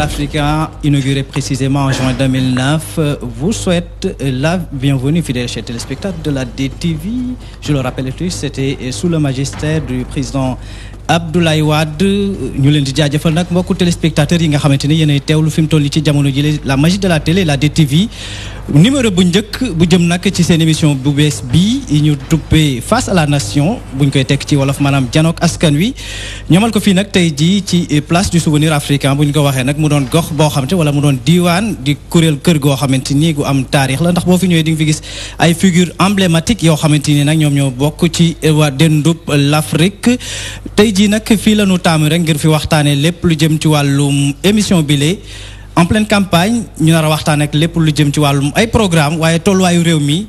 Africa, inauguré précisément en juin 2009, vous souhaite la bienvenue, fidèle chers téléspectateurs de la DTV. Je le rappelle tous, c'était sous le magistère du président Abdoulaye Wade ñu leen di jaajëfal nag mbokku téléspectateurs yi nga xamanteni yene yéenay fim fi ci jamono ji la magie de la télé la DTV numéro bu njëkk bu jëm nak ci seen émission bu bees bi ñu tuppee face à la nation buñ koy tek ci wolof manam janook askan wi ñoomal ko fii nag tey jii ci place du souvenir africain buñ ko waxé nak mu doon gox bo xamanteni wala mu doon diwan di kuréel kër go xamanteni gu am taarix la ndax bo fi ñëwee di nga fi gis ay figure emblématique yo xamanteni nak ñom ñoo bokk ci wa dendup l'Afrique tey jii nag fii la ñu taamu rek ngir fi waxtane lepp lu jëm ci walum émission bi lé en pleine campagne ñu nar waxtane ak lepp lu jëm ci walum ay programme waaye tolluwaayu réew mi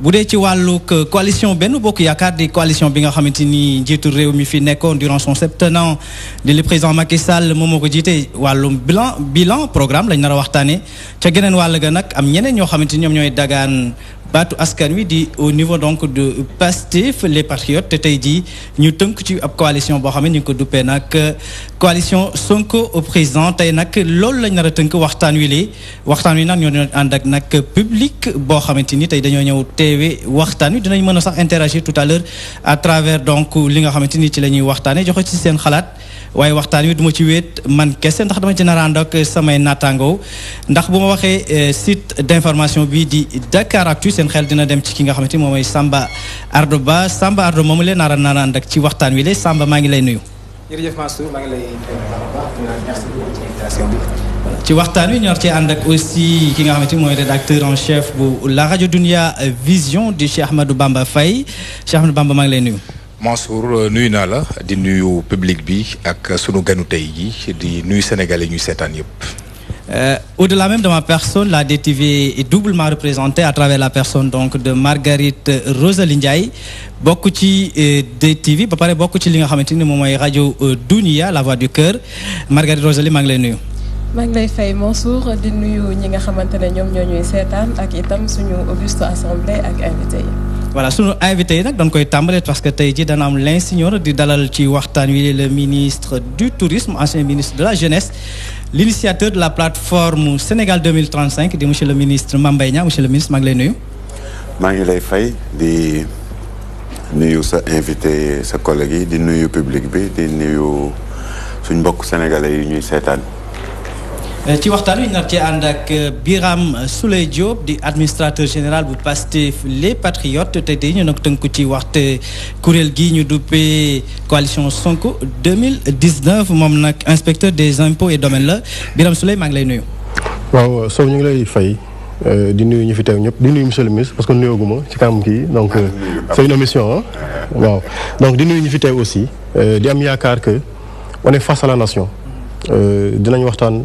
budé ci walu wàllu coalition benn bokk yaakaar di coalition bi nga xamante ni njiitu réew mi fi nekkoon durant son septennat de le président Macky Sall moom moo ko jiite wàllum bilan bilan programme lañ nar waxtane waxtaanee ca geneen wàll ga nag am ñeneen ñoo xamante ni ñoy ñooy dagaan baatu askan wi di au niveau donc de Pastef les patriotes tay di ñu teunk ci ab coalition bo xam ñu ko duppee nak euh, coalition Sonko au président tay nak lool lañ nar teunk waxtan wi lee waxtan wi nag ñoo andak nak public bo xamante ni tey dañoo ñëw teewe wi dinañ mëna sax interagir tout à l'heure à travers donc li nga xamante ni ci lañuy ñuy waxtaanee joxe ci seen xalaat waaye waxtan wi du ci wéet man kessé ndax dama ci nar a samay ndax bu ma euh, site d'information bi di Dakaractu seen xel dina dem ci ki nga xamante ni moom mooy Samba Ardo Ba Samba Ardo moomu leen nar a ànd ak ci waxtaan wi la Samba maa ngi lay nuyu. ci waxtaan wi ñor ci ànd ak aussi ki nga xamante ni mooy rédacteur en chef bu la rajo Dunia Vision di Cheikh Ahmadou Bamba fay Cheikh Ahmadou Bamba maa ngi lay nuyu. Mansour euh, nuyu naa la di nuyu public bi ak sunu ganu tey ji di nuyu sénégalais ñuy seetaan yëpp. Euh, Au-delà même de ma personne, la DTV est doublement représentée à travers la personne donc de Marguerite Rosalindiaï. Beaucoup de ci euh, DTV ba pare bokk ci li nga xamante ni moom euh, la voix du cœur Marguerite Roseline, maa ngi lay nuyu. maa ngi lay fay Mansour di nuyu ñi nga xamante ne ñoom ñoo l'Assemblée ak itam suñu auguste assemblée ak invité voilà suñu invité yi dañ koy parce que tey jii dana am dalal ci wi le ministre du tourisme ancien ministre de la jeunesse l'initiateur de la plateforme Sénégal 2035 di monsieur le ministre Mame M. Niang monsieur le ministre maa ngi lay nuyu. Nous ngi lay fay di nous sa invité sa collègue yi di nuyu public bi di nuyu suñ mbokk sénégalais yi ñuy eh, ci waxtaan wi ñu nar cee ànd ak eh, biram Souleye Diop di administrateur général bu Pastef les Patriotes tey tey ñu nag tënku ci waxte kuréel gi ñu duppee coalition Sonko 2019 moom nag inspecteur des impôts et domaine la Biram Souleye maa ngi lay nuyu. waaw Sow ñu ngi lay fay eh, di nuyu ñu fi teew ñëpp di nuyu monsieur le ministre parce que nuyooguma ci kanam kii donc ah, euh, c'est une omission hein. waaw donc di nuyu ñu fi teew aussi di am yaakaar que on est face à la nation dinañ waxtaan.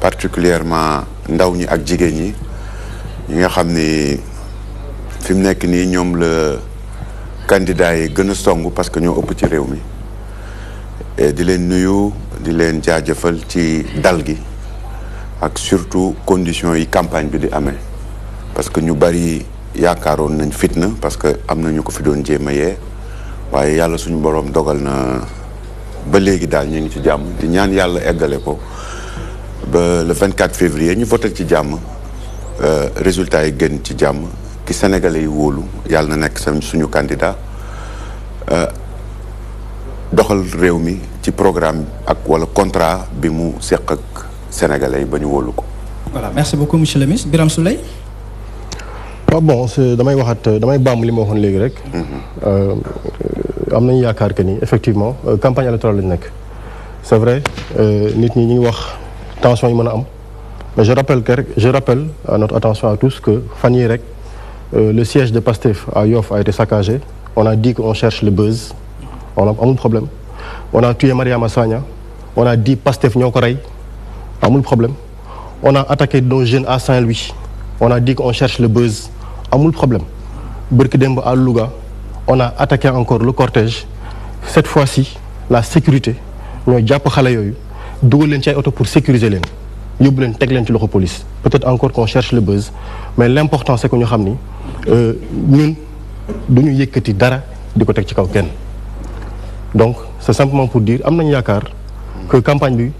particulièrement ndaw ñi ak jigéen ñi ñi nga xam ni fi mu nekk nii ñoom la candidats yi gën a song parce que ñoo ëpp ci réew mi di leen nuyu di leen jaajëfal ci dal gi ak surtout conditions yi campagne bi di amee parce que ñu bari yaakaaroon nañ fitna parce que am na ñu ko fi doon jéem yee waaye yàlla suñu boroom dogal na ba léegi daal ñu ngi ci jàmm di ñaan yàlla eggale ko le 24 février nous voté le euh, résultat yi Sénégalais yi candidat euh, programme le contrat pour les Sénégalais merci beaucoup monsieur le ministre ah bon effectivement euh, campagne électorale c'est vrai euh, Attention yi mais je rappelle je rappelle à notre attention à tous que euh, le siège de Pastef à Yoff a été saccagé on a dit qu'on cherche le buzz on a problème on a tué Maria Massagna. on a dit Pastef ñoo ko amul problème on a attaqué nos jeunes à Saint-Louis on a dit qu'on cherche le buzz amul problème à Louga on a attaqué encore le cortège cette fois-ci la sécurité ñooy pas xalé d'où leen ci ay pour sécuriser leen yóbbu leen teg leen ci loxo police peut-être encore qu'on cherche le buzz mais l'important c'est que ñu xam ni euh, ñun du ñu yëkkati dara di de teg ci kaw kenn donc c'est simplement pour dire am à car que campagne bi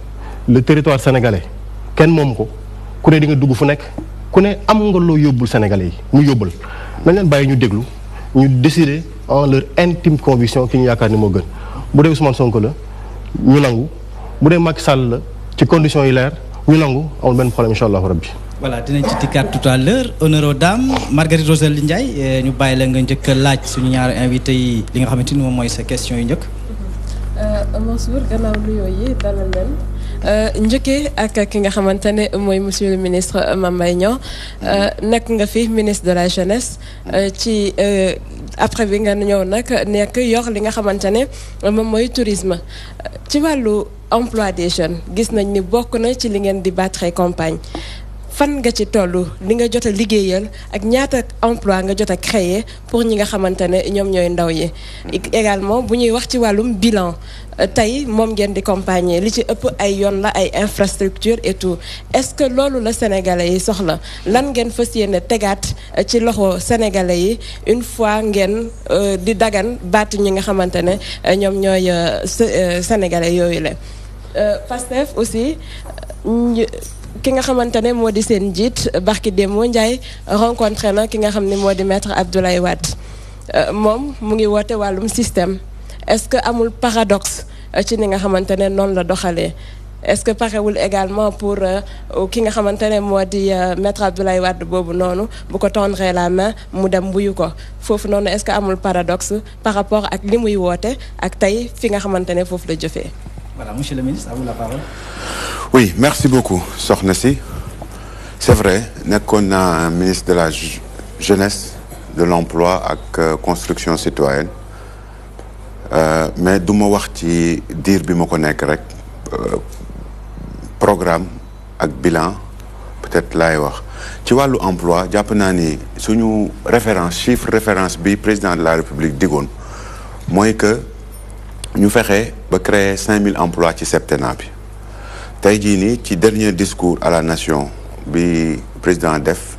le territoire sénégalais kenn moom ko ku ne di nga dugg fu est ku ne am nga sénégalais yi ñu yóbbul nañ leen bàyyi ñu déglu ñu décider en leur intime conviction qu'il ñu a ni moo gën bu dee Ousmane Sonko la ñu nangu bu dee Macky Sall la ci conditions yi leer ñu nangu amul benn problème incha allahu rabbi voilà dinañ ci dikkaat tout à l'heure honneur aux dames Marguerite euh, ñu bàyyi la nga njëkk laaj suñu ñaari invité yi li nga xamante ni moom mooy sa question yu njëkk. Euh, yi dalal Euh, njëkkee ak ki nga xamante ne mooy monsieur le ministre Mamadou Mbaye euh, nekk nga fi ministre de la jeunesse euh, ci après bi nga ñëw nag nekk yor li nga xamante ne moom mooy tourisme ci wàllu emploi des jeunes gis nañ ni bokk na ci li ngeen di battre campagne fan nga ci toll li nga jot a liggéeyal ak ñaata emploi nga jot a créer pour ñi nga xamante ne ñoom ñooy également bu ñuy wax ci wàllum bilan euh, tey moom ngeen di compagnie li ci ëpp ay yoon la ay infrastructure et tout est-ce que loolu la sénégalais yi soxla lan ngeen fas yéene tegaat euh, ci loxo sénégalais yi une fois ngeen euh, di dagan baatu ñi nga xamante ne ñoom ñooy sénégalais yooyu Pastef aussi. ki nga xamante ne moo di seen njiit Barki Dembo Ndiaye rencontré na ki nga xam ne moo di maître Abdoulaye Wade euh, moom mu ngi woote wàllum système est-ce que amul paradox euh, ci ni nga xamante ne noonu la doxalee est-ce que parewul également pour euh, ki nga xamante ne moo di maître Abdoulaye Wade boobu noonu bu ko tendre la main mu dem mbuyu ko foofu noonu est-ce que amul paradoxe par rapport ak li muy woote ak tey fi nga xamante ne foofu la jëfee. Voilà, monsieur le ministre, à vous la parole. Oui, merci beaucoup, Sornesi. C'est vrai, nous avons un ministre de la jeunesse, de l'emploi et de la construction citoyenne. Euh, mais je ne vais pas dire que je programme et bilan, peut-être là. Tu vois l'emploi, Japonani, si nous référence, chiffre référence, le président de la République, c'est que nous avons créé 5 000 emplois ci septembre. bi dans dernier discours à la nation du président def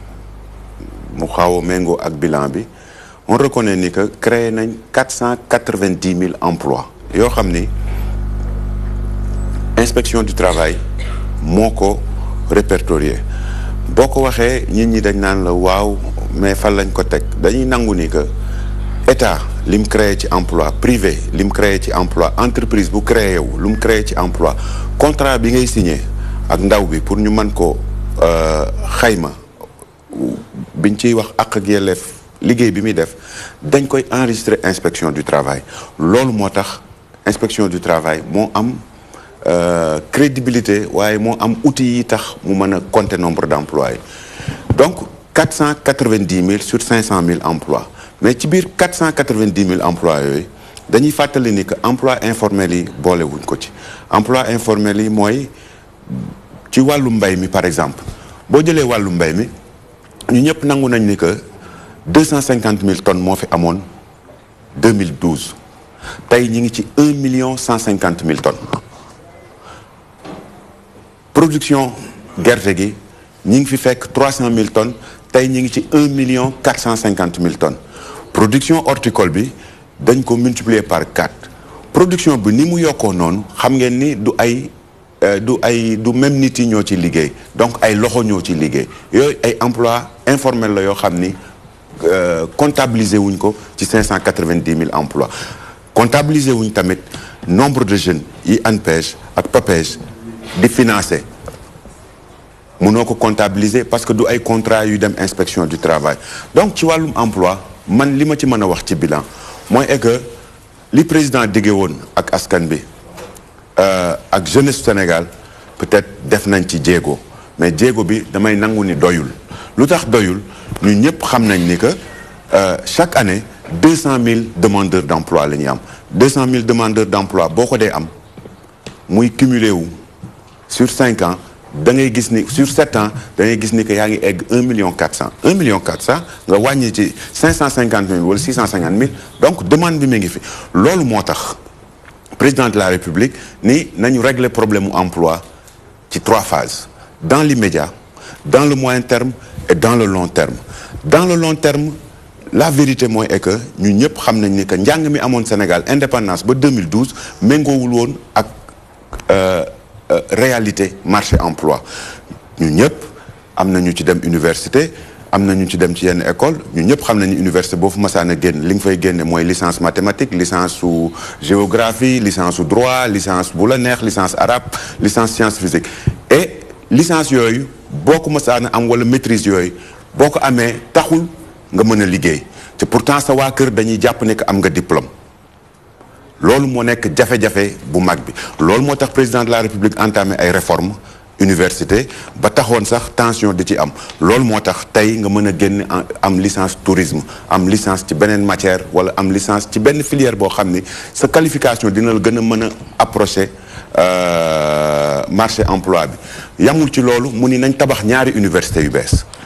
Mengo on reconnaît que créé 490 000 emplois Et xam inspection du travail moko répertorié que état lim mu créé ci emploi privé lim créé ci emploi entreprise bu créé wu lim ci emploi contrat bi ngay signé ak ndaw bi pour ñu man ko euh, xayma biñ ciy wax ak ak bi def dañ koy enregistrer inspection du travail loolu motax inspection du travail moo am euh, crédibilité waye mo am outil yi tax mu compter nombre d'emplois donc 490 000 sur 500 000 emplois mais ci 490 000 emplois dañuy emploi informel est informels, emploi informel par exemple si on wàllu mbay que 250 000 tonnes sont faites en 2012 Nous ñi ngi 1 tonnes production guerre, 300 000 tonnes ñi 1 450 tonnes production horticole bi dañ ko multiplier par 4 production bi ni mu yokkoo non, xam ngeen ni du ay euh, du ay du même nit yi ñoo ci liggéey donc ay loxo ñoo ci liggéey yooyu ay emploi informel la yo xamni euh, comptabiliser wuñ ko ci 590 000 emplois comptabiliser wuñ tamit nombre de jeunes yi ANPEJ ak PAPEJ di financer mënoo comptabiliser parce que du ay contrat yu dem inspection du travail donc ci wàllum emploi man li ma ci mëna wax ci bilan e que le président de won ak avec la euh ak jeunesse sénégal peut-être def nañ ci mais Diego, bi damay nangou ni doyul lutax doyul ñu ñëpp xam nañ ni que euh, chaque année 200 000 demandeurs d'emploi 200 000 demandeurs d'emploi boko d'hommes, am muy sont sur 5 ans sur 7 ans, dans les guisnes, il y a 1,4 million 1,4 1 million 400, 550 000 ou 650 000. Donc, demande de m'engager. L'homme le président de la République, ni nous régler le problème l'emploi qui trois phases. Dans l'immédiat, dans le moyen terme et dans le long terme. Dans le long terme, la vérité est que nous ne prenons que nous avons mis au Sénégal indépendance de 2012, mais nous avons euh, réalité marché emploi Nous sommes tous, nous ñu ci dem université am ñu ci dem ci yenn école ñu ñëpp xam université boo fu masaan une li nga fay licences licence mathématique licence des géographie licence su droit licence bu licence arabe licence sciences physique et licence licences, boo ko maîtrise yooyu boo ko amee taxul nga pourtant ça waa kër dañuy jàpp un diplôme lolu mo nek jafé jafé bu mag bi loolu moo président de la république entamé ay réformes université ba taxone sax tension di ci am lolu motax tay nga meuna genn am licence tourisme am licence ci benen matière wala am licence ci benn filière bo xamni sa qualification dina la gën a mën euh, marché emploi bi yamul ci lolu mu ni nañ tabax ñaari université yu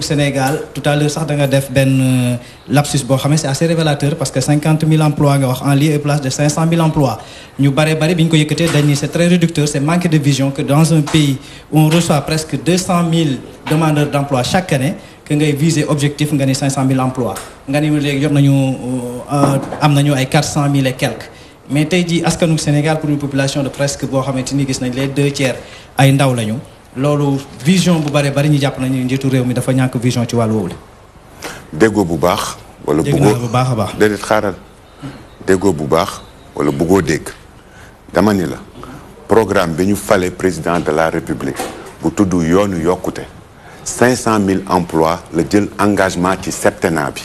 sénégal tout à l'heure euh, lapsus c'est assez révélateur parce que 50 000 emplois en lieu et place de 500 000 emplois Nous, bare très réducteur c'est manque de vision que dans un pays où on reçoit presque 200 000 demandeurs d'emploi chaque année que ngay vise objectif de gagner 500 000 emplois nga ni légui jot nañu euh, euh, am 400 000 et quelques mais tey jii askanu Sénégal pour une population de presque bo xamante gis nañ les deux tiers ay ndaw lañu lolu vision bu bare bari ñu nañ nañu jëtu réew mi dafa ñank vision ci walu woowu déggo bu baax. wala bëggoo bu baax a baax déedéet xaaral. déggo bu baax wala bu go dégg dama ni la programme bi ñu falé président de la république bu tuddu yoonu yokkute. 500 000 emplois le jël engagement ci septennat bi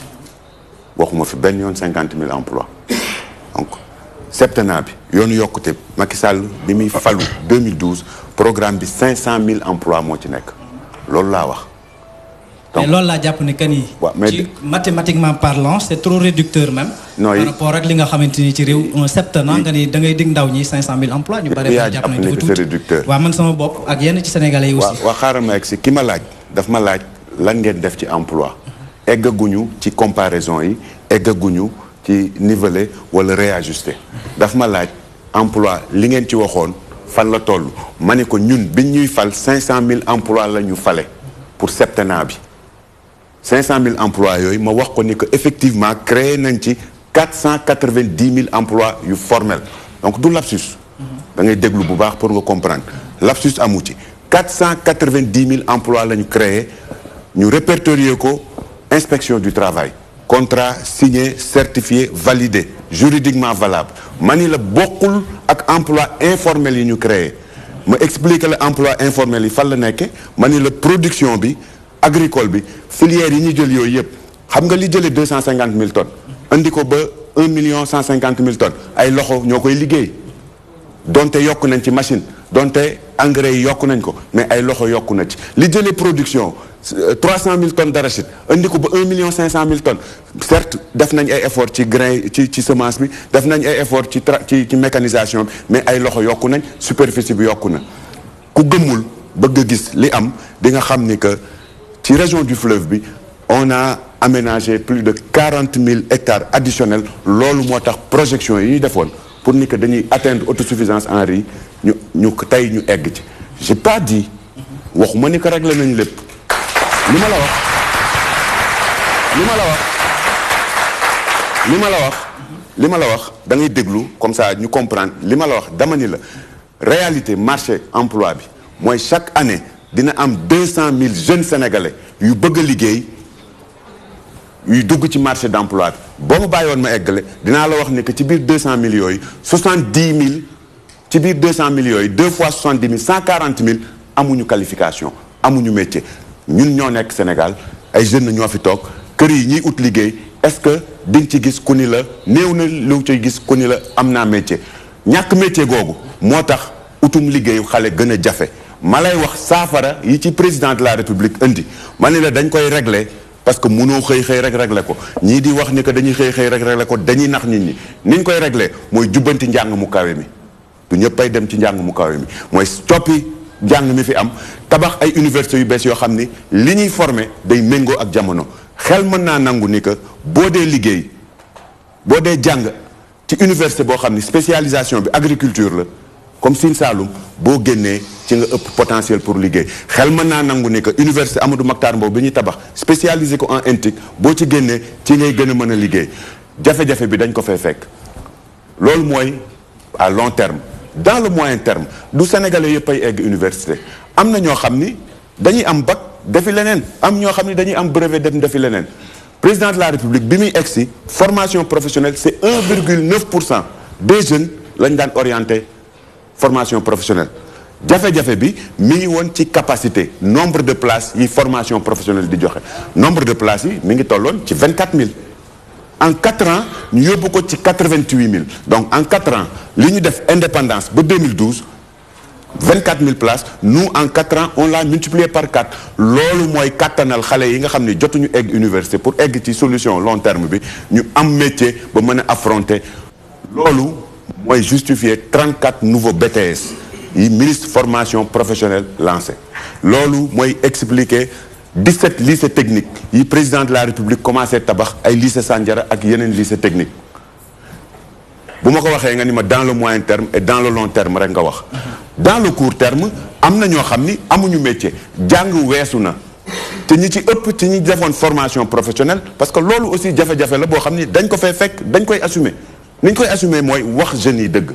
waxuma fi benn yoon 50 000 emplois donc septennat bi yoonu yokkute Macky Sall bi 2012 programme bi 500000 emplois moo ci nekk loolu laa wax. mais loolu la jàpp ne que ni. mathématiquement parlant c'est trop réducteur même. Non. par rapport ak li nga xamante ni ci réew un septennat nga ni da ngay dig ndaw ñi 500000 emplois ñu bare yaa jàpp ne que c' est réducteur. Wa man sama bopp ak yenn ci sénégalais yi aussi. waaw xaaral ma egg si ki ma laaj daf ma laaj lan ngeen def ci emploi mhm. eggaguñu ci comparaison yi eggaguñu qui niveler wala réajuster daf ma laaj emploi li ngeen ci waxoon fan la toll ma ne ko ñun emplois pour septennat 500 000 emplois je ma wax ko ni que effectivement créé nañ ci emplois yu formel donc du lapsus. da ngay déglu bu baax pour nga comprendre lapsus amu 490 000 emplois lañu nous créé ñu inspection du travail contrat signé certifié validé juridiquement valable Manila beaucoup ak emploi informel yi ñu créé ma expliquer emploi informel yi la production bi agricole bi filière yi ñi jël 000 tonnes million tonnes ay loxo donte nañ ci machine donte engrais mais production 300 000 tonnes d'arachide on 1 500 000 tonnes certes def nañ ay effort ci grain ci ci semence bi def nañ ay effort ci ci ci mécanisation mais ay loxo yokku nañ superficie bi yokku na ku gëmul bëgg a gis li am di nga xam que ci région du fleuve on a aménagé plus de 40 000 hectares additionnels c'est ce tax projection yi pour ni que dañuy atteindre autosuffisance en riz ñu ñu ñu egg ci pas dit waxuma ni que régler li ma la wax li ma le wax li ma la comme ça nous comprenons, li ma la wax dama réalité marché emploi moi chaque année dina am 200 000 jeunes sénégalais yu bëgg liggéey yu dugg le marché d'emploi. Bon, bi boo ma bàyyoon ma eggale 200 000 70 000 ci 200 000 2 fois 70 000 140 000 amuñu qualification amuñu métier ñun ñoo nekk Sénégal ay jeunes ñoo fi toog kër yi ñuy ut liggéey est-ce que di nga ci gis ku ni la néew na lu ci gis ku ni la am naa métier ñàkk métier googu moo tax utum liggéeyu xale gën a jafe ma lay wax saafara yi ci président de la république indi ma ne la dañ koy régler parce que mënoo xëy xëy rek regle ko ñii di wax ni ko dañuy xëy xëy rek régler ko dañuy nax nit ñi ni koy régler mooy jubbanti njàng mu kawe mi du ñëppay dem ci njàng mu kawe mi mooy stoppi jang mi fi am tabax ay universités yu bees yo xamni ni li day mengo ak jamono xel mën na nangou ni que bo dé liggéey bo dé jang ci université bo xamni spécialisation bi agriculture la comme Sine saloum bo génné ci nga ëpp potentiel pour liggéey xel mën na nangou ni que université Amadou Mahtar Mbow bi tabax spécialisé ko en intique bo ci génné ci ngay gëna mëna mën a liggéey jafe bi dañ ko fay fekk lool moy à long terme dans le moyen terme du sénégalais qui ay à l'université, ont na ñoo dañuy am bac am brevet président de la république bi muy la formation professionnelle c'est 1,9 des jeunes lañ à orienté formation professionnelle Jafé Jafé bi mi capacité nombre de places la formation professionnelle di nombre de places mi 24 000 en 4 ans nous avons 88 000. donc en 4 ans l'indépendance, de 2012 24 000 places nous en 4 ans on l'a multiplié par 4. Ce qui est xale yi nga xam nous université pour egg ci solution long terme Nous avons un métier ba affronter loolu j'ai justifié 34 nouveaux BTS yi ministre formation professionnelle lancé moi, j'ai expliqué... 17 lycées techniques le président de la république commencé tabax ay lycée Sandiara ak yeneen lycée technique bu ma ko waxee nga ma dans le moyen terme et dans le long terme rek nga wax dans le court terme il y a des gens amuñu métier jàng weesu na te ñi ci ëpp ci ñi defoon formation professionnelle parce que loolu aussi jafe-jafe la boo xam ni dañ ko fay fekk dañ koy assumer ni ñu koy assumer mooy wax jeunes yi dëgg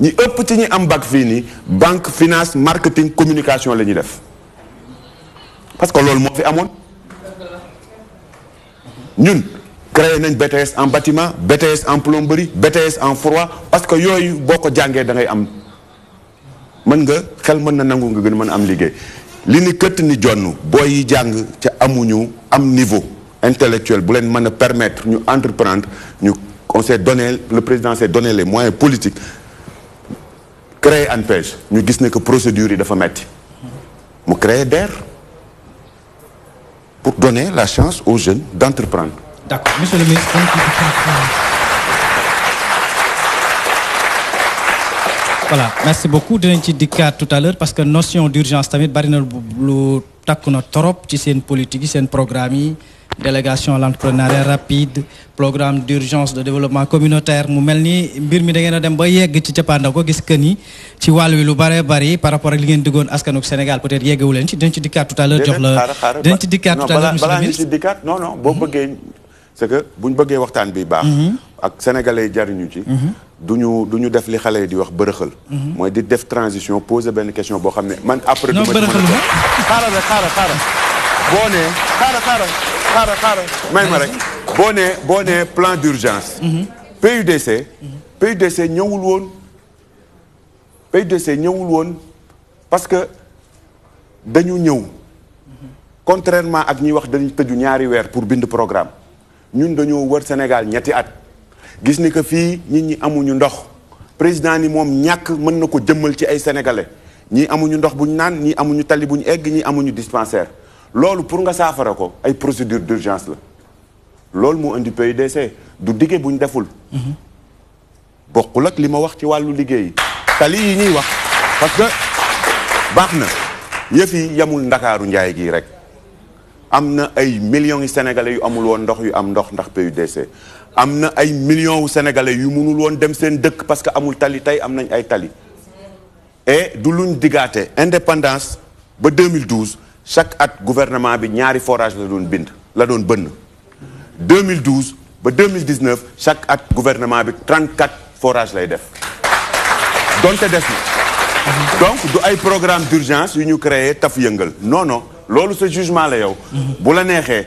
ñi ëpp ci ñi am bac fini, banque finance marketing communication def parce que loolu moo fi amoon ñun créer nañ BTS en bâtiment BTS en plomberie BTS en froid parce que yoy boko ko da ngay am man nga xel man na nangu nga gën mën am liggé li ni këtt ni jonn boy yi jang ci amuñu am niveau intellectuel bu len mën permettre ñu entreprendre ñu on s'est donné le président s'est donné les moyens politiques créer ANPEJ ñu gis né que procédure yi dafa metti mu créer d'air pour donner la chance aux jeunes d'entreprendre. D'accord. Monsieur le ministre, voilà merci beaucoup de nous dikkaat tout à l'heure parce que notion d'urgence tamit une na trop c'est une politique c'est un programme délégation à l'entrepreneuriat rapide programme d'urgence de développement communautaire mu mel ni mbir mi da ngeen a dem ba yegg ci cappaandaw ko gis que ni ci wàll wi lu bare bari par rapport ak li ngeen diggoon askanuk Sénégal peut-être yeggewu leen ci dañ ci dikkaat tout à l'heure jox la dañ ci dikkaat tout à l'heure monsieur ñu ci dikkaat non non boo bëggee mm-hmm. c'est que buñ bëggee waxtaan bi baax mm-hmm. ak sénégalais yi jariñu ci mm-hmm. du ñu du def li xalé di wax bërëxal moy di def transition poser ben question bo xamné man après du ma xaaral xaaral xaaral boo ne xaaral xaaral xaaral plan d'urgence mhm. PUDC mhm. PUDC nous woon PUDC ñëwul parce que dañu ñëw mhm. contrairement ak ñuy wax dañu là. ñaari weer pour bind programme ñun dañoo wër Sénégal nous at gis ni que fii nous ñi amuñu ndox président ni moom ñàkk mën na ko jëmmal ci ay sénégalais Nous amuñu ndox bu ñu naan ñii tali dispensaire loolu pour nga saafara ko ay procédure d'urgence la loolu moo indi PUDC du dige buñ deful bokkul ak li ma wax ci wàllu liggéey tali yi ñuy wax parce que baax na yëf yi yamul ndakaaru njaay gii rek am na ay millions yu sénégalais yu amul woon ndox yu am ndox ndax PUDC am na ay millions wu sénégalais yu mënul woon dem seen dëkk parce que amul tali tey am nañ ay tali et du luñ digaate indépendance ba 2012 chaque at gouvernement bi ñaari forage la doon bind la doon bënn 2012 ba 2019 chaque at gouvernement bi 34 forage lay def donte des na donc du ay programme d'urgence yu ñu créé taf yëngal non loolu sa jugement la yow mhm. bu la neexee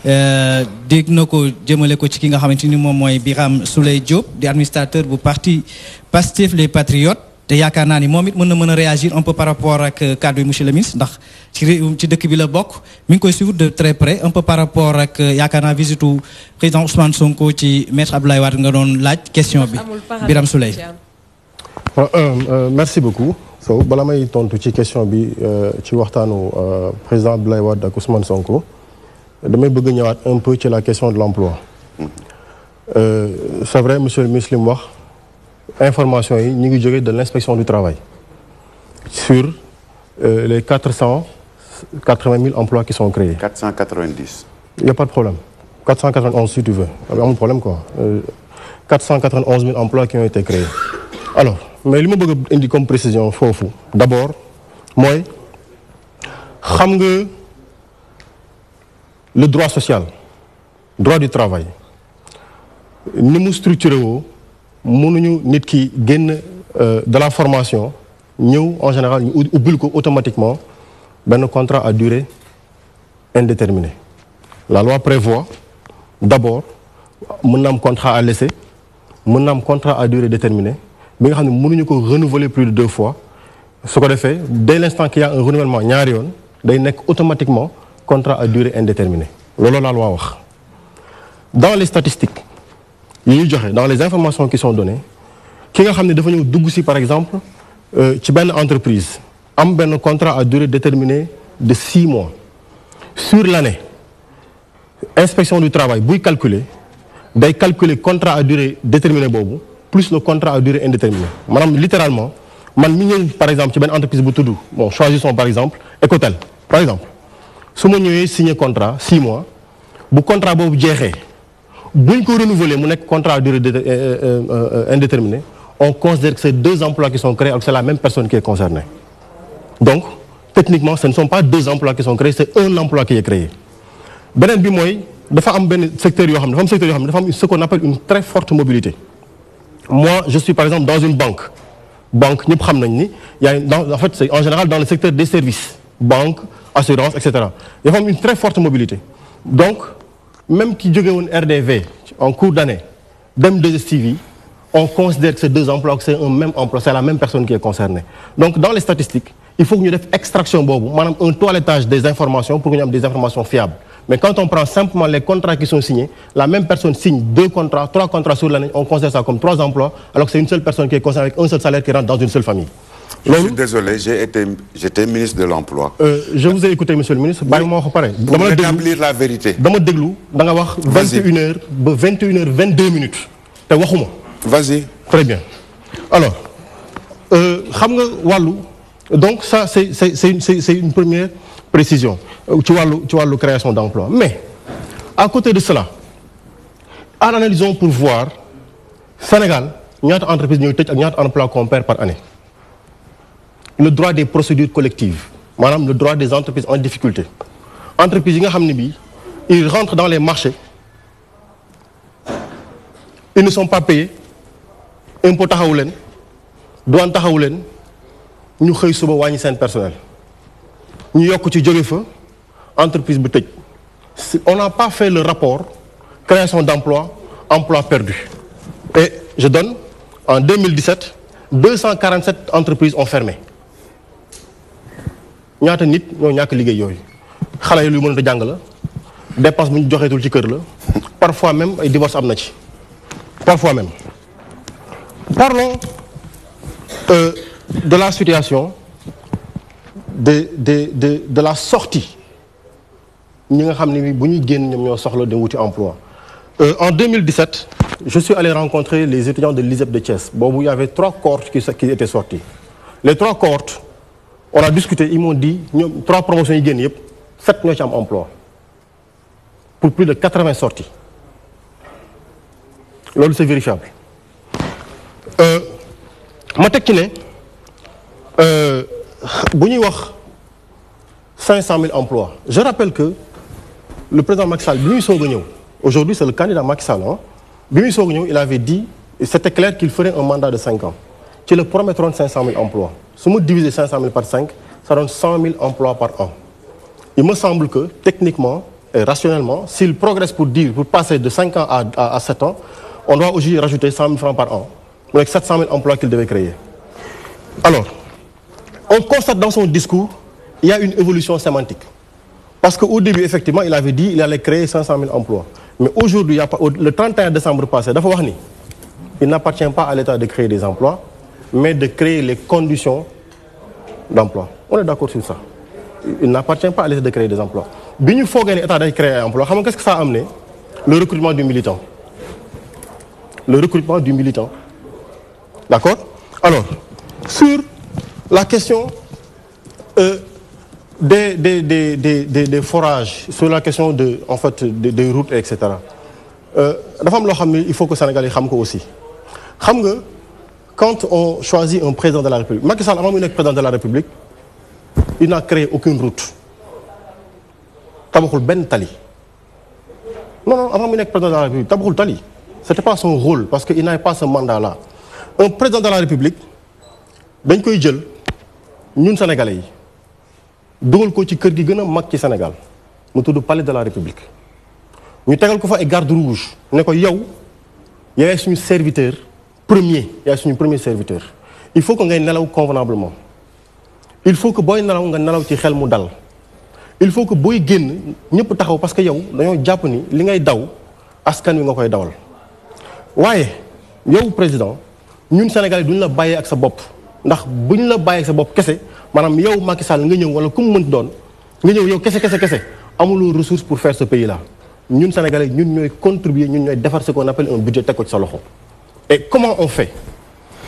Euh, dégg na ko jëmale ko ci ki nga xamante ni moom mooy Birame Souleye Diop di administrateur bu parti Pastef les Patriotes te yaakaar naa ni moom it mën na mën a réagir un peu par rapport ak euh, cadre yi monsieur le ministre ndax ci réew ci dëkk bi la bokk mi ngi koy suivre de très près un peu par rapport ak euh, yaakaar naa visitu président Ousmane Sonko ci maître Abdoulaye Wade nga doon laaj question bi Birame Souleye. merci beaucoup. so bala may tontu ci question bi ci waxtaanu président Abdoulaye Wade ak Ousmane Sonko demain vous parler un peu sur la question de l'emploi. Euh, c'est vrai, Monsieur le Muslim, information est de l'inspection du travail sur euh, les 480 000 emplois qui sont créés. 490. Il n'y a pas de problème. 491 si tu veux. Il y a problème quoi. 491 euh, 000 emplois qui ont été créés. Alors, mais il me une comme précision, faux, faux. D'abord, moi, je le droit social droit du travail Nous structurons structuré nous nit euh, de la formation nous, en général ñu automatiquement nos contrat à durée indéterminée la loi prévoit d'abord nous avons contrat à laisser nous avons contrat à durée déterminée Mais nous avons ne renouveler plus de deux fois Ce qu'on a fait, dès l'instant qu'il y a un renouvellement ñaari avons day automatiquement contrat à durée indéterminée la dans les statistiques dans les informations qui sont données qui nga par exemple euh, ci entreprise am contrat à durée déterminée de six mois sur l'année inspection du travail calculez, calculer calculez le contrat à durée déterminée plus le contrat à durée indéterminée littéralement par exemple ci entreprise bon choisissons par exemple Ecotel par exemple si on a signé contrat six mois bu contrat est géré, buñ ko renouvelé, mu contrat à durée euh, euh, euh, on considère que c'est deux emplois qui sont créés alors que c'est la même personne qui est concernée donc techniquement ce ne sont pas deux emplois qui sont créés c'est un emploi qui est créé Benen bi de secteur secteur ce qu'on appelle une très forte mobilité moi je suis par exemple dans une banque banque en fait c'est en général dans le secteur des services banque assurance, etc. Il y a une très forte mobilité. Donc, même qui a une RDV en cours d'année, même de CV, on considère que ces deux emplois, que c'est un même emploi, c'est la même personne qui est concernée. Donc, dans les statistiques, il faut que nous fassions extraction, un toilettage des informations pour qu'il nous ait des informations fiables. Mais quand on prend simplement les contrats qui sont signés, la même personne signe deux contrats, trois contrats sur l'année, on considère ça comme trois emplois, alors que c'est une seule personne qui est concernée avec un seul salaire qui rentre dans une seule famille. Je suis désolé, j'étais ministre de l'Emploi. Euh, je vous ai écouté, monsieur le ministre. Je bah, Pour vous établir la vérité. Dans mon déglou, dans 21h, 21h, 22 minutes. Vas-y. Très bien. Alors, euh, donc ça, c'est une, première précision. Tu vois, la création d'emplois. Mais, à côté de cela, en analysant pour voir, Sénégal, il y a entreprises il y a emploi qu'on perd par année le droit des procédures collectives Madame, le droit des entreprises en difficulté entreprises yi ils rentrent dans les marchés ils ne sont pas payés Impôts, douane payés, personnel ñu ci entreprise bi on n'a pas fait le rapport création d'emplois, emploi perdu et je donne en 2017 247 entreprises ont fermé ñaata nit ñoo ñàkk liggéey yooyu xale yi lu mënut a jàng la dépense bu ñu joxeetul ci kër la parfois même ay divorce am na ci parfois même parlons euh, de la situation de de de de la sortie ñi nga xam ne bu ñuy génn ñoom ñoo soxla de wuti emploi Euh, en 2017, je suis allé rencontrer les étudiants de l'ISEP de Thiès. Bon, il y avait trois cohortes qui, qui étaient sorties. Les trois cohortes on a discuté ils m'ont dit trois promotions ils gagnent, sept ñoo emploi pour plus de 80 sorties Lors c'est vérifiable euh, ma teg ci 500 000 500 emplois je rappelle que le président Macky Sall aujourd'hui c'est le candidat Macky Sall hein, il avait dit c'était clair qu'il ferait un mandat de 5 ans qui leur promettront 500 000 emplois. Si nous divise 500 000 par 5, ça donne 100 000 emplois par an. Il me semble que, techniquement et rationnellement, s'il progresse pour, dire, pour passer de 5 ans à, 7 ans, on doit aussi rajouter 100 000 francs par an, avec 700 000 emplois qu'il devait créer. Alors, on constate dans son discours, il y a une évolution sémantique. Parce qu'au début, effectivement, il avait dit qu'il allait créer 500 000 emplois. Mais aujourd'hui, le 31 décembre passé, il n'appartient pas à l'État de créer des emplois, mais de créer les conditions d'emploi. On est d'accord sur ça. Il n'appartient pas à l'État de créer des emplois. Bien faut l'État créer un emploi. Qu'est-ce que ça a amené Le recrutement du militant. Le recrutement du militant. D'accord Alors, sur la question euh, des, des, des, des, forages, sur la question de, en fait, des, routes, etc. Euh, il faut que les Sénégalais aussi quand on choisit un président de la République Macky Sall avant mu président de la République il n'a créé aucune route tabaxul Ben tali non non avant mu président de la République tabaxul tali c'était pas son rôle parce que il n'avait pas ce mandat là un président de la République Ben koy Nous, ñun sénégalais Nous sommes ko ci kër gi gën a ci Sénégal mu palais de la République Nous sommes ko fa ay garde rouge ne ko yow est serviteur premier a son premier serviteur il faut que ngay nelaw convenablement il faut que boy nalaw nga nalaw ci xel mu dal il faut que boy guen ñëpp taxaw parce que yow dañu japp ni li ngay daw askan wi nga koy dawal waaye yow président ñun Sénégalais duñ la bayé ak sa bop ndax buñ la bayé ak sa bop kessé manam yow Macky Sall nga ñew wala kum mu mënti doon nga ñew yow kessé kessé kessé amul ressources pour faire ce pays là ñun Sénégalais ñun ñoy contribuer ñun ñoy defar ce qu'on appelle un budget teg ko ci sa loxo et comment on fait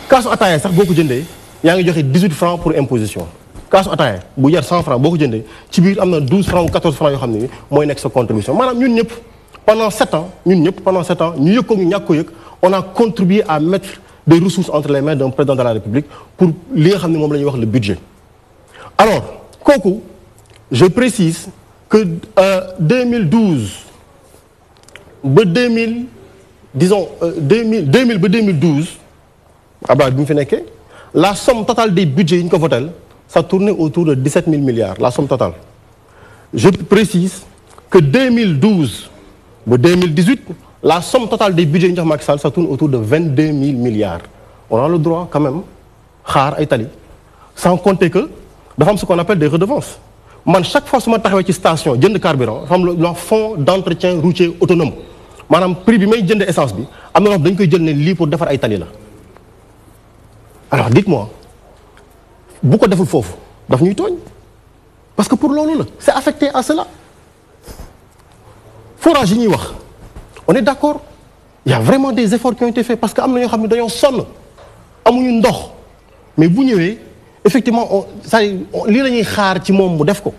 Quand on a beaucoup de temps, il y a 18 francs pour imposition quand on a jar 100 francs beaucoup de 12 francs ou 14 francs pour xam ne contribution pendant 7 ans pendant ans on a contribué à mettre des ressources entre les mains d'un président de la République pour lire le budget alors coco, je précise que 2012 euh, ba 2000 disons, 2000, euh, 2012, la somme totale des budgets ça tournait autour de 17 000 milliards, la somme totale. Je précise que 2012 2018, la somme totale des budgets ça tourne autour de 22 000 milliards. On a le droit quand même, rare à Italie, sans compter que, de ce qu'on appelle des redevances. chaque fois que je une station, de carburant, je fonds d'entretien routier autonome manam prix bi may jënd essence bi am na loo dañ koy jël ne lii pour defar ay tali la alors dites-moi bu ko deful foofu daf ñuy tooñ parce que pour loolu la c'est affecté à cela forage yi wax on est d'accord il y a vraiment des efforts qui ont été faits parce que am na ñoo xam ne dañoo sonn amuñu ndox mais bu ñëwee effectivement on ça lii la ñuy xaar ci moom mu def ko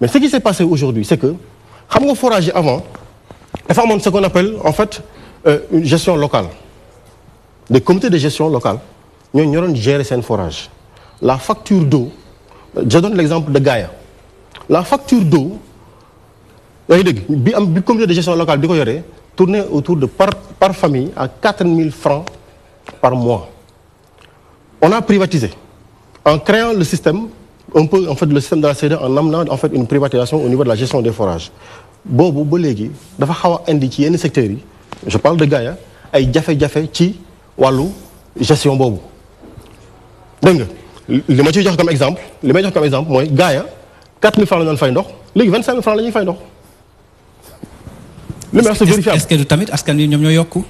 mais ce qui s'est passé aujourd'hui c'est que xam nga forage avant dafa ce qu'on appelle en fait euh, une gestion locale des comités de gestion locale Nous avons géré gérer forage la facture d'eau euh, je donne l'exemple de Gaïa la facture d'eau le comité de gestion locale tournait autour de par famille à 4000 francs par mois on a privatisé en créant le système on peut en fait le système de la CDE en amenant en fait une privatisation au niveau de la gestion des forages bobu ba légui dafa xawa a indi ci yenn secteur yi je parle de Gaïa ay jafé jafé ci walu gestion bobu dégg nga li ma ciy jox comme exemple li may jox comme exemple mooy Gaïa 4000 francs la ñu fay ndox léegi 25000 francs la ñuy fay ndox. li may wax c'est vérifiable est-ce que du tamit askan wi ñoom ñoo yokku.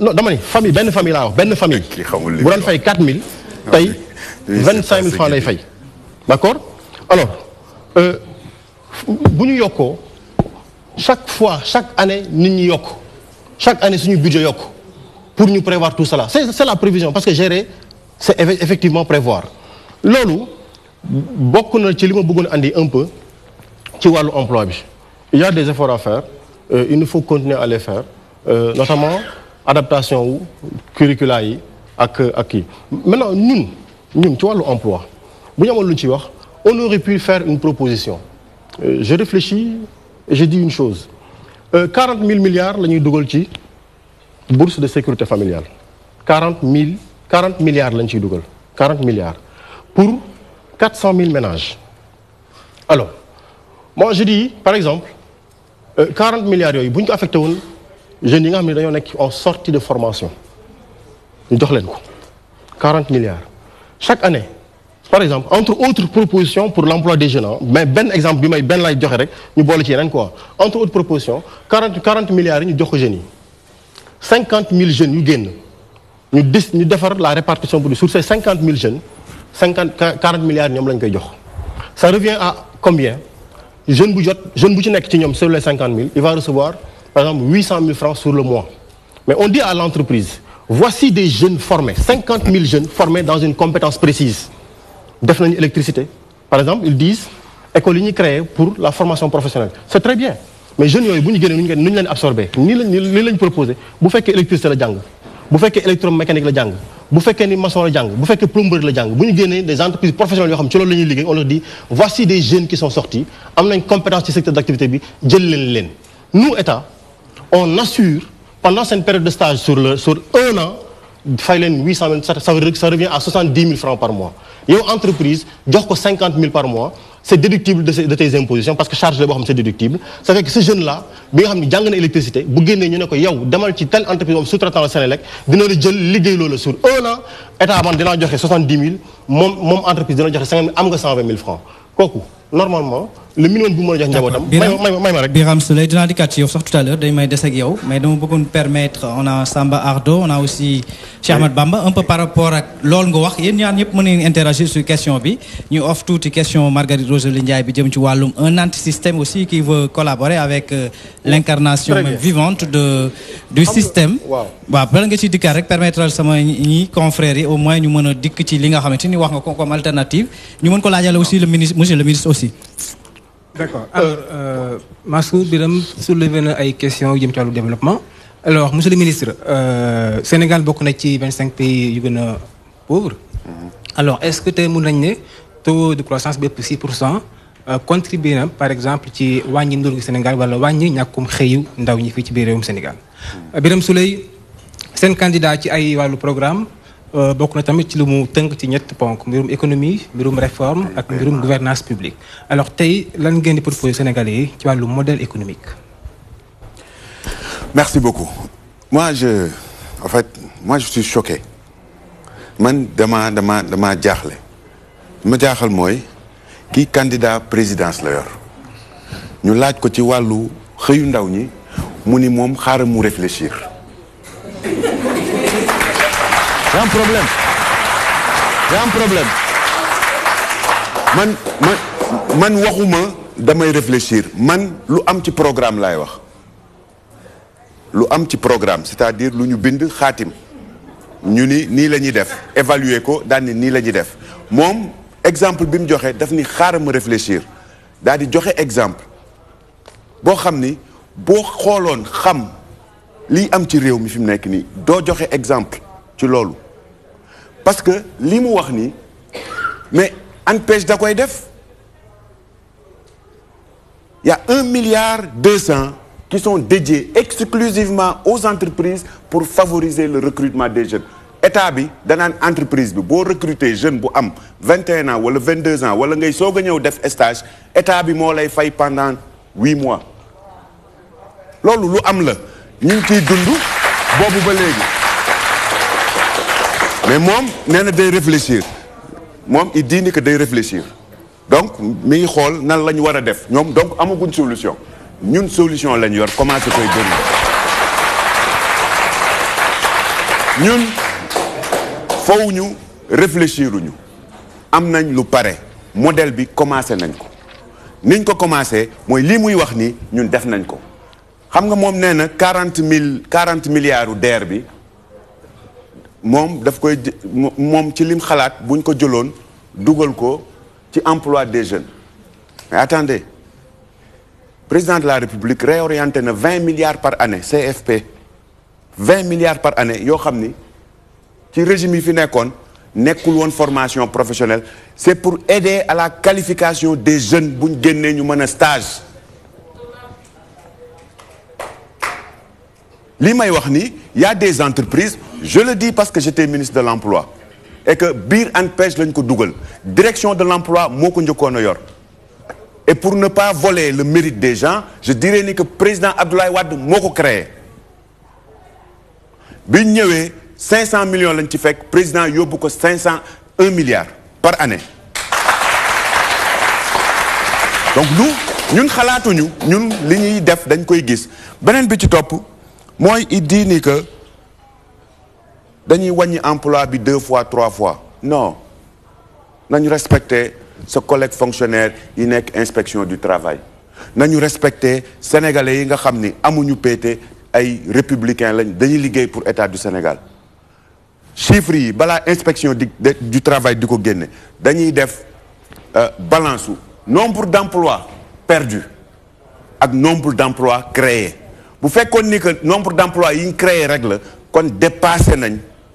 non dama ni famille benn famille laa wax benn famille. bu doon fay 4000. tey 25000 francs lay fay. d'accord alors euh, bu ñu yokkoo chaque fois chaque année nous ñi chaque année suñu budget yokk pour nous prévoir tout cela c'est la prévision parce que gérer c'est effectivement prévoir Là, beaucoup de ci li ma un peu tu vois l'emploi, il y a des efforts à faire euh, il nous faut continuer à les faire euh, notamment adaptation ou curriculaire maintenant nous, ñun ci vois emploi bu on aurait pu faire une proposition euh, je réfléchis j'ai dit une chose. 40 euh, 000 milliards, la de bourse de sécurité familiale. 40 000, 40 milliards 40 milliards. Pour 400 000 ménages. Alors, moi je dis, par exemple, 40 euh, milliards si vous ko affecté je jeunes en sortie de formation Nous 40 milliards chaque année par exemple entre autres propositions pour l'emploi des jeunes hein, mais ben exemple bi may lay joxe rek ñu ci quoi entre autres propositions 40 40 milliards de ñu jox jeunes 50 000 jeunes nous génn ñu dis ñu la répartition pour sur ces 50 000 jeunes 50 40 milliards ñom lañ koy jox. ça revient à combien jeune bu jot jeune bu ci ci sur les 50 000 il va recevoir par exemple 800 000 francs sur le mois mais on dit à l'entreprise voici des jeunes formés 50 000 jeunes formés dans une compétence précise def une électricité par exemple ils disent école yi ñu pour la formation professionnelle c'est très bien mais jeunes yooyu bu ñu génnee nu ñu nu ñu leen absorbé ni lañ ni lañ proposé bu fekkee électricité la jàng bu fekkee électromécanique la jàng bu fekkee ni maçon la jàng bu fekkee plomberie la jàng bu ñu des entreprises professionnelles yoo xam ci la on leur dit voici des jeunes qui sont sortis am nañ compétence du secteur d'activité bi jël nous état on assure pendant cette période de stage sur sur un an 800 000, ça, revient à 70 000 francs par mois. Et entreprise, j'ai 50 000 par mois, c'est déductible de, tes impositions parce que charge de bois, c'est déductible. Ça fait que ce jeune-là, il a ont une électricité, il a mis une électricité, telle entreprise a sous-traitant le Sénélec, il a mis une électricité. Un an, l'État a mis 70 000, mon, mon entreprise a mis 120 000 francs. Quoi normalement, le minimum du monde mën a jox njabootam. may may rek. Birame Souleye dinaa dikkaat ci yow tout à l'heure mais je mais permettre on a Samba Ardo on a aussi Chiamat Bamba un peu par rapport à loolu nga wax a des gens qui interagir sur question bi toutes les questions question Marguerite Rosalie bi jëm ci un anti-système aussi qui veut collaborer avec euh, l'incarnation vivante de du système. waaw waaw bala nga rek permettre sama ñi confrères au moins ñu mën a dikk ci li nga xamante ni wax nga comme alternative ñu mën ko aussi le ministre monsieur le ministre aussi. D'accord. Euh, alors, euh, développement alors monsieur le ministre euh, Sénégal est 25 pays pauvres. Mhm. alors est-ce que tu taux de croissance de 6 contribue, par exemple ci Sénégal wala à la le Sénégal mhm. euh, candidat programme bokk euh, na tamit ci lu mu tënk ci ñett ponk mbirum économie mbirum réforme ak mbirum gouvernance publique alors tey lan ngeen di proposer Sénégalais yi ci wàllu modèle économique. merci beaucoup moi je en fait moi je suis choqué man dama dama dama jaaxle ma jaaxal mooy kii candidat présidence la yor ñu laaj ko ci wàllu xëyu ndaw ñi mu ni moom mu réfléchir. C'est un problème C'est un problème man man man damay réfléchir man lu am programme lay wax lu am programme c'est-à-dire lu ñu bind khatim. ni def évaluer ko dan ni les def exemple bim daf ni Je réfléchir exemple Je xamni, bo xolone xam exemple parce que li wax mais pêche da koy def y a un milliard deux qui sont dédiés exclusivement aux entreprises pour favoriser le recrutement des jeunes état dans une entreprise bi bo recruter jeune bu am vingt ans wala vingt ans wala ngay soog a def stage état bi mo lay fay pendant huit mois loolu lu am la ñing mais moom nee na day réfléchir moom il dit ni que day réfléchir donc mi ngi xool nan lañ ñu war a def ñoom donc amaguñ solution ñun solution lañ yor commencé koy dënn ñun fowuñu réfléchiruñu am nañ lu pare modèle bi commencé nañ ko niñ ko commencé mooy lii muy wax ni ñun def nañ ko xam nga moom nee na 40 mille milliards u DER bi mom daf koy ci lim buñ des jeunes mais attendez président de la république réorienté 20 milliards par année CFP 20 milliards par année Yo xamni ci régime formation professionnelle c'est pour aider à la qualification des jeunes buñ aient ñu stage... stage il y a des entreprises je le dis parce que j'étais ministre de l'emploi et que Bir ANPEJ l'a ko direction de l'emploi moo ko njëkkoon a yor et pour ne pas voler le mérite des gens je dirais ni que président Abdoulaye Wade moo ko créé bi a 500 millions lañ ci président a ko 501 milliards par année donc nous nous avons ñun li ñuy def dañ koy gis beneen bi ci ni que dañuy un emploi bi deux fois trois fois non nañu respecter ce collègue fonctionnaire qui est inspection du travail nañu respecter sénégalais yi nga xamni amuñu pété ay républicains lañ dañuy liggéey pour état du Sénégal chiffres yi bala inspection du travail du ko nous dañuy def euh, balance nombre d'emplois perdus ak nombre d'emplois créés bu faites ni que nombre d'emplois yi créé rek la kon dépassé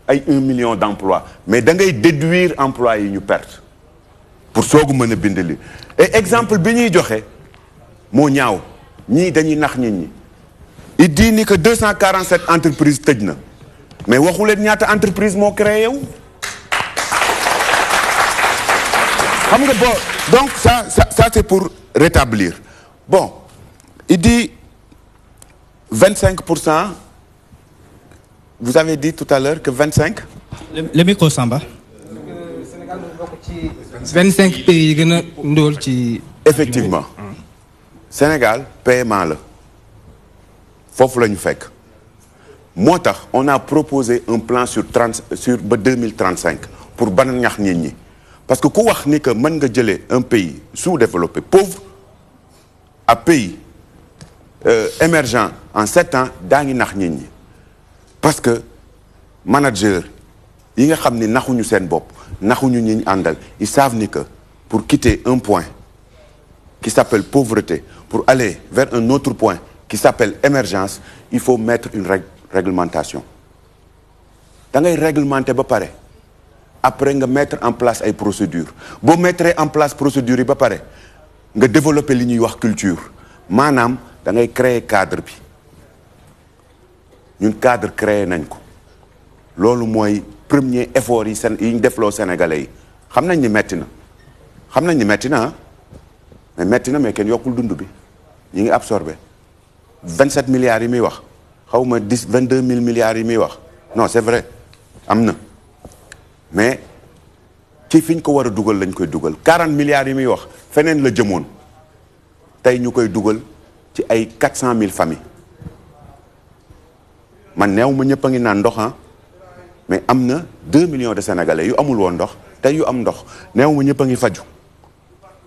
ay un million d'emplois. mais da ngay déduire emploi yi ñu perte pour soogu mën a bind li et exemple bi ñuy joxe moo ñaaw ñii dañuy nax nit ñi il dit ni que 247 entreprises sont na mais waxu leen ñaata entreprise moo créé yow xam bon donc ça ça, c'est pour rétablir bon il dit 25 vous avez dit tout à l'heure que 25. le, le micro Samba. 25 pays qui gën a ci. effectivement Sénégal paiement mal. Faut la fekk moi on a proposé un plan sur 2035 sur pour ban parce que ku wax ni que nga un pays sous-développé pauvre à pays euh, émergent en 7 ans daa ngi parce que manager managers, ils savent que pour quitter un point qui s'appelle pauvreté pour aller vers un autre point qui s'appelle émergence il faut mettre une réglementation da ngay réglementer ba après mettre en place une procédures vous mettre en place procédures vous ba développer la culture manam, da créer cadre ñun cadre créé nañ ko loolu mooy premier effort yi seen yi ñu defloo Sénégalais yi xam nañ ni metti na xam nañ ni metti na mais metti na mais kenn yokkul dund bi ñu ngi absorbé 27 milliards yi muy wax xaw ma 10 deux mille milliards yi muy wax non c'est vrai am na mais ci fi ñu ko war a dugal lañ koy dugal quarante milliards yi muy wax feneen la jëmoon tey ñu koy dugal ci ay 400 mille familles. man neew ma ñëpp a ngi naan ndox ah. mais am na 2 millions de sénégalais yu amul woon ndox tey yu am ndox neew ma ñëpp a ngi faju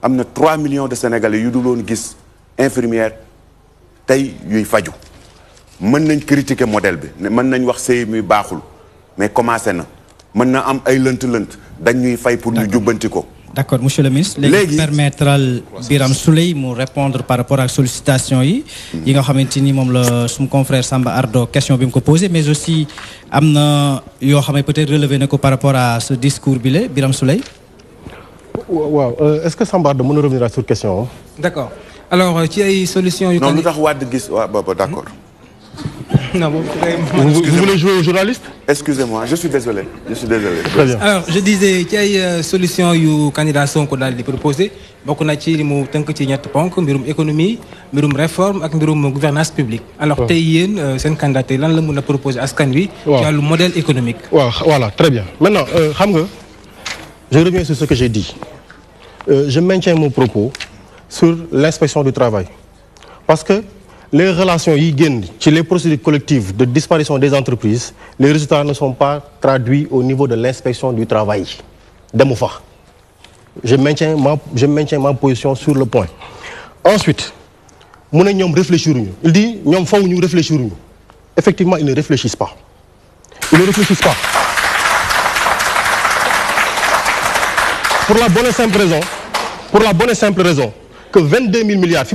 am na 3 millions de sénégalais yu dul woon gis infirmière tey yuy faju mën nañ critiquer modèle bi mën nañ wax sëy muy baaxul mais commencé na mën na am ay lënt-lënt dañ ñuy fay pour ñu jubbantiko d'accord monsieur le ministre. permettra permettral Biram Souley répondre par rapport à la sollicitation Je yi nga mon ni confrère Samba Ardo question questions à ko poser, mais aussi il y peut-être relevé un par rapport à ce discours bi Biram Birame euh, est-ce que Samba Ardo mën revenir sur question. d'accord alors qui euh, ay solutions yu. non tax gis d'accord vous, voulez jouer au journaliste Excusez-moi, je suis désolé. Je suis désolé. Très bien. Alors, je disais qu'il y a une euh, solution aux candidats qu'on a proposé. bokk na ci dit mu tënk ci économie une réforme et une gouvernance publique alors tey c'est euh, un candidat lan la a à askan wi modèle économique voilà très bien maintenant euh, je reviens sur ce que j'ai dit je maintiens mon propos sur l'inspection du travail parce que les relations qui chez les procédures collectives de disparition des entreprises les résultats ne sont pas traduits au niveau de l'inspection du travail demu je maintiens ma je maintiens ma position sur le point ensuite il dit nous effectivement ils ne réfléchissent pas ils ne réfléchissent pas pour la bonne et simple raison pour la bonne et simple raison que 22 000 milliards fi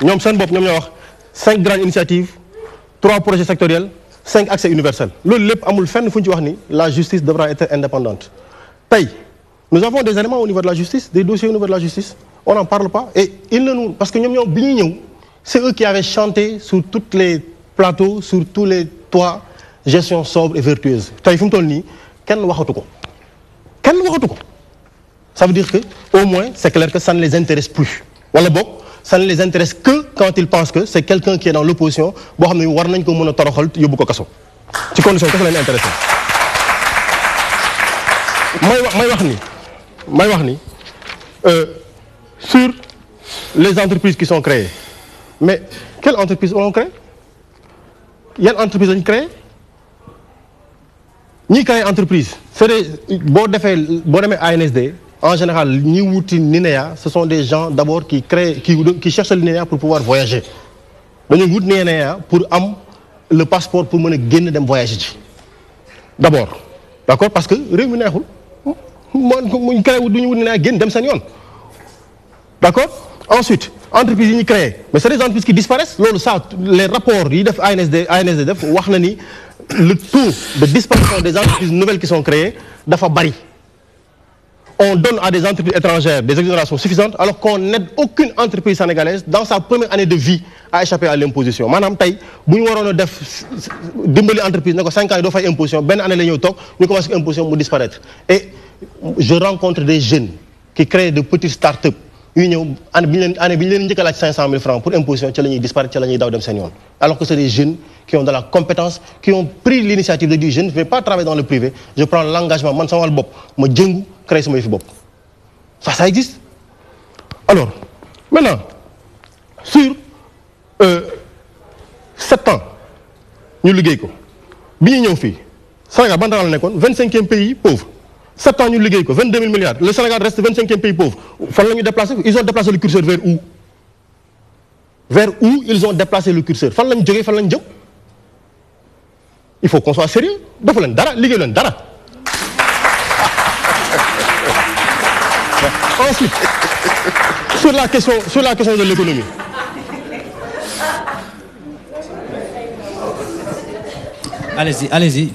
Nous avons cinq grandes initiatives trois projets sectoriels cinq accès universels loolu amul la justice devra être indépendante nous avons des éléments au niveau de la justice des dossiers au niveau de la justice on n'en parle pas et il ne nous parce que nous, c'est eux qui avaient chanté sur tous les plateaux sur tous les toits gestion sobre et vertueuse kenn waxatu ko kenn ça veut dire que au moins c'est clair que ça ne les intéresse plus voilà bon ça ne les intéresse que quand ils pensent que c'est quelqu'un qui est dans l'opposition Bon, xam ne war nañ ko mën a toroxal yóbbu ko kaso ci condition kese la ñu intéressé may may wax ni may wax euh, sur les entreprises qui sont créées mais quelle entreprise on crée yan entreprise qui crée Ni créé entreprise c'est boo defee boo demee ANSD en général, ni Wouti, ce sont des gens d'abord qui, créent, qui, qui cherchent le Néa pour pouvoir voyager. Donc, Wouti, Néa, pour am le passeport pour mener gagner des voyages. D'abord, d'accord Parce que rémunérer, on crée Wouti, Wouti, Néa, gagner des sanions. D'accord Ensuite, entreprises qui créent, mais c'est des entreprises qui disparaissent. ça, les rapports IDF, ANSD, que le taux de disparition des entreprises nouvelles qui sont créées, d'affaires baril on donne à des entreprises étrangères des exonérations suffisantes alors qu'on n'aide aucune entreprise sénégalaise dans sa première année de vie à échapper à l'imposition Madame Taï, bu ñu waroon une entreprise ne cinq ans yi faire fay imposition ben année la nous toog imposition mu disparaître et je rencontre des jeunes qui créent de petites start-up une ñëw année bi leen année bi leen njëkk a 500 000 francs pour imposition ci la ñuy disparaître ci la daw dem seen alors que c'est des jeunes qui ont de la compétence qui ont pris l'initiative de dire je ne vais pas travailler dans le privé je prends l'engagement man sama wàll bopp ma jëngu créer sama yëfi bopp ça ça existe alors maintenant sur euh, sept ans ñu liggéey ko bi ñu ñëw fii Sénégal ban la nekkoon vingt-cinquième pays pauvre 7 ans ñu 22 000 milliards le Sénégal reste 25e pays pauvre ils ont déplacé le curseur vers où vers où ils ont déplacé le curseur il faut qu'on soit sérieux dara dara ensuite sur la question sur la question de l'économie allez-y allez-y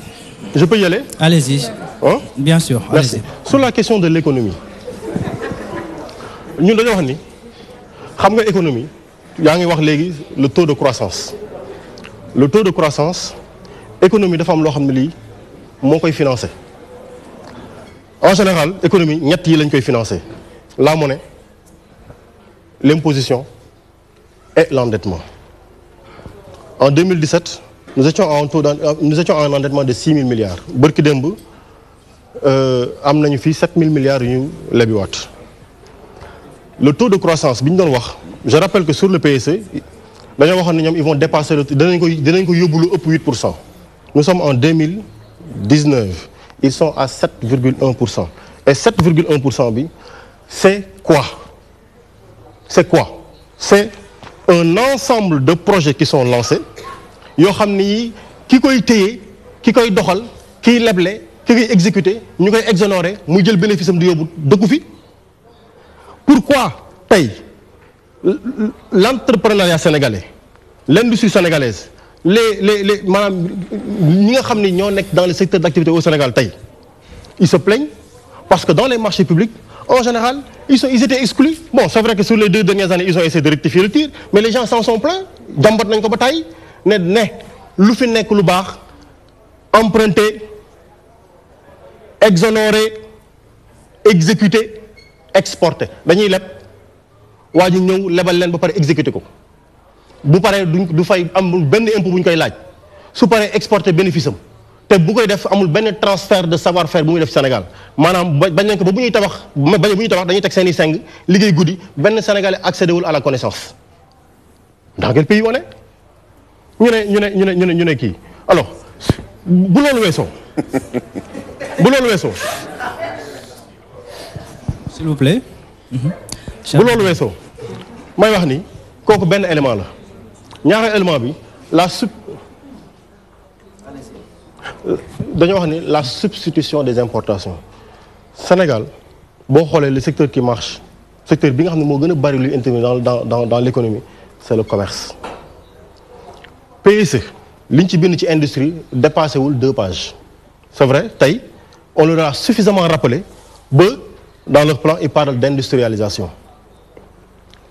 je peux y aller allez-y Hein? Bien sûr. Merci. Sur la question de l'économie. Nous devons dire, xam l'économie, économie y a le taux de croissance le taux de croissance l'économie, de am loo nous ne en général l'économie financer. yi lañ koy financer. la monnaie l'imposition et l'endettement en 2017 nous étions en taux nous étions un endettement de 6 000 milliards euh, am nañu 7 7000 milliards yu lebi le taux de croissance bi je rappelle que sur le PSE ils vont dépasser le dinañ ko dinañ ko 8 nous sommes en 2019 ils sont à 7,1 et 7,1 c'est quoi c'est quoi c'est un ensemble de projets qui sont lancés yoo xam ni ki koy téye ki koy doxal qui est exécuté ñu koy exonéré muy le bénéfice de di pourquoi l'entrepreneuriat sénégalais l'industrie sénégalaise les les les maanaam ñi nga xam dans le secteur d'activité au Sénégal ils se plaignent parce que dans les marchés publics en général ils sont ils étaient exclus bon c'est vrai que sur les deux dernières années ils ont essayé de rectifier le tir mais les gens s'en sont plaints jàmbat nañ ko ba tey ne ne lu fi nekk lu baax emprunter. Exonérer, exécuter, exporter. dañuy lepp waa ñew lebal leen ba paré exécuter ko bu paré du fay am benn impôt buñ koy laaj su paré exporter bénéfice am te bu koy def amul benn transfert de savoir faire bu muy def Sénégal maanaam bañ nañ ko ba bu ñuy tabax ba bu ñuy tabax dañuy teg seen i seng liggéey guddi benn Sénégalais accédé wul à la connaissance. dans quel pays on est ñu ne ñu ne ñu ne ñu ne kii alors bu loolu weesoo. bu le vaisseau. s'il vous plaît. Mhm. bu vaisseau. Je may wax ni c'est un élément la deuxième élément bi la sub la substitution des importations Sénégal boo xoolee le secteur qui marche secteur qui nga le plus bari intervenir dans dans dans l'économie c'est le commerce P.I.C. liñ ci bind ci dépassé deux pages c'est vrai tey on leur a suffisamment rappelé, dans leur plan, ils parlent d'industrialisation.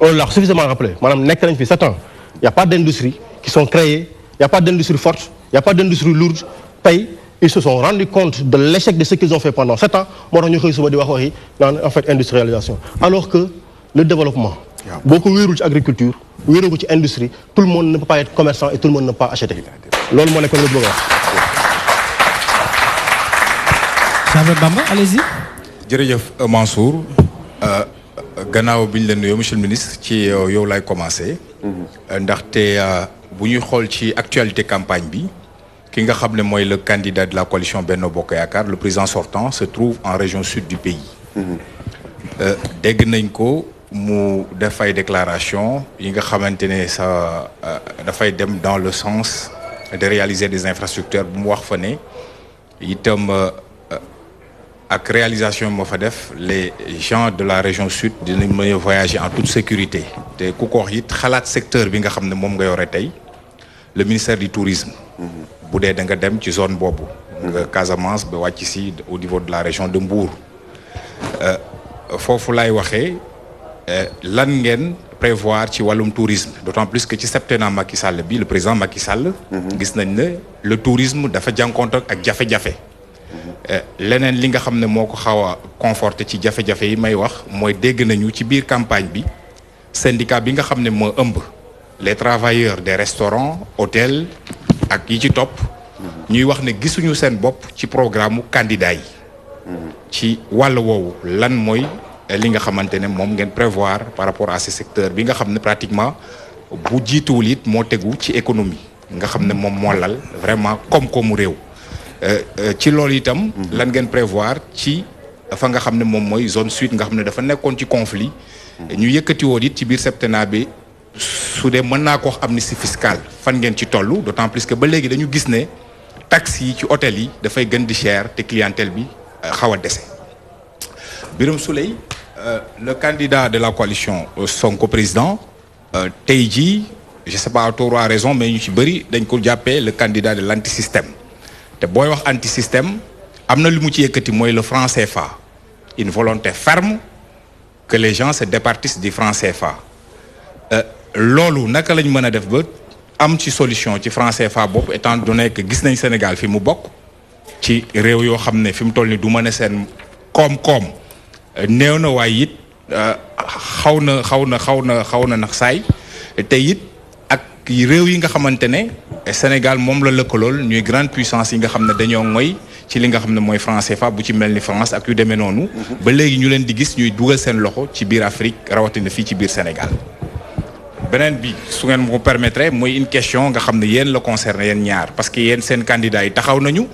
On leur a suffisamment rappelé. Madame il fait 7 ans. Il n'y a pas d'industrie qui sont créées, il n'y a pas d'industrie forte, il n'y a pas d'industrie lourde, Ils se sont rendus compte de l'échec de ce qu'ils ont fait pendant 7 ans. En fait, industrialisation. Alors que le développement, beaucoup de l'agriculture, de industrie, tout le monde ne peut pas être commerçant et tout le monde ne peut pas acheter. C'est ce que Cheikh Bamba allez-y. jërëjëf euh, Mansour ganao bi ñu la monsieur le ministre ci euh, yow laay commencé. Mhm. Euh, ndaxte bu ñuy l'actualité ci actualité campagne bi ki nga le candidat de la coalition Benno Bokk le président sortant se trouve en région sud du pays. Mhm. dégg nañ ko mu def déclaration yi nga xamante sa dans le sens de réaliser des infrastructures bu mu wax la réalisation de fa les gens de la région sud dinañ voyager en toute sécurité te ku ko wax secteur bi nga le ne nga le ministère du tourisme bu dee da nga zone de Casamance ba au niveau de la région de Mbour Il euh, faut waxee euh, lan prévoir ci tourisme d'autant plus que ci septennat Macky Sall le président Macky Sall mhm. gis nañ le tourisme dafa contact ak jafe-jafe eh, leneen li nga xam ne moo ko xaw a conforté ci jafe-jafe yi may wax mooy dégg nañu ci biir campagne bi syndicat bi nga xam ne moo ëmb les travailleurs des restaurants hôtels ak yi ci topp ñuy wax ne gisuñu seen bopp ci programme candidat yi ci wàll woowu lan mooy li nga xamante ne moom ngeen prévoir par rapport à ce secteur bi nga xam ne pratiquement bu jiituwul it moo tegu ci économie nga xam ne moom moo lal vraiment comme comme réew euh, euh, ci loolu itam. lan ngeen prévoir ci fa nga xam ne moom mooy zone suite nga xam ne dafa nekkoon ci conflit. ñu yëkkati woon it ci biir septennat bi su dee mën naa ko wax amnistie fiscale fan ngeen ci toll d'autant plus que ba léegi dañu gis ne taxes yi ci hôtel yi dafay gën di cher te clientèle bi euh, xaw a dese. Birame Souleye le candidat de la coalition Sonko président tey jii je sais pas à tort ou à raison mais ñu ci bëri dañ ko jàppee le candidat de l'antisystème te wax anti système amna le une volonté ferme que les gens se départissent du franc CFA euh, lolu naka lañ mëna def ba am ci solution ci franc CFA étant donné que le nañ Sénégal fi mu bok ci réew kii réew yi nga xamantene ne Sénégal mom la lëkkalool ñuy grande puissance yi nga xamne ne dañoo ngoy ci li nga xamne moy mooy franc CFA bu ci melni France ak yu demee nonu mhm. ba léegi ñu leen di gis ñuy duggal seen loxo ci biir Afrique rawatina fi ci biir Sénégal. benen bi su ngeen ko permettre moy une question nga xamne yeen yéen la concerné yéen ñaar parce que yeen seen candidat yi taxaw nañu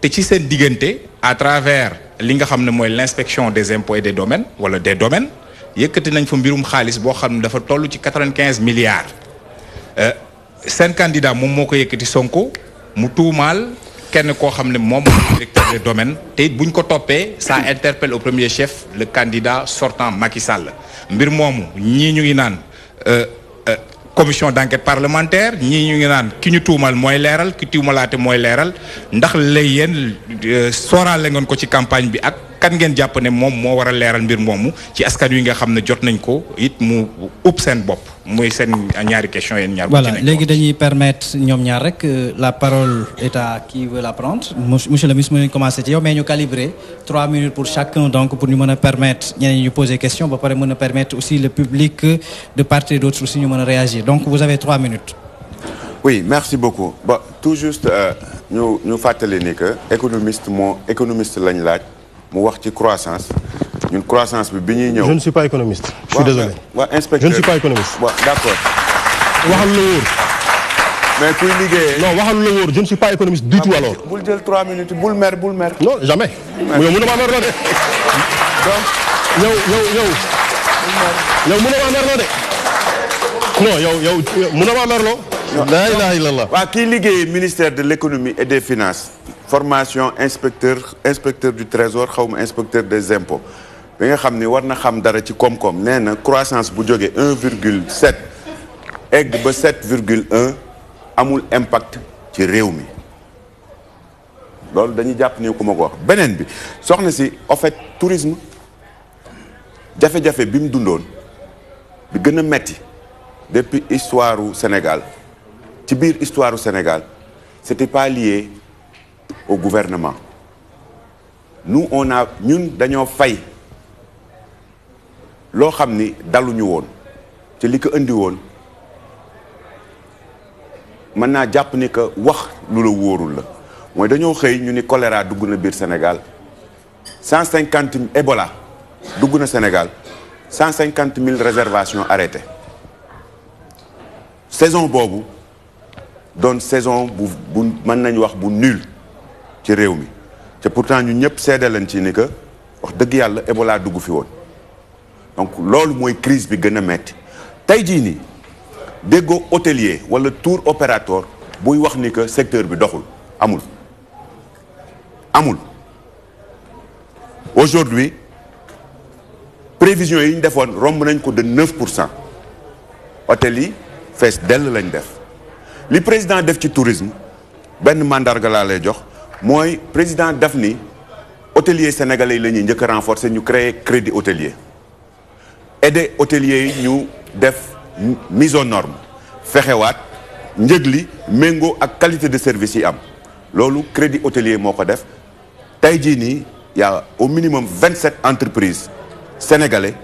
te ci seen diggante à travers li nga xamne moy l'inspection des impôts et des domaines wala des domaines yëkkati nañ fa mbirum xaalis bo xamne dafa tollu ci 95 milliards. Euh, seen candidat moom moo ko yëkkati Sonko mu tuumaal kenn koo xam ne moom directeur de domaine te buñ ko toppee ça interpelle au premier chef le candidat sortant Macky Sall mbir moomu ñii ñu ngi naan euh, euh, commission d'enquête parlementaire ñii ñu ngi naan ki ñu tuumal mooy leeral ki tuumalaate mooy leeral ndax la yéen sooraale ngeen ko ci campagne bi ak kan ngeen jàpp ne moom moo war a leeral mbir moomu ci askan wi nga xam ne jot nañ ko it mu up seen bopp moy sen ñaari question ñaar. voilà légui dañuy permettre ñom ñaar rek euh, la parole est à qui veut la prendre monsieur le ministre comment cest commencé ci yow mais ñu calibrer trois minutes pour chacun donc pour nous permettre ñeneen poser des questions, pour permettre aussi le public de partir d'autres d'autre aussi ñu réagir donc vous avez trois minutes. oui merci beaucoup tout juste nous euh, nous fatalé ni que économiste économiste lañ laaj croissance je ne suis pas économiste. je suis désolé je ne suis pas économiste. D'accord. non je ne suis pas économiste du ah, tout alors. bul trois minutes non jamais. Yo, yo, yo. Yo, mer non la ilaha illallah ministère de l'économie et des finances formation inspecteur inspecteur du trésor xaw inspecteur des impôts bi nga xam ni war na xam dara ci croissance bu 1,7, un virgule sept egg amul impact ci réew mi loolu dañuy jàpp ni ku ma ko wax beneen bi soxna fait en fait tourisme jafe-jafe bi mu dundoon bi metti depuis histoire du Sénégal Tibir histoire au Sénégal n'était pas lié au gouvernement nous on a ñun fay fait. Nous avons que wax lolu worul Nous choléra Sénégal 150 Ebola Sénégal 150 000 réservations arrêtées saison bobu doon saison bu man nañ wax bu nul ci réew mi te pourtant ñun ñëpp seede lañ ci ni que wax dëgg yàlla Ebola dugg fi woon donc loolu mooy crise bi gën a metti tey jii nii déggoo hôtelier wala tour opérateur buy wax ni que secteur bi doxul amul amul aujourd'hui prévision yi ñu defoon romb nañ ko de 9 pour cent hôtel yi fees dell lañ def le président def tourisme Ben Mandar le lay jox président daf ni hôteliers sénégalais ont la renforcer ñu créer crédit hôtelier aider hôteliers nous ñu def mise aux normes fexewaat wat, li méngoo ak qualité de service yi am le crédit hôtelier moo def il y'a au minimum 27 entreprises sénégalais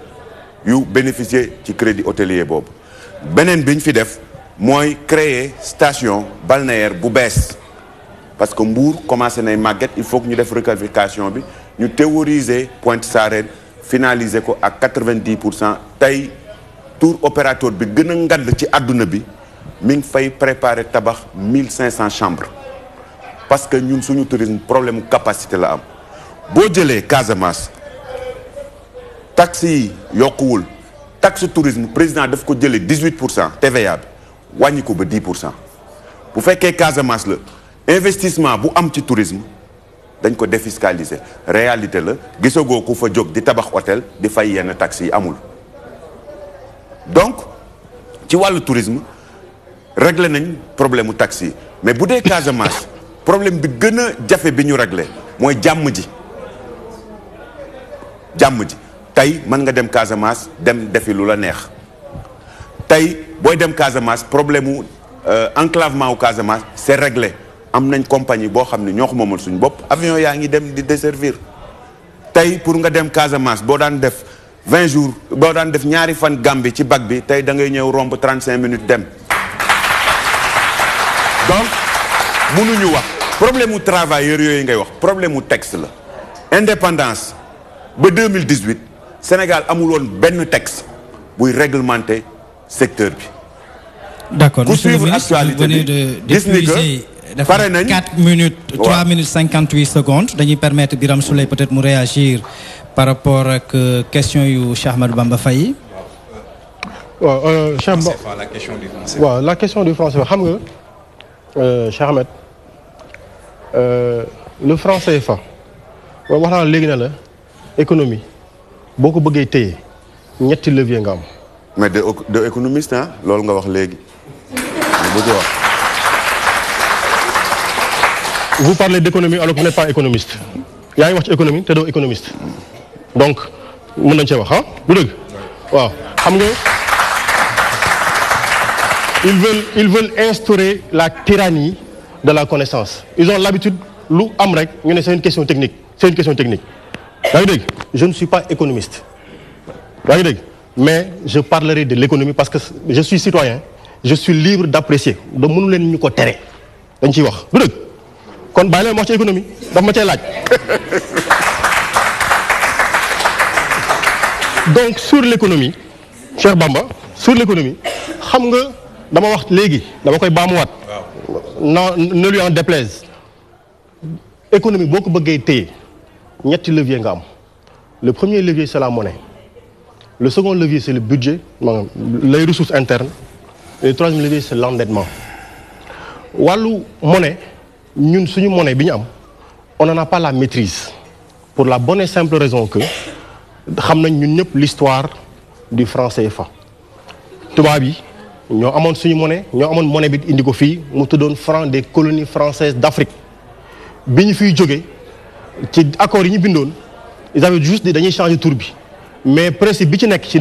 qui bénéficient du crédit hôtelier bob, benen bi créé créer station balnéaire bu parce que Mbour commencé nay maguettes, il faut que ñu def requalification bi ñu théoriser Pointe Sarène finaliser ko 90%. 90% tour tour opérateur bi ci bi préparer tabax 1500 chambres parce que nous suñu tourisme problème capacité la am bo jëlé Casamance taxi, yi taxe tourisme président daf ko le 18%, a fait 18%, TVA 10 pour faire que cas Casamance masse investissement pour tourisme il faut défiscaliser réalité le, gisagoo vous fa jóg di hôtel di taxi amul donc le le tourisme réglé le problème taxi mais bu vous Casamance problème de gën la nga dem Casamance dem tey boy dem Casamance problème ou euh, enclavement au Casamance c'est réglé am nañ compagnie bo xam ne momal suñ moomal bopp avion yaa dem di desservir tay pour nga dem Casamance bo daan def 20 jours bo daan def ñaari fan Gambie ci bac bi tay da ngay ñew romb trente cinq minutes dem donc ñu wax problème travailleur yoy ngay wax problème texte la indépendance ba 2018 Sénégal amul won ben texte buy réglementer secteur bi. d'accord accord de suivre 4 minutes 3 minutes 58 secondes d'ailleurs permettre Guillaume soleil peut-être nous réagir par rapport à euh, question de Cheikh Bamba euh, la question du français. waaw la question du français xam nga euh, Cheikh Ahmed le français est fort. naa léegi na la économie boo mais de de économiste hein nga vous parlez d'économie alors que vous n'êtes pas économiste Il y a une économie t'es pas économiste donc vous nañ cee wax ah? ils veulent ils veulent instaurer la tyrannie de la connaissance ils ont l'habitude lou, am c'est une question technique c'est une question technique Vous je ne suis pas économiste Vous mais je parlerai de l'économie parce que je suis citoyen je suis libre d'apprécier Donc, nous leen dañ ciy wax du dëgg kon bàyyi leen wax ci économie daf ma pas. donc sur l'économie cher Bamba sur l'économie xam nga dama je léegi dama koy baamuwaat non ne lui en déplaise économie beaucoup ko bëggee il ñetti levier nga am le premier levier c'est la monnaie le second levier, c'est le budget, les ressources internes. Et le troisième levier, c'est l'endettement. Walou, monnaie, nous, sommes monnaie, on n'en a pas la maîtrise. Pour la bonne et simple raison que, nous savons l'histoire du franc CFA. Tout nous avons une monnaie, nous avons une monnaie indigo fille nous avons franc des colonies françaises d'Afrique. qui qui ils avaient juste des derniers échanges de tourbi mais principe bi ci nek ci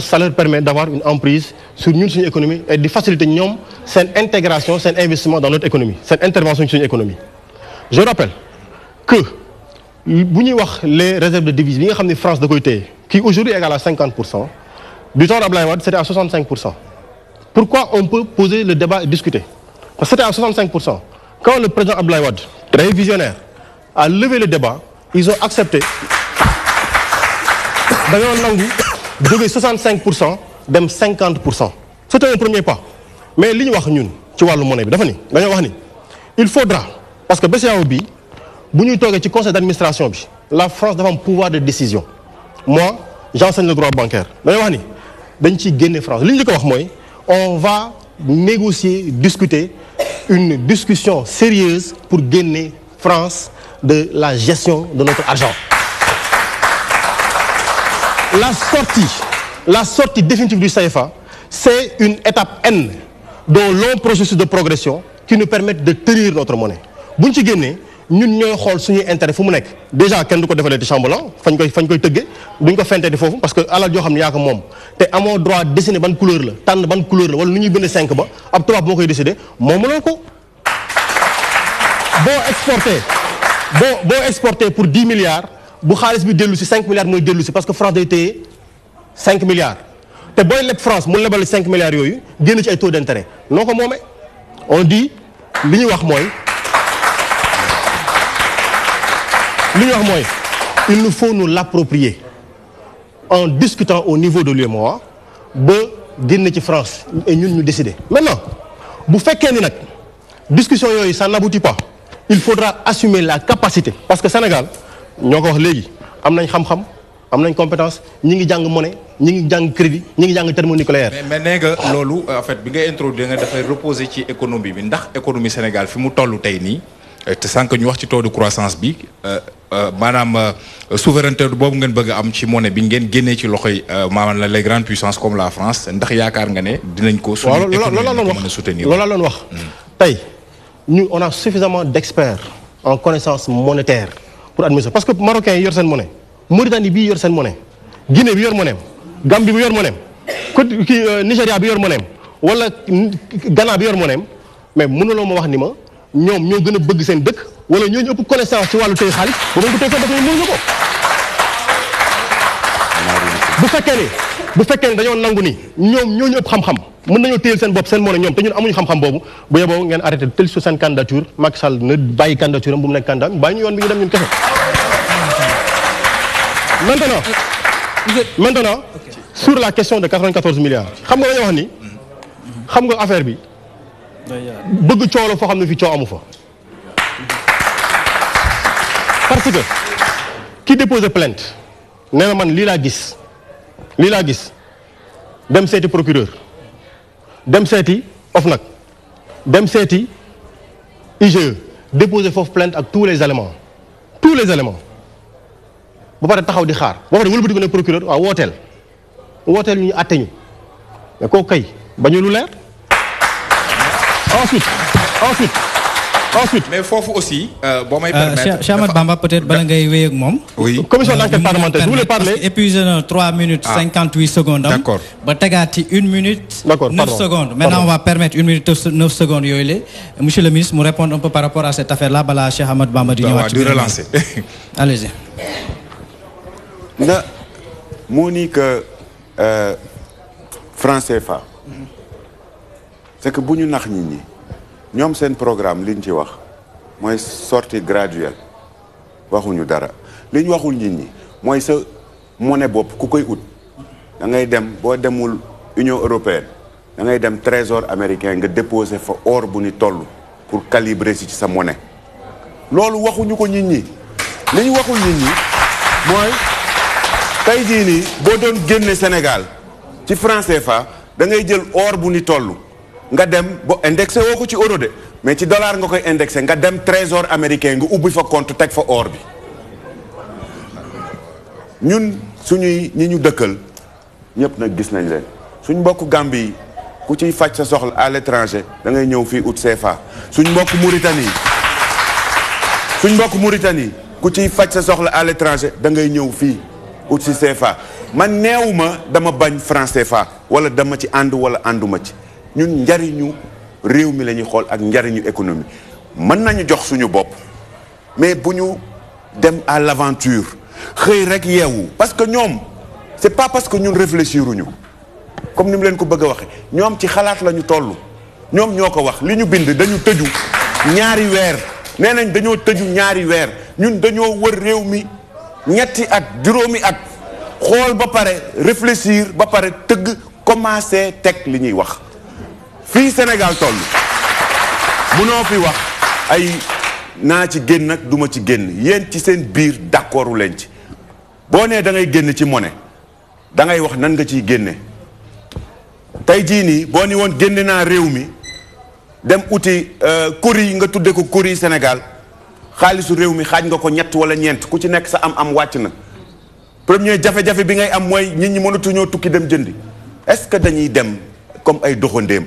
ça leur permet d'avoir une emprise sur ñun économie et de faciliter ñom intégration un investissement dans notre économie cette intervention sur notre économie. je rappelle que si wax les réserves de devises nous nga xamni France da koy qui aujourd'hui égale à 50 du temps c'était à 65 pourquoi on peut poser le débat et discuter parce que c'était à 65 quand le président Abdoulaye Wade très visionnaire a levé le débat ils ont accepté dañoo nangu jóge 65 dem 50 c'était un premier pas mais liñ wax ñun ci walu monnaie bi dafa ni dañu wax ni il faudra parce que BCEAO bi buñu togué ci conseil d'administration bi la France dafa am pouvoir de décision moi j'enseigne le droit bancaire dañu wax ni dañ ci génne France liñ ñu ko wax moy on va négocier discuter une discussion sérieuse pour gagner France de la gestion de notre argent la sortie, la sortie définitive du CFA, c'est une étape N dans long processus de progression qui nous permet de tenir notre monnaie. buñ ci génnee ñun ñooy xool suñuy intérêt fu mu nekk déjà kenn du des chambres, ci chamboulan fañ koy fañ koy tëggee duñ ko fentee di parce que alal joo xam ne yaa ko moom te amoo droit dessiner ban couleur la tànn ban couleur la wala nu ñuy bind 5 ba ab tubaab moo koy décider moomuloo ko. boo exporté boo boo exporté pour 10 milliards bu xaalis bi 5 milliards mooy dellu si parce que France a été 5 milliards te boy leb France mu lebal 5 milliards yooyu génn ci ay taux d'intérêt. Non, noo on dit li ñu wax mooy li wax il nous faut nous l'approprier en discutant au niveau de l'UEMOA ba génn ci France et ñun ñu décider. maintenant bu fekkee ni nag discussion yooyu ça n'aboutit pas il faudra assumer la capacité parce que Sénégal ñoo ko wax légui am nañ xam-xam am nañ compétence ñi ngi jang monnaie ñi ngi jang crédit ñi ngi jàng thermonucléaire. mais mais nee nga lolu en fait bi nga introduire nga dafay reposer ci économie bi ndax économie Sénégal fi mu tollu tay ni te sank ñu wax ci taux de croissance bi euh, euh, maanaam euh, souveraineté bobu ngeen bëgg am ci monnaie bi ngeen génnee ci loxoy maanaam la les grandes puissances comme la France ndax yaakar nga né dinañ ko. waaw loolu la doon wax loolu la doon wax tey ñu on a suffisamment d'experts en connaissance monétaire. pour administrer parce que marocain yi yor seen monnaie Mauritanie bii yor seen monnaie Guinée bi yor monnaie Gambie bi yor monnaie côté kii euh, Nigéria bi yor monnaie wala Ghana bi yor monnaie mais mënuloo ma wax ni ma ñoom ñoo gën a bëgg seen dëkk wala ñoo ëpp connaissance ci wàllu tey xaalis ba bañ ko tey ko def ñu mënuñu ko bu fekkee ni bu fekkee ne dañoo nangu ni ñoom ñoo ñu ëpp xam-xam mën nañoo téyel seen bopp seen moone ñoom te ñun amuñu xam-xam boobu bu yeboo ngeen arrêté tël su seen candidature Macky Sall na bàyyi candidature am bu mu nekk candidat bàyyi ñu yoon bi ñu dem ñun kese maintenant maintenant sur la question de 94 milliards xam nga dañoo wax ni xam nga affaire bi bëgg coow la foo xam ne fi coow amu fa parce que ki déposé plainte nee na man lii laa gis lii laa gis dem seeti procureur dem seeti OFNAC dem seeti IGE déposer foofu plainte ak tous les éléments tous les éléments ba pare taxaw di xaar ba pare wëlbati ko ne procureur waaw wooteel wooteel ñu àtte ñu mais kooku kay bañu lu leer ensuite ensuite ensuite mais il faut aussi. Euh, boo may euh, permettre Cheikh Ahmad Bamba peut-être bala oui commission d'enquête euh, parlementaire vous voulez parler. épuisé 3 minutes 58 ah. secondes. d'accord ba 1 minute. 9 secondes maintenant on va permettre 1 minute 9 secondes monsieur le ministre vous répondre un peu par rapport à cette affaire là Bala, Cheikh Ahmad Bamba di On bah, va relancer allez-y. na Monique, FA. c'est que bu nax ñoom seen programme li ñu ci wax mooy sortie graduelle waxuñu dara liñ waxul nit ñi mooy sa monnaie bopp ku koy ut da ngay dem boo demul Union européenne da ngay dem trésor américain nga déposer fa or bu ni toll pour calibrer si ci sa monnaie loolu waxuñu ko nit ñi li ñu waxul nit ñi mooy tey jii nii boo doon génne Sénégal ci franc CFA da ngay jël or bu ni toll nga dem ba indexé ko ci euro de mais ci dollar nga koy indexé nga dem trésor américain nga ubbi fa compte teg fa or bi ñun suñuy ñi ñu dëkkal ñëpp nag gis nañ leen suñ mbokk Gambie yi ku ciy faj sa soxla à l'étranger da ngay ñëw fii ut CFA suñ mbokk Mauritanie suñ mbokk Mauritanie ku ciy faj sa soxla à da ngay ñëw fii ut si CFA man ma dama bañ franc CFA wala dama ci ànd wala ànduma ci ñun njariñu réew mi la ñuy xool ak njariñu économie mën nañu jox suñu mais bu nous dem à l'aventure rek parce que ce c'est pas parce que nous réfléchissons. comme nous mu leen ko bëgg a waxe ñoom ci xalaat la nous toll ñoom ñoo ko wax li ñu bind dañu tëju ñaari weer nee nañ dañoo tëju réfléchir ba fii Sénégal toll munoo fi wax ay naa ci génn nag duma ci génn yéen ci seen biir d'accordu leen ci boo nee dangay génn ci monnaie da ngay wax nan nga ciy génne tey jii nii boo ni woon génne naa réew mi dem uti kuri euh, nga tudde ko kuri Sénégal xaalisu réew mi xaaj nga ko ñett wala ñeent ku ci nekk sa am-am wàcc na premier jafe-jafe bi ngay am mooy nit ñi mënatuñoo tukki dem jëndi est-ce que dañuy dem comme ay doxandéem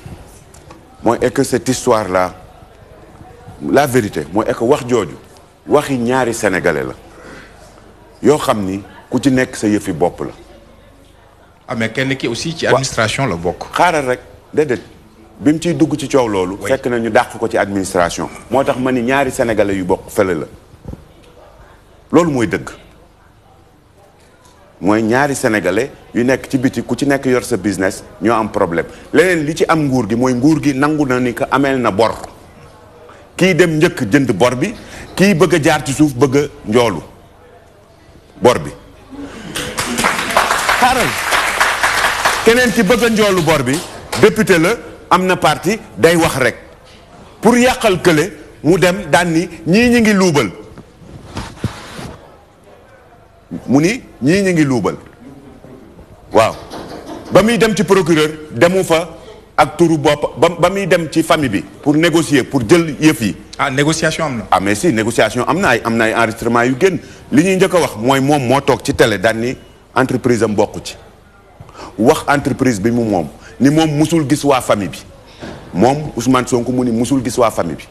Moi, est que cette histoire là la vérité Moi, est que wax jojo waxi ñaari sénégalais la yo xamni ku ci nek sa yeufi bop la. ah mais kenn ki aussi ci administration la bok xaaral rek déedéet bim ci dugg ci ciow lolu fekk na ñu dàq ko ci administration. motax mani ñaari sénégalais yu bok fële la lolu moy deug mooy ñaari sénégalais yu nekk ci biti ku ci nekk yor sa business ñoo am problème leneen li ci am nguur gi mooy nguur gi nangu na ni ko ameel na bor kii dem njëkk jënd bor bi kii bëgg jaar ci suuf bëgg njoolu bor bi xaaral keneen ci bëgg njoolu bor bi député la am na parti day wax rek pour yàqal kële mu dem daan ni ñii ñi ngi luubal mu ni ñii ñu ngi luubal waaw ba muy dem ci procureur demu fa ak turu bopp ba ba muy dem ci famille bi pour négocier pour jël yëf yi. ah négociation am na. Ah, si négociation am na ay am na ay enregistrement yu gën li ñuy njëkk a wax mooy moom moo toog ci tele daan ni entreprise am bokk ci wax entreprise bi mu moom ni moom musul gis waa famille bi moom Ousmane Sonko mu ni musul gis waa famille bi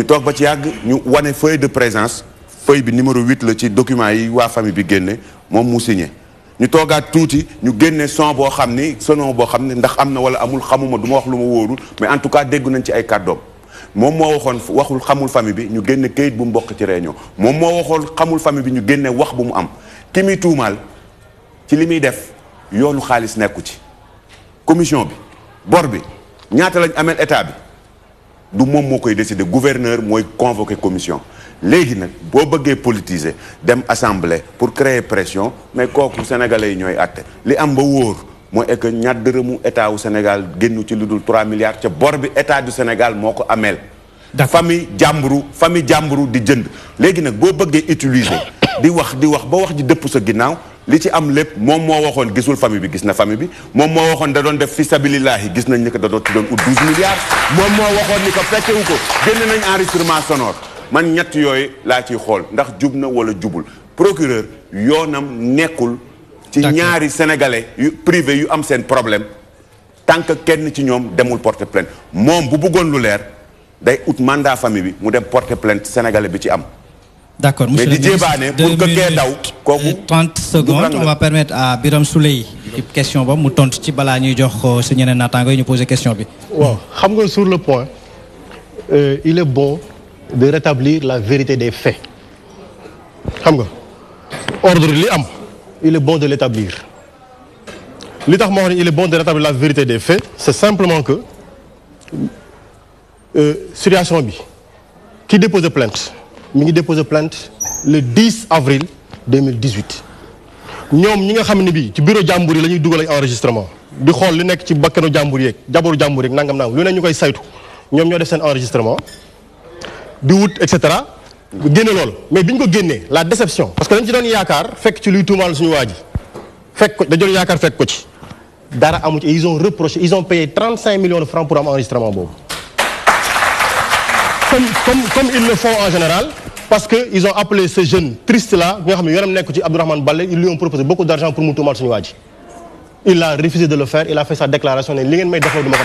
ñu toog ba ci yàgg ñu wane feuille de présence. feuille numéro 8, la document yi wa famille bi mom mu signé ñu togaat touti ñu son bo son bo ne ndax amna wala amul xamuma duma wax mais en tout cas dégg nañ ci ay kàddoom mom mo waxul xamul famille bi ñu des keuyit bu mbokk ci réunion mom famille bi ñu wax bu mu am timi ci limi def yoonu commission bi bor bi ñaata lañ du koy décider gouverneur commission léegi nag boo bëggee politiser dem assemblée pour créer pression mais kooku sénégalais yi ñooy àtte li am ba wóor mooy que ñaar dërëmu état du Sénégal génnu ci lu 3 milliards ca bor bi état du Sénégal moo amel. ameel. famille jàmburu famille jàmburu di jënd léegi nag boo bëggee utiliser di wax di wax ba wax ji depp sa ginnaw li ci am lépp mom mo waxone gisul famille bi gis na famille bi mom mo waxone da doon def fi sabilillahi gis nañ ni ko da doon ut 12 milliards mom mo waxone ni ko fekkewu ko génn nañ enregistrement sonore man ñett yooyu laa ciy xool ndax jub na wala jubul procureur yoonam nekkul ci ñaari sénégalais yu privé yu am seen problème tant que kenn ci ñoom demul porter plainte moom bu bëggoon lu leer day ut mandat famille bi mu dem porter plainte sénégalais bi ci am D'accord, monsieur Mais pour que deux minutes et 30 secondes. On va permettre à Biram Souley question ba mu tont ci balaa ñuy jox euh, sa ñeneen naataango yi ñu poser question bi. waaw xam nga sur le point euh, il est bon de rétablir la vérité des faits. xam nga ordre li am il est bon de l'établir li tax il est bon de rétablir la vérité des faits c'est simplement que euh, situation bi dépose plainte mi dépose plainte le 10 avril 2018 ñoom ñi nga xam ne nous ci bureau la ñuy dugal ay enregistrement di xool li nekk ci bakkanu jàmbur yeeg jaboru jàmbur yeeg nangam lu ne ñu koy saytu ñoom ñoo def seen enregistrement di wut et cetera mais biñ ko la déception parce que dañ ci doon yaakaar fekk ci luy tuumaal suñu waa ji fekk ko dañ doon yaakaar fekk ko ci dara amu ci ils ont reproché ils ont payé 35 millions de francs pour am enregistrement comme comme comme ils le font en général parce que ils ont appelé ce jeune triste là nga xam ne ci Abdourahmane Balle ils lui ont proposé beaucoup d'argent pour mu tuumaal suñu waa ji il a refusé de le faire il a fait sa déclaration Il li ngeen may defoo du ma ko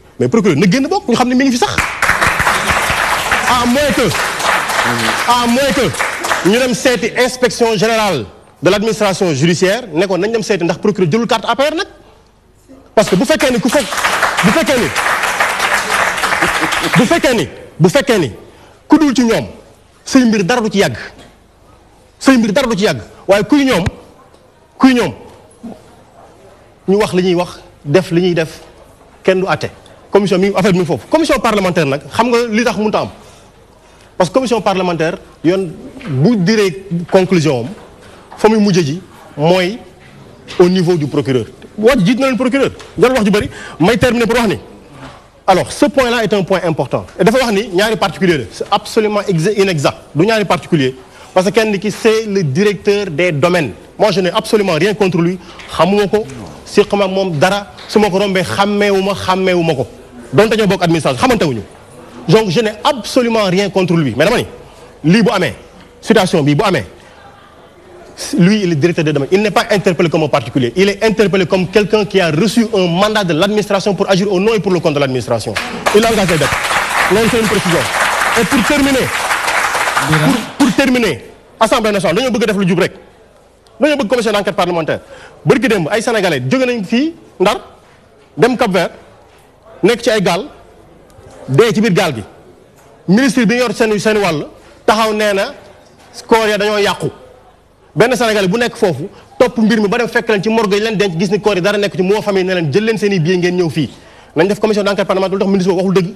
mais procureur na génn bok ñu à moins que à moins que ñu dem inspection générale de l'administration judiciaire ne ko nañ dem seeti ndax procureur carte parce que bu fekkee ni ku fekk bu fekkee ni bu fekkee ni bu fekkee ni ku dul ci ñoom sëy mbir dara du ci yàgg sëy mbir dara ci kuy kuy ñu wax li ñuy def li def du commission mi affaire mi commission parlementaire nag xam nga li tax mënut parce que commission parlementaire yoon bu diree conclusion am fa muy mujjee ji mooy au niveau du procureur wax jiit na leen procureur Je wax ju bëri may terminer pour wax ni alors ce point là est un point important et dafa wax ni ñaari particulier c'est absolument inexact du ñaari particulier parce que kenn ki c'est le directeur des domaines moi je n'ai absolument rien contre lui xamuma ko siqam ak moom dara su ma ko rombee xàmmeewuma xàmmeewuma ko administration donc je n'ai absolument rien contre lui mais d'abord ni situation bi lui il est directeur de demain. il n'est pas interpellé comme un particulier il est interpellé comme quelqu'un qui a reçu un mandat de l'administration pour agir au nom et pour le compte de l'administration il a engagé d'être une précision et pour terminer pour, terminer assemblée nationale nous bëgg def lu Nous rek dañoo bëgg commission d'enquête parlementaire bërki dem ay sénégalais djogé nañ fi ndar dem cap nekk ci ay gaal de ci biir gaal gi ministre bi yor seen seen wàll taxaw nee na koor ya dañoo yàqu benn Sénégalais bu nekk foofu topp mbir mi ba dem fekk leen ci morgue yi leen denc gis ni koor yi dara nekk ci moo famille ne leen jël leen seen i biir ngeen ñëw fii nañ def commission d'enquête parlementaire lu tax ministre boobu waxul dëgg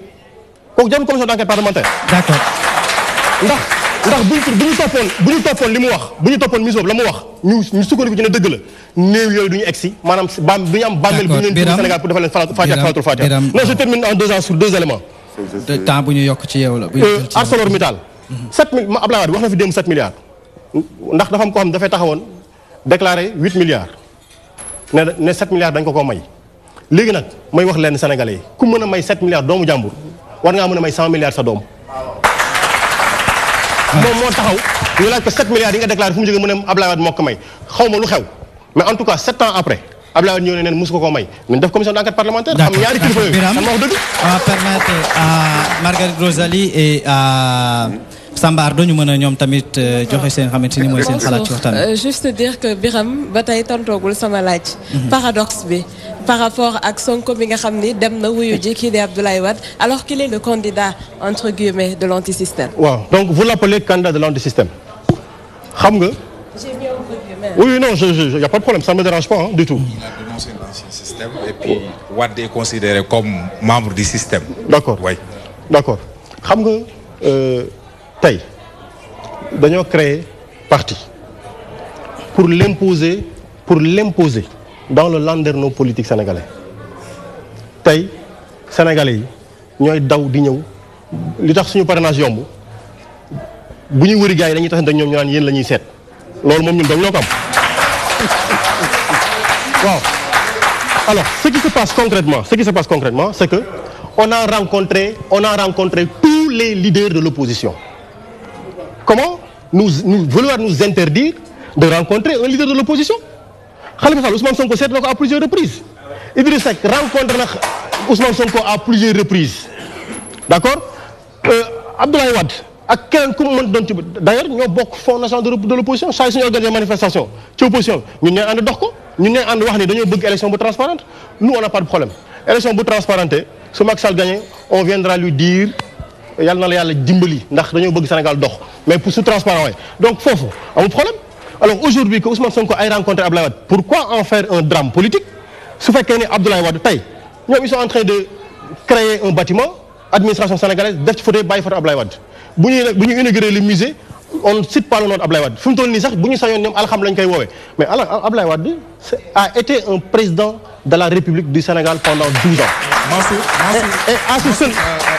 kooku jarul commission d'enquête parlementaire d'accord ndax bu bu ñu toppoon bu ñu toppoon li mu wax bu ñu toppoon mission la mu wax ñu ñu sukkandiku ci ne dëgg la néew yooyu du ñu egg si maanaam baam du ñu am bàmmeel bu ñu leen tudd Sénégal pour defal leen Fatiha Salatul Fatiha non je termine en deux ans sur deux éléments temps bu ñu yokk ci yow la euh, ArcelorMittal mhm. sept mille Abdoulaye Wade wax na fi démb sept milliards ndax dafa am ko xam dafay taxawoon déclaré huit milliards ne ne sept milliards dañ ko koo may léegi nag may wax leen Sénégalais yi ku mën a may sept milliards doomu jàmbur war ngaa mën a may cent milliards sa doom moom moo taxaw ñu laaj milliards yi nga fu mu jógee mu ne Abdoulaye Wade moo ko may xaw ma lu xew mais en tout cas 7 ans après Abdoulaye Wade ñëw ne neen mosu may nañ def commission d' enquête parlementaire. am ñaari kilifa Rosalie et à. Sambar ñu euh, euh, juste dire que Biram batay tontogul sama laaj. Mhm. paradoxe bi. par rapport ak Sonko bi nga xamni dem na wuyu ji Abdoulaye Wade alors qu'il est le candidat entre guillemets de l'antisystème. waaw donc vous l'appelez candidat de l'antisystème xam oui non il n'y a pas de problème ça ne me dérange pas hein, du tout. il a dénoncé l'ancien système et puis Wade est considéré comme membre du système. d'accord oui d'accord xam euh, tay dañoo créer parti pour l'imposer pour l'imposer dans le landerneau politique sénégalais tay sénégalais yi ñooy daw di ñëw li tax suñu parrainage yomb bu ñuy wëri gars yi dañuy tax ñoom ñu naan yéen la ñuy seet loolu moom ñun dañ ñoo ko am waaw alors ce qui se passe concrètement ce qui se passe concrètement c'est que on a rencontré on a rencontré tous les leaders de l'opposition comment nous, vouloir nous interdire de rencontrer un leader de l'opposition Khalifa Sall Ousmane Sonko s'est à plusieurs reprises Idrissa Seck rencontre Ousmane Sonko à plusieurs reprises d'accord euh, Abdoulaye Wade à quel moment... d'ailleurs il y beaucoup de Fonds national de l'opposition ça ils suñu organiser manifestation C'est opposition Nous sommes en dox Nous sommes en wax ni une élection transparente nous on n'a pas de problème élection transparente ce Max Sall gagné on viendra lui dire yàlla na la yalla dimbali ndax dañu bëgg Sénégal dox mais pour ce transparent donc foofu un problème alors aujourd'hui que Ousmane Sonko a rencontré Abdoulaye Wade pourquoi en faire un drame politique su fekkee ne Abdoulaye Wade tey ñoom ils sont en train de créer un bâtiment administration sénégalaise def ci fauteuil bàyyi photo Abdoulaye Wade bu ñuy bu le musée on ne cite pas le nom d'Abdoulaye Abdoulaye Wade fi mu toll nii sax bu ñu sañoon alxam lañ mais alors Abdoulaye Wade a été un président de la République du Sénégal pendant 12 ans. Merci, Et, à euh,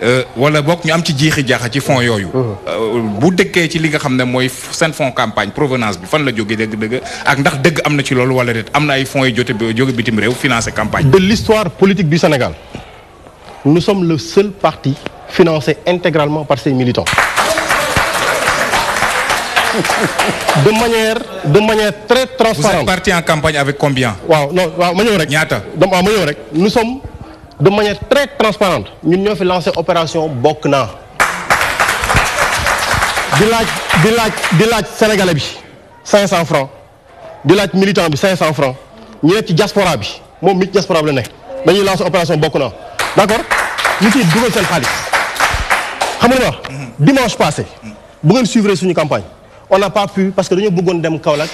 Euh, wala bok ñu am ci jiixi jaaxa ci fond yoyu mhm. euh, bu dëkkee ci li nga xam moy sen fond campagne provenance bi fan la joggé deug deug ak ndax deug amna ci lolu wala déet amna ay fonds yu jote joggé bitim réew financer campagne. de l'histoire politique du Sénégal nous sommes le seul parti financé intégralement par ses militants. de manière de manière très transparente. vous êtes parti en campagne avec combien. waaw non waaw ma ñëw rek. ñaata dama ma ñëw rek nous sommes de manière très transparente nous avons lancé l'opération Bokna. Des di sénégalais 500 francs di laaj militant 500 francs Nous avons ci diaspora bi moom diaspora la lancé l'opération Bokna. d'accord Nous avons lancé l'opération xaalis dimanche passé bu ngeen suivre une campagne on n'a pas pu parce que nous avons dem Kaolak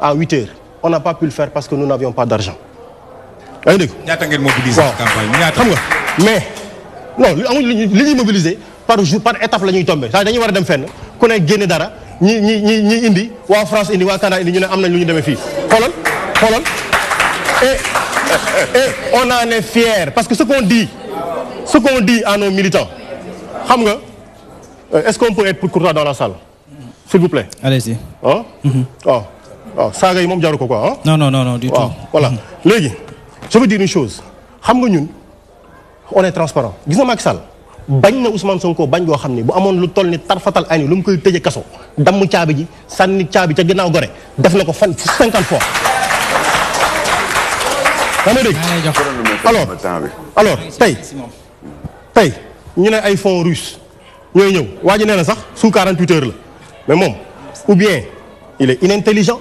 à 8 h on n'a pas pu le faire parce que nous n'avions pas d'argent mais non par jour par étape on en est fier parce que ce qu'on dit ce qu'on dit à nos militants euh, est-ce qu'on peut être plus dans la salle s'il vous plaît. allez-y ah? Mm-hmm. Ah. Ah, non non non du tout. Mm-hmm je veux dire une chose xam nga ñun on est transparent gis nga Macky Sall bañ na Ousmane Sonko bañ goo xam ne bu amoon lu toll ni tarfatal ay ni lu mu koy tëjee kaso damm caabi ji sànni caabi ca ginnaaw gore def na ko fan cinquante fois. dégg alors alors tey tey ñu ne ay fonds russe ñooy ñëw waa ji nee na sax sous 48 heures la mais moom ou bien il est inintelligent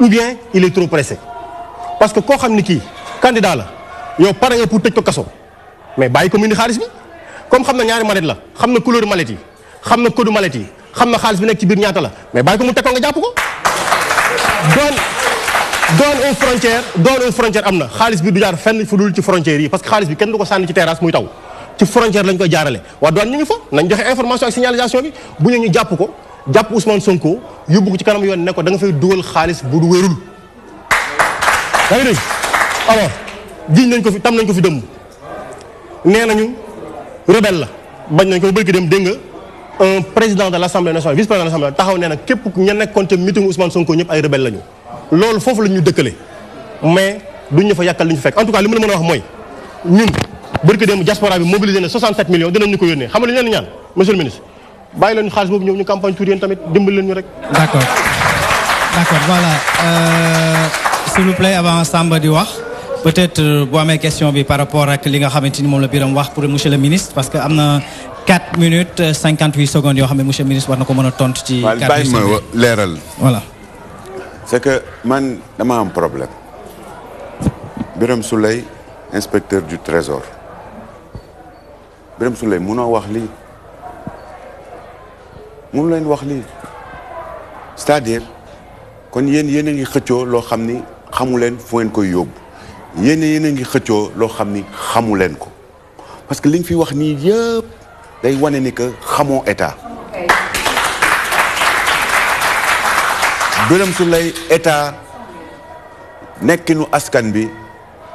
ou bien il est trop pressé. parce que koo xam ki kii candidat la yow pare nga pour tëj ko kaso mais bàyyi ko mu indi xaalis bi comme xam na ñaari mallette la xam na couleur mallette yi xam code mallette yi xam na bi nek ci biir ñaata la mais bàyyi ko mu teg ko nga jàpp ko doon doon aux frontières doon aux frontières am na bi du jaar fenn fu dul ci frontières yi parce que xaalis bi kenn du ko sànni ci terrasse muy taw ci frontière lañ koy jaarale waa douane ñu ngi fa nañ joxe information ak signalisation bi bu ñu ñu jàpp ko jàpp Ousmane Sonko yóbbu ko ci kanam yoon ne ko da nga fay dugal xaalis bu du wérul yaa ngi dégg alors jiñ nañ ko fi tam nañ ko fi dëmm nee nañu rebelle la bañ nañ ko bëgg dem dégg nga un président de l' nationale vice président de l' assemblée taxaw nee na képp ña nekkoon ca meeting Ousmane Sonko ñëpp ay rebelle lañu. loolu foofu la ñu dëkkale mais duñ ñu fa yàkkal li ñu fekk en tout cas li ma la mën a wax mooy ñun bëgg dem diaspora bi mobilisé na 67 millions dinañ ñu ko yónnee ñu leen ñaan monsieur le ministre bàyyi leen xaalis boobu s'il vous plaît avant Samba di wax peut-être euh, boire une question par rapport à ce que vous avez dit la pour monsieur le ministre parce qu'il y a 4 minutes 58 euh, secondes pour le ministre war na ko mën a voilà. c'est que man dama un problème. biram Souley, inspecteur du trésor Birame Souleye munoo wax lii mun leen wax lii c'est-à-dire kon vous yéen a ngi que loo xam xamu leen fu ngeen koy yóbbu yéen yéen a ngi xëccoo loo xam ni xamu leen ko parce que li ñu fi wax nii yëpp day wane ni que xamoo état. Birame Souleye état nekkinu askan bi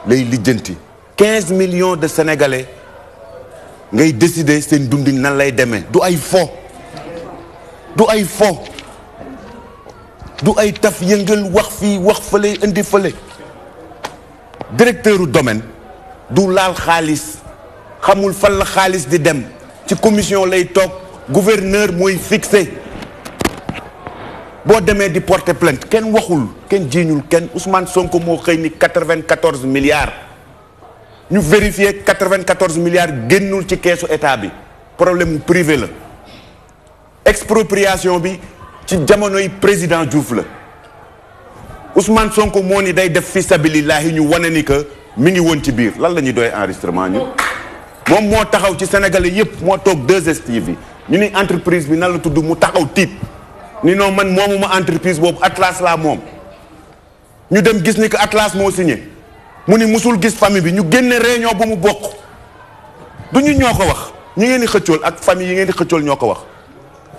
lay lijjanti. 15 millions de sénégalais ngay décider seen dundin nan lay demee du ay fo. du ay fo. du ay taf yëngal wax fii wax fële indi directeur du domaine du laal xaalis xamul fan la di dem ci commission lay gouverneur mooy fixé boo demee di porter plainte kenn waxul kenn kenn Ousmane Sonko moo 94 milliards Nous vérifions 94 milliards génnul ci keesu état bi problème privé expropriation bi ci jamonoy président Diouf la Ousmane sonk moo ni day def fi sabilillahi ñu wane ni que mi ngi woon ci biir lan la ñuy doy enregistrement ñu moom moo taxaw ci sénégalais yépp moo toog 2STV ñu ni entreprise bi nan la tudd mu taxaw tiit ni non man moomuma entreprise boobu Atlas laa moom ñu dem gis ni que Atlas moo si signé mu ni musul gis famille bi ñu génne réunion bu mu bokk du ñu ñoo ko wax ñu ngeen di xëccool ak famille yi ngeen di xëccool ñoo ko wax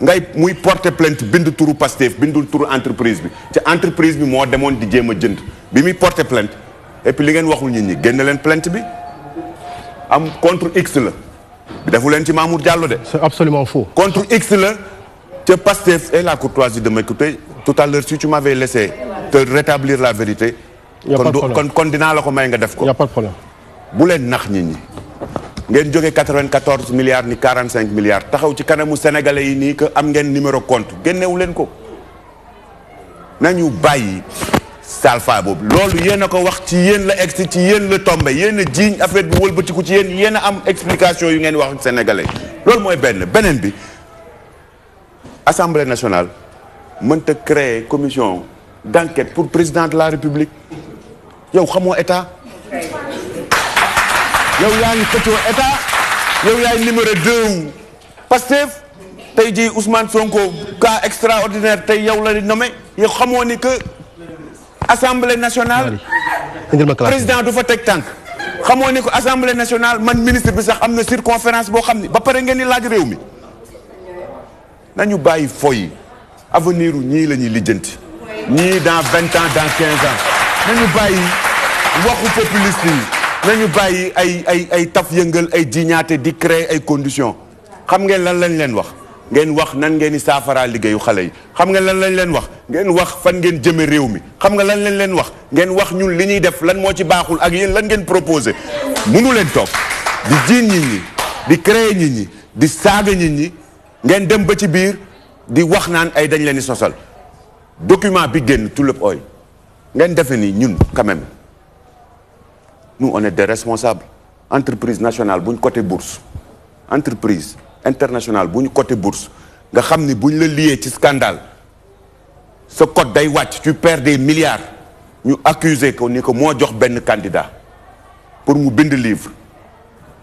ngay muy porter plainte bind turu Pastef bindul turu entreprise bi te entreprise bi mo demone di jema jënd bi muy porter plainte et puis li ngeen waxul nit ñi génn leen plainte bi am contre X la bi defu leen ci Mamour Diallo de. c'est absolument faux. contre X la te Pastef et la courtoisie de m'écouter tout à l'heure si tu m'avais laissé te rétablir la vérité. kon kon dina la ko may nga def ko. y a pas de problème. bu leen nax nit ñi. ngeen jóge 94 milliards ni 45 milliards taxaw ci kanamu sénégalais yi nii que am ngeen numéro compte génnewu leen ko nañu bàyyi salfa boobu loolu yéen a ko wax ci yéen la egsi ci yéen la tombe yéen a jiiñ affaire bi wëlbatiku ci yéen yéen a am explication yu ngeen wax ak sénégalais loolu mooy benn beneen bi assemblée nationale mënta créer commission d'enquête pour président de la république yow xamoo état yow yaa ngi xëccoo état yow yaay numéro 2 wu Pastef tey jii Ousmane Sonko cas extraordinaire tey yow la di nommé yow xamoo ni que assemblée nationale. président du fa teg tànk. xamoo ni que assemblée nationale man ministre bi sax am na circonférence boo xam ni ba pare ngeen di laaj réew mi nañu bàyyi foyi avenir ñii la ñuy lijjanti. ñii dans vingt ans dans quinze ans nañu bàyyi waxu populiste yi. nañu bàyyi ay ay ay taf di créer conditions xam ngeen lan lañ leen wax ngeen wax nan ngeen des saafaraa Nous xale xam lan lañ leen wax ngeen wax fan ngeen jëme xam lan leen wax ngeen wax ñun def des conditions. Nous ak lan ngeen leen di di créer di Nous ngeen dem ba ci biir di wax ay dañ leen faire. document bi génn tout le ooy ngeen nous on est des responsables entreprise nationale bu côté bourse entreprise internationale bu côté bourse nga xam ni bu la lié ci scandale ce code day tu perds des milliards ñu accuser ko est ko moo jox candidat pour mu bind livre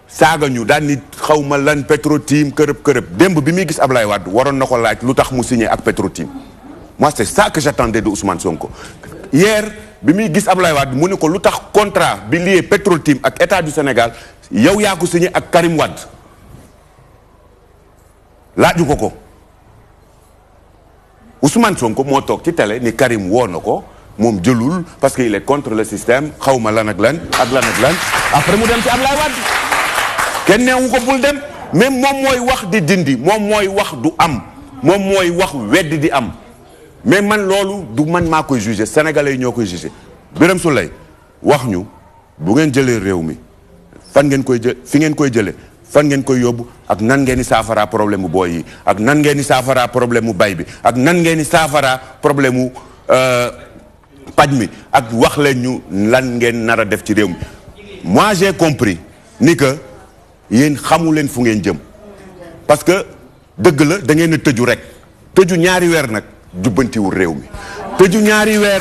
ça ñu nous ni xaw ma lan Petro-Tim kërëb kërëb démb bi muy gis Ablaye Wade waroon na laaj mu signé ak petro team moi c'est ça que j'attendais de Ousmane Sonko hier bi muy gis Ablaye Wade mu ni ko lu contrat bi lié Tim ak état du Sénégal yow yaa ko signé ak Karim Wade laaju ko ko Ousmane Sonko moo toog ci télé ni Karim woo na ko moom jëlul parce que est contre le système xawma lan ak lan ak lan ak lan après mu dem ci Ablaye Wade kenn neewu ko bul dem même moom wax di dindi moom mooy wax du am moom mooy wax weddi di am mais man loolu du man maa koy jugé sénégalais yi ñoo koy jugé Birame Souleye wax ñu bu ngeen jëlee réew mi fan ngeen koy jë fi ngeen koy jëlee fan ngeen koy yóbbu ak nan ngeen di saafaraa problème mu booy yi ak nan ngeen di saafaraa problème mu bay bi ak nan ngeen di saafaraa problème mu euh, paj mi ak wax leen ñu lan ngeen nar a def ci réew mi moi j'ai compris ni que yéen xamu leen fu ngeen jëm parce que dëgg la da ngeen tëju rek tëju ñaari weer nag. du jubbantiwul réew y arriver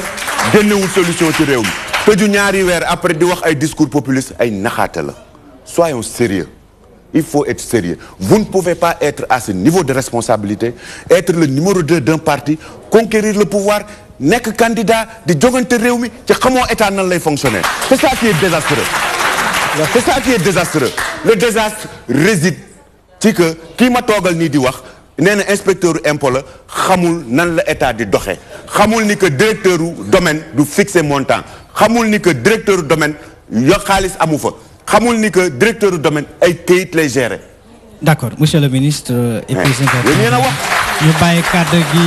ñaari nous une solution ci réuni. mi tëju ñaari arriver après di wax un discours populiste ay naxaate la soyons sérieux il faut être sérieux vous ne pouvez pas être à ce niveau de responsabilité être le numéro 2 d'un parti conquérir le pouvoir nek candidat de Djogante réew comment est-ce état a lay fonctionner c'est ça qui est désastreux c'est ça qui est désastreux le désastre réside ci que qui ma dit ni di nee na inspecteur impôt la xamul nan la état di doxee xamul ni que directeur u domaine du fixer montant xamul ni que directeur domaine yo xaalis amu fa xamul ni que directeur du domaine ay kayit lay gérer. d'accord monsieur le ministre. et yéen a wax. ñu bàyyi kàddu gi.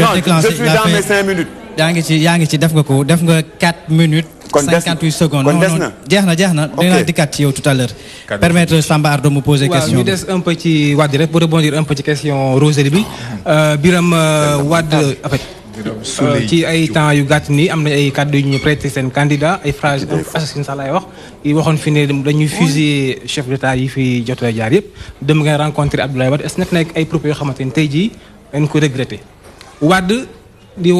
non je suis dans mes cinq minutes. yaa ci yaa ci def nga ko def nga quatre minutes kon 58 secondes kon des na jeex na jeex ci yow tout à l'heure permettre Samba Ardo me poser question waaw ñu des un peu ci Wade rek pour rebondir un peu ci question Rosalie bi euh, Biram euh, Wade en fait ci ay temps yu gàtt nii am na ay kàddu yu ñu prêté seen candidat ay phrase assassine sax laay wax yi waxoon fi ne dañuy fusiller chef d'état yi fi jot a jaar yëpp dem ngeen rencontrer Abdoulaye Wad. est-ce que nekk ay propos yoo xamante ne tey jii ko regretter Wade di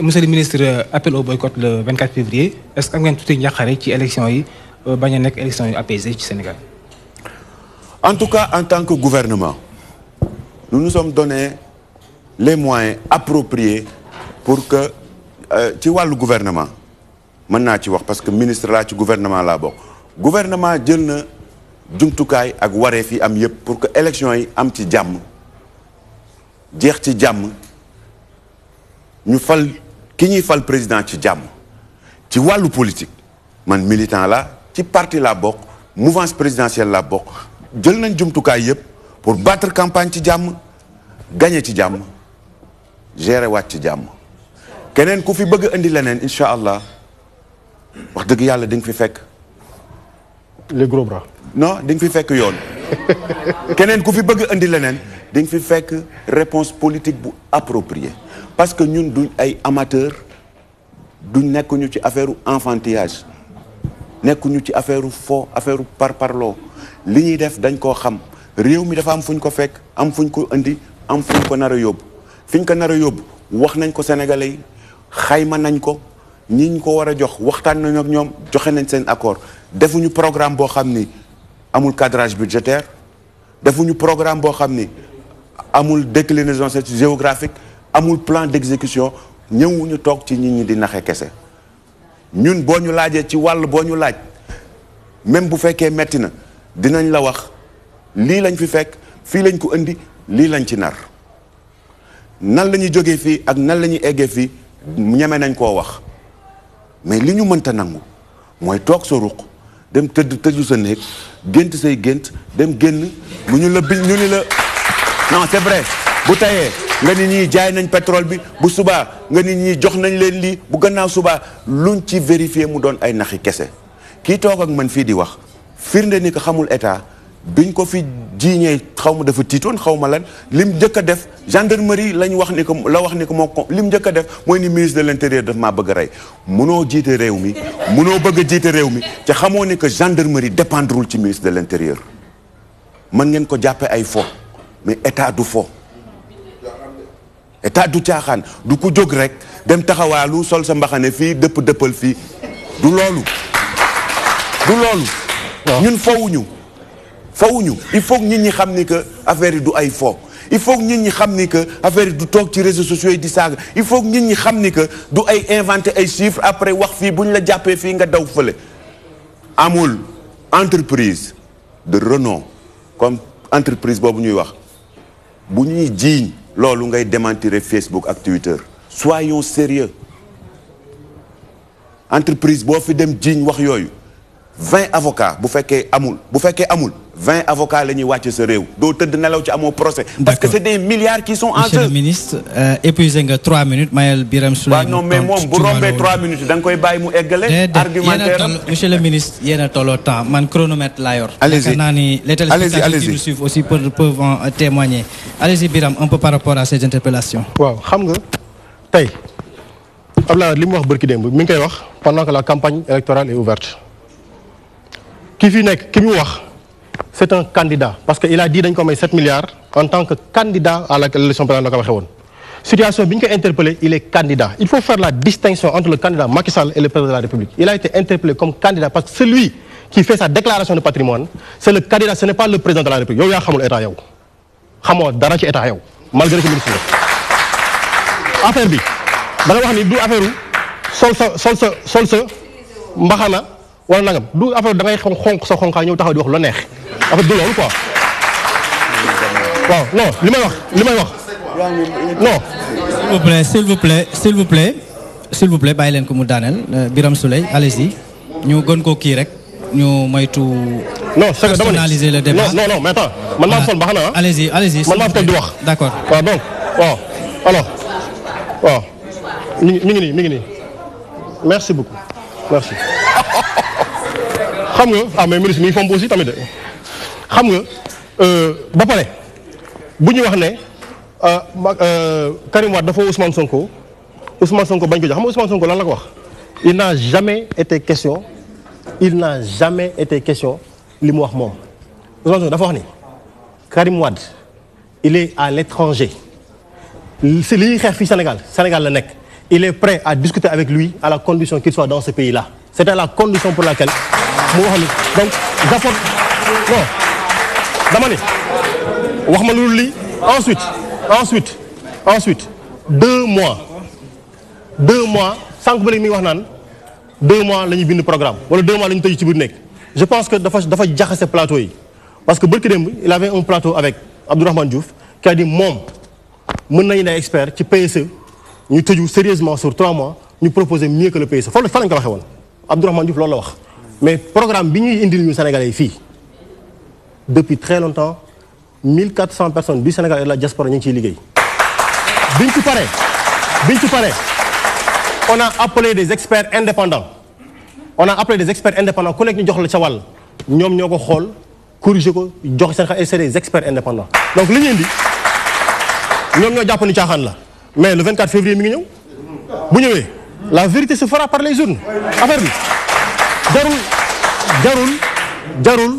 monsieur le ministre appel au boycott le 24 février est-ce que y touti ñakaré ci élection yi euh, baña nek élection yu Sénégal. en tout cas en tant que gouvernement nous nous sommes donné les moyens appropriés pour que euh, ci le gouvernement Maintenant, ci parce que ministre là, ci gouvernement là bok gouvernement jël na jumtukaay ak pour que élection yi am ci jamm jeex ci ñu fal ki ñuy fal président ci jàmm ci wàllu politique man militant la ci parti la bokk mouvance présidentielle la bokk jël nañ jumtukaay yëpp pour battre campagne ci jàmm gagner ci jàmm gérer waat ci jàmm keneen ku fi bëgg indi leneen incha allah wax dëgg yàlla di nga fi fekk. les gros bras. non di nga fi fekk yoon keneen ku fi bëgg indi leneen di fi fekk réponse politique bu appropriée. parce que ñun du ay amateur duñ nekkuñu ci affaire enfantillage nekkuñu ci affaire fo affaire par parparloo li ñuy def dañ koo xam réew mi dafa am fu fuñ ko fekk am fu fuñ ko indi am fuñ ko nar a yóbbu fiñ ko nar a yóbbu wax nañ ko sénégalais yi xayma nañ ko ñiñ ko war a jox waxtaan nañ ak ñoom joxe nañ seen accord defuñu programme boo xam ni amul cadrage budgétaire defuñu programme boo xam ni amul déclinaison géographique amul plan d'exécution ñëwuñu toog ci nit ñi di naxe kese ñun boo ñu laajee ci wàll boo ñu laaj même bu fekkee metti na dinañ la wax lii lañ fi fekk fii lañ ko indi lii lañ ci nar nan lañuy ñuy jógee fii ak nan la ñuy eggee fii ñeme nañ koo wax mais li ñu mënta nangu mooy toog sa ruq dem tëdd tëju sa néeg gént say gént dem génn mu ñu la bi ñu la non c'est bu tayee nga ni ñii jaay nañ pétrole bi bu subaa nga ni ñii jox nañ leen lii bu gannaaw subaa luñ ci vérifier mu doon ay naxi kese kii toog ak man fii di wax firnde ni ko xamul état biñ ko fi jiiñee xaw ma dafa tiitoon xaw ma lan lim njëkk a def gendarmerie lañ wax ni ko la wax ni ko moo ko lim njëkk a def mooy ni ministre de l' intérieur daf maa bëgg a rey munoo jiite réew mi munoo bëgg a réew mi te xamoo ni que gendarmerie dépendrul ci ministre de l' intérieur mën ngeen ko jàppee ay fo mais état du fo état du caaxaan du ko jóg rek dem taxawaalu sol sa mbaxane fii dëpp dëppal fii du loolu du loolu ñun fawuñu fawuñu il faut que nit ñi xamni que affaire yi du ay fo il faut que nit ñi xamni que affaire yi du tok ci réseaux sociaux di saaga il faut que nit ñi xamni que du ay inventé ay chiffres après wax fi buñ la jappé fi nga daw feulé amul entreprise de renom comme entreprise bobu ñuy wax bu ñuy lolou ngay démentir facebook ak twitter soyons sérieux entreprise bo fi dem djign wax yoyu 20 avocats bu féké amul bu féké 20 avocats la ñuy ce sa d'autres de tëdd à ci mon procès parce que c'est des milliards qui sont en jeu monsieur le ministre euh, épuisez nga 3 minutes Maël Biram Soula. non mais moi, bu 3 minutes Donc nga koy bàyyi mu eggale argumentaire monsieur le ministre y a tolloo temps man chronomètre laa allez-y allez les téléspectateurs qui nous suivent aussi peuvent en euh, témoigner allez-y Biram, un peu par rapport à ces interpellations waaw xam nga Alors Abdoulaye li mu wax pendant que la campagne électorale est ouverte Qui fi qui ki c'est un candidat parce qu'il a dit 7 milliards en tant que candidat à l'élection de la République. situation bien ñu interpellé il est candidat il faut faire la distinction entre le candidat Macky Sall et le président de la République il a été interpellé comme candidat parce que celui qui fait sa déclaration de patrimoine c'est le candidat ce n'est pas le président de la République yow yaa xamul état yow xamoo dara ci état yow malgré que ministre affaire bi da nga wax ni du affaire sol sa sol sol wala du da sa taxaw di wax neex en fait loolu quoi waaw non li may wax li wax non. s'il vous plaît s'il vous plaît s'il vous plaît s'il vous plaît bailen leen ko mu daaneel euh, allez-y ñu gën koo kii rek ñu moytu. non c'est que personnaliser le débat non non mais attends man maa sol baax ah. allez-y allez-y man maa fait toog di wax. d'accord waaw bon? waaw alors waaw mi ngi merci beaucoup merci. xam nga ah mais ministre mi ngi fomb aussi tamit de xam nga euh, ba pare bu ñu wax ne euh, euh, Karim Wade dafa Ousmane Sonko Ousmane Sonko bañ ko jox xam nga Ousmane Sonko lan la ko wax il n'a jamais été question il n'a jamais été question li mu wax moom Ousmane Sonko dafa wax ni Karim Wade il est à l'étranger C'est li ñuy xeex fii Sénégal Sénégal la nekk il est prêt à discuter avec lui à la condition qu'il soit dans ce pays-là c'était la condition pour laquelle mu wax ni donc Zafor non dama ne wax ma lu ensuite ensuite ensuite deux mois deux mois sànq ba léegi mi ngi wax naan deux mois la ñuy bind programme wala deux mois la ñu tëj ci biir nekk je pense que dafa dafa jaxase plateau yi parce que bërki démb il avait un plateau avec Abdourahmane Diouf qui a dit moom mën nañu ne expert ci PSE ñu tëju sérieusement sur trois mois ñu proposer mieux que le PSE foofu la fa lañ ko waxee woon Abdourahmane Diouf loolu la wax mais programme bi ñuy indil ñu Sénégalais yi fii depuis très longtemps 1400 personnes du Sénégal et de la diaspora Sont ngi ciy biñ ci on a appelé des experts indépendants on a appelé des experts indépendants Collègues nekk ñu jox la ca des experts indépendants donc li nous indi ñoom C'est jàpp ni la mais le 24 février mi la vérité se fera par les urnes affaire jarul jarul jarul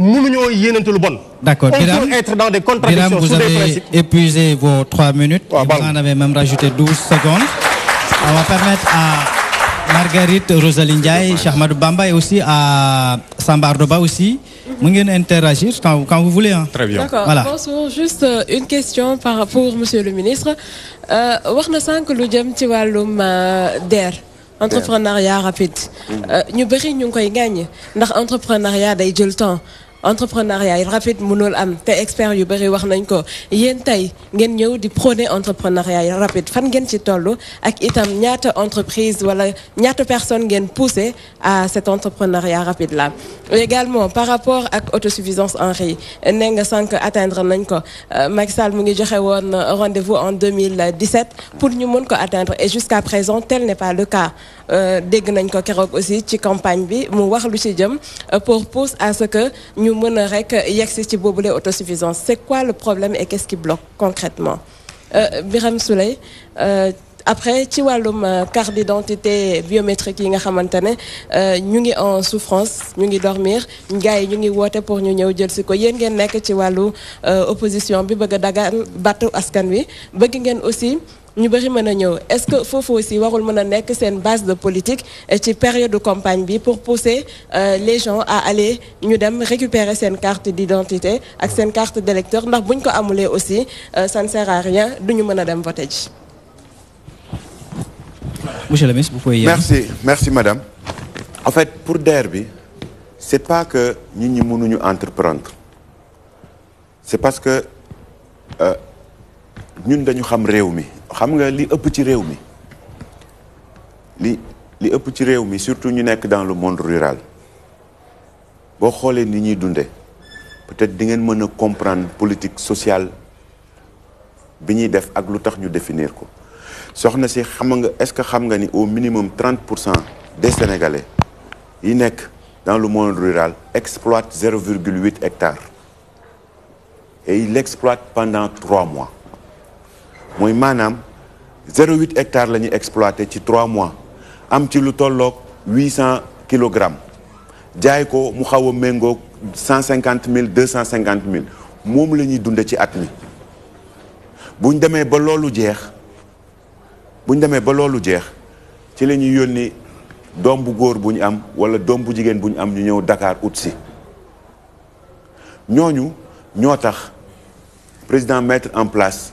nous yéenante d'accord on être dans des contradictions vous avez épuisé vos trois minutes. Ah, vous en avez même rajouté 12 secondes. on va permettre à Marguerite Rosalie Ndiaye Cheikh Bamba et aussi à Samba Ardoba aussi. Vous interagir quand, quand, vous voulez. Hein. Très bien. D'accord. Voilà. Bonsoir. Juste euh, une question par, pour Monsieur le ministre. Euh, que le Djem Tiwalum d'air, entrepreneuriat rapide. Mm. Euh, nous avons gagné. L'entrepreneuriat a le temps entrepreneuriat yi rapide mënul am te expert yu bari wax nañ ko yéen tey ngeen di prôner entrepreneuriat rapide fan ngeen ci toll ak itam ñaata entreprise wala ñaata personne ngeen poussé à cet entrepreneuriat rapide là. également par rapport ak autosuffisance en riz nee nga sànq atteindre nañ ko euh, Macky Sall mu ngi joxe rendez-vous en 2017 pour ñu mën ko atteindre et jusqu'à présent tel n'est pas le cas euh, dégg nañ ko keroog aussi ci campagne bi mu wax lu ci jëm euh, pour pousse à ce que ñu ñu mën a rek yegsi ci boobule autosuffisance c'est quoi le problème et qu'est-ce qui bloque concrètement euh, Birame Souley. Euh, après ci wàllum euh, carte d'identité biométrique yi nga xamante ne ñu ngi en souffrance ñu ngi dormir gars yi ñu ngi woote pour ñu ñëw jël si ko yéen ngeen nekk ci wàllu opposition bi bëgg a dagaan battu askan wi bëgg ngeen aussi nous bëri est-ce que faut aussi warul que c'est une base de politique et une période de campagne pour pousser euh, les gens à aller récupérer cette carte d'identité ak seen carte d'électeur ndax buñ ko aussi euh, ça ne sert à rien de nous voter monsieur le vous pouvez. merci merci madame. en fait pour Derby, ce n'est pas que nous ñi nous entreprendre c'est parce que euh, nous dañu xam xam nga li ëpp ci réew mi li li ëpp ci réew mi surtout ñu nekk dans le monde rural boo xoolee ni ñuy peut-être di ngeen mën comprendre politique sociale bi ñuy def ak lu ñu définir ko soxna xam nga est-ce que xam nga ni au minimum 30 des sénégalais yi nekk dans le monde rural exploite 0,8 hectare et il l'exploitent pendant trois mois moy manam, 0,8 hectares lañu exploite exploité ci 3 mois am ci lu 800 kg. jaay ko mu a 150 000 250 000 moom ni ci at mi buñ un ba lolu jeex buñ démé ba lolu jeex ci lañu am wala doom bu am ñu Dakar ut ñoñu ñooñu président mettre en place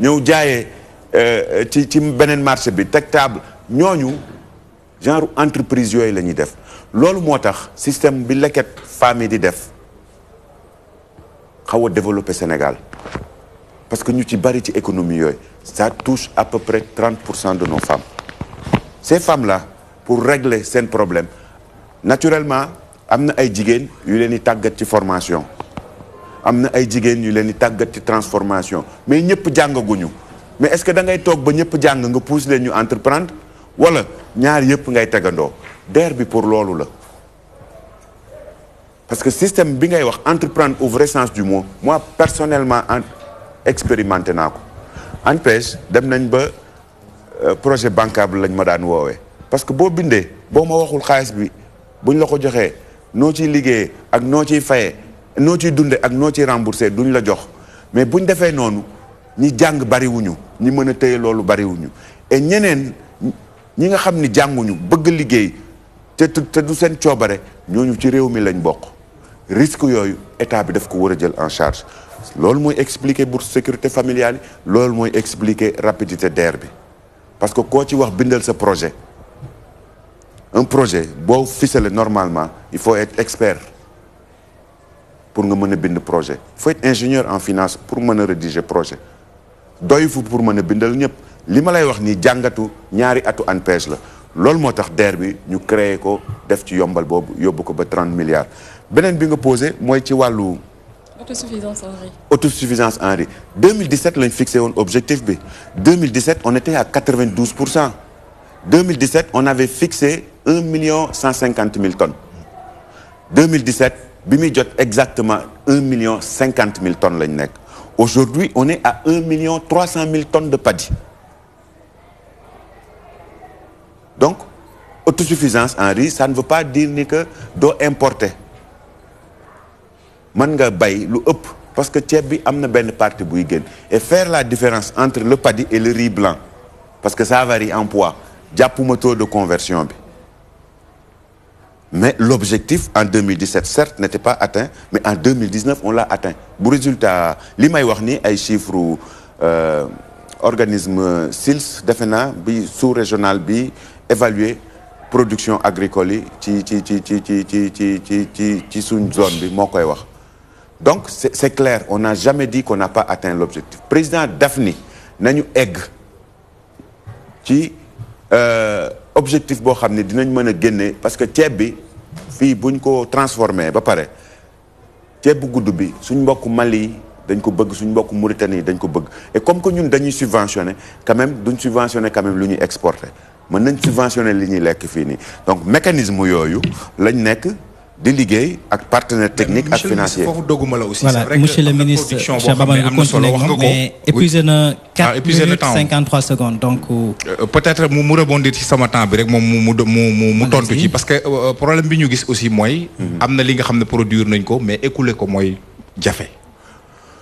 Nous euh, avons ci ci benen marché bi une ñooñu genre entreprise yoy qui def système bi famille femmes di Sénégal parce que nous ci bari économie ça touche à peu près 30 de nos femmes ces femmes là pour régler ces problème naturellement nous avons ay jigen yu formation am na ay jigéen ñu leen di tàggat ci transformation mais ñëpp jàngaguñu mais est-ce que dangay toog ba ñëpp jàng nga pousse leen ñu entreprendre wala ñaar yëpp ngay tegandoo DER bi pour loolu la. parce que système bi ngay wax entreprendre au vrai sens du mot moi personnellement en expérimenté naa ko ANPEJ dem nañ ba euh, projet bancable lañ ma daan woowee parce que boo bindee boo ma waxul xaalis bi buñ la ko joxee noo ciy liggéeyee ak noo ciy fayee noo ci dunde ak noo ci duñ la jox mais buñ defee noonu ñi jàng bariwuñu ñi mën a téye loolu bariwuñu et ñeneen ñi nga xam ni jànguñu bëgg liggéey te te du seen coobare ñooñu ci réew mi lañ bokk risque yooyu état bi daf ko jël en charge loolu mooy expliquer sécurité familiale lolo loolu rapidité d'erbe. bi parce que koo ci wax bindal sa projet un projet boo normalement il faut être expert pour nga mener des bind projet faut être ingénieur en finance pour mën rédiger projet projets. Il pour mën a bindal ñëpp li ma lay wax ni jangatu ñaari atu ANPEJ la en motax tax DER bi ñu créer ko def ci yombal bobu yobbu ko ba milliards benen bi nga posé moy ci walu autosuffisance en riz autosuffisance en riz 2017 lañ fixé un objectif bi 2017 on était à 92 2017 on avait fixé 1 million 150 mille tonnes 2017 bi exactement 1 million de tonnes aujourd'hui on est à 1,3 million de tonnes de paddy donc autosuffisance en riz ça ne veut pas dire ni que doit importer lu parce que et faire la différence entre le paddy et le riz blanc parce que ça varie en poids le moto de conversion mais l'objectif en 2017, certes, n'était pas atteint, mais en 2019, on l'a atteint. Le résultat li a wax ni ay chiffres euh, organisme SILS sous-régional bi évaluer production agricole dans zone donc c'est clair on n'a jamais dit qu'on n'a pas atteint l'objectif président Daphné, nous nañu egg qui objectif bo xamné dinañ mëna a parce que tieb bi fi buñ ko transformer ba paré tieb bu gudd bi suñ mbokk Mali dañ ko bëgg suñ mbokk Mauritanie dañ ko bëgg et comme que ñun dañuy subventionner quand même duñ subventionner quand même luñu exporter exporté mën nañ subventionné li ñuy lekk fii nii donc mécanisme yooyu lañ nekk de liggéey ak partenaire technique ak financier. foofu voilà monsieur le ministre Cheikh Baba nga continué mais épuisé na 4 ah, minutes 53 secondes donc. Euh, euh, peut-être mu mu rebondir ci sama temps bi rek mom mu mu mu mu tontu ci. parce que euh, problème bi ñu gis aussi moy mhm. amna li nga xamné produire nañ ko mais écouler ko moy jafé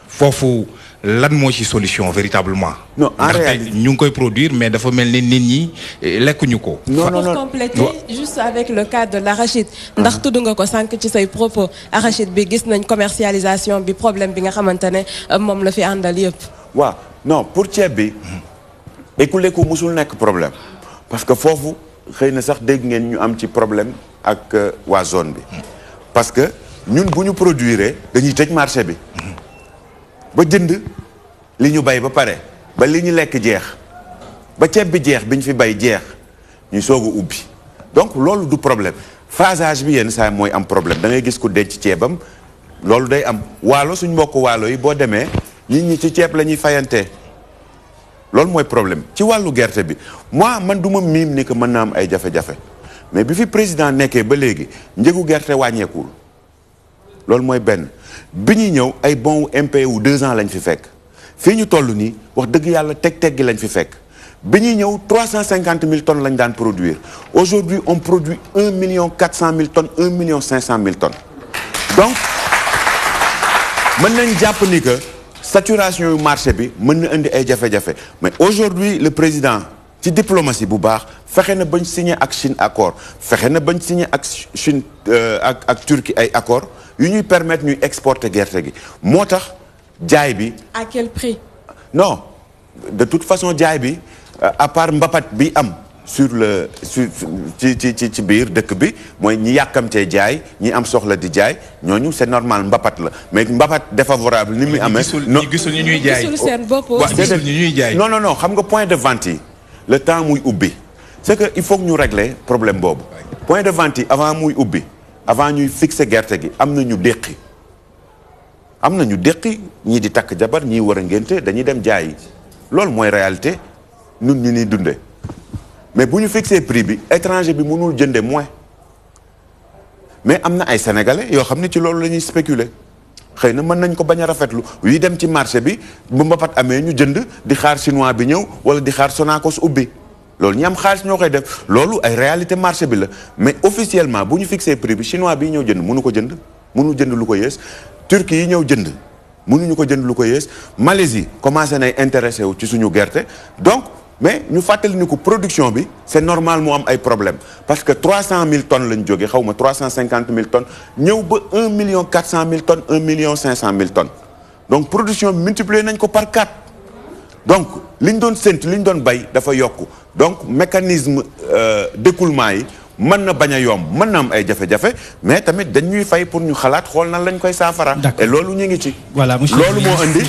fofu lan moo ci solution véritablement. non en réalité ñu koy produire mais dafa melni ni nit ñi eh, lekkuñu ko. non non compléter juste avec le cas de l'arachide. Ah. ndax tudd nga ko sank ci say propos arachide bi gis nañ commercialisation bi problème bi nga xamante euh, mom la fi andal yépp wa non pour ceeb bi. écoulé ko musul nek problème parce que fofu xeyna na sax deg ngeen ñu am ci problème ak euh, wa zone bi. parce que ñun bu ñu produire dañuy tej marché bi. ba jënd li ñu bay ba pare ba li ñu lekk jeex ba ceeb bi jeex bi ñu fi bay jeex ñu soog a ubbi donc loolu du problème phasage bi yenn saa mooy am problème da ngay gis ku denc ceebam loolu day am waalo suñ mbokk waalo yi boo demee nit ñi ci ceeb la ñuy fayantee loolu mooy problème ci wàllu gerte bi mois man du ma miim ni que mën naa am ay jafe-jafe mais bi fi président nekkee ba léegi njëgu gerte wàññeekul loolu mooy benn Si on ñëw ay bon MP ou deux ans lañ fi fekk fii ñu wax dëgg teg-teg lañ fi tonnes lañ produire aujourd'hui on produit 1 million 400 tonnes 1 million 500 000 tonnes donc saturation yu marché bi mën mais aujourd'hui le président ci diplomatie bu baax fexe na signé accord fexe na bañ signé ak Chine euh, Turquie accord ñuy permettre ñuy exporter guerre. gi jaay à quel prix. non de toute façon jaay euh, à part mbapat bi am sur le sur ci ci ci biir deuk bi moy ñi yàkkamtee jaay ñi am soxla di jaay ñoñu c'est normal mbapat la mais mbapat défavorable ni muy amee. ñi gisul ñi ñuy jaay non non non xam nga point de vente le temps muy ubbi c'est que il faut que ñu régler problème bobu point de vente avant muy ubbi. avant ñuy fixer gerte gi am na ñu déqi am na ñu déqi ñii di takk jabar ñii war a ngénte dañuy dem jaayi loolu mooy réalité ñun ñu ni dunde mais bu ñu fixer prix bi étranger bi mënul jënde moins mais am na ay sénégalais yoo xam ne ci loolu la ñuy spéculer xëy na mën nañ ko bañ a rafetlu yi dem ci marché bi bu pat amee ñu jënd di xaar chinois bi ñëw wala di xaar Sonacos ubbi loolu ñi am xaalis réalité marché mais officiellement on fixer les prix les chinois bi ñëw jënd mënu ko jënd mënu jënd lu ko yes. turquie yi ñëw jënd mënuñu ko jënd lu ko yes. malaisie commencé nay intéressé wu ci suñu donc mais ñu fàttali ni production c'est normal mu am problème parce que 300 000 tonnes 350 000 tonnes ñëw ba 1 million 400 000 tonnes 1 million 500 000 tonnes donc production multipliée, par 4 donc liñ doon l'Indon liñ doon bay dafa yokku donc mécanisme euh, d'écoulement yi mën na bañ a yomb mën na am ay jafe-jafe mais tamit dañuy fay pour ñu xalaat xool nan lañ koy saafara et loolu ñu ngi ci voilà loolu moo indi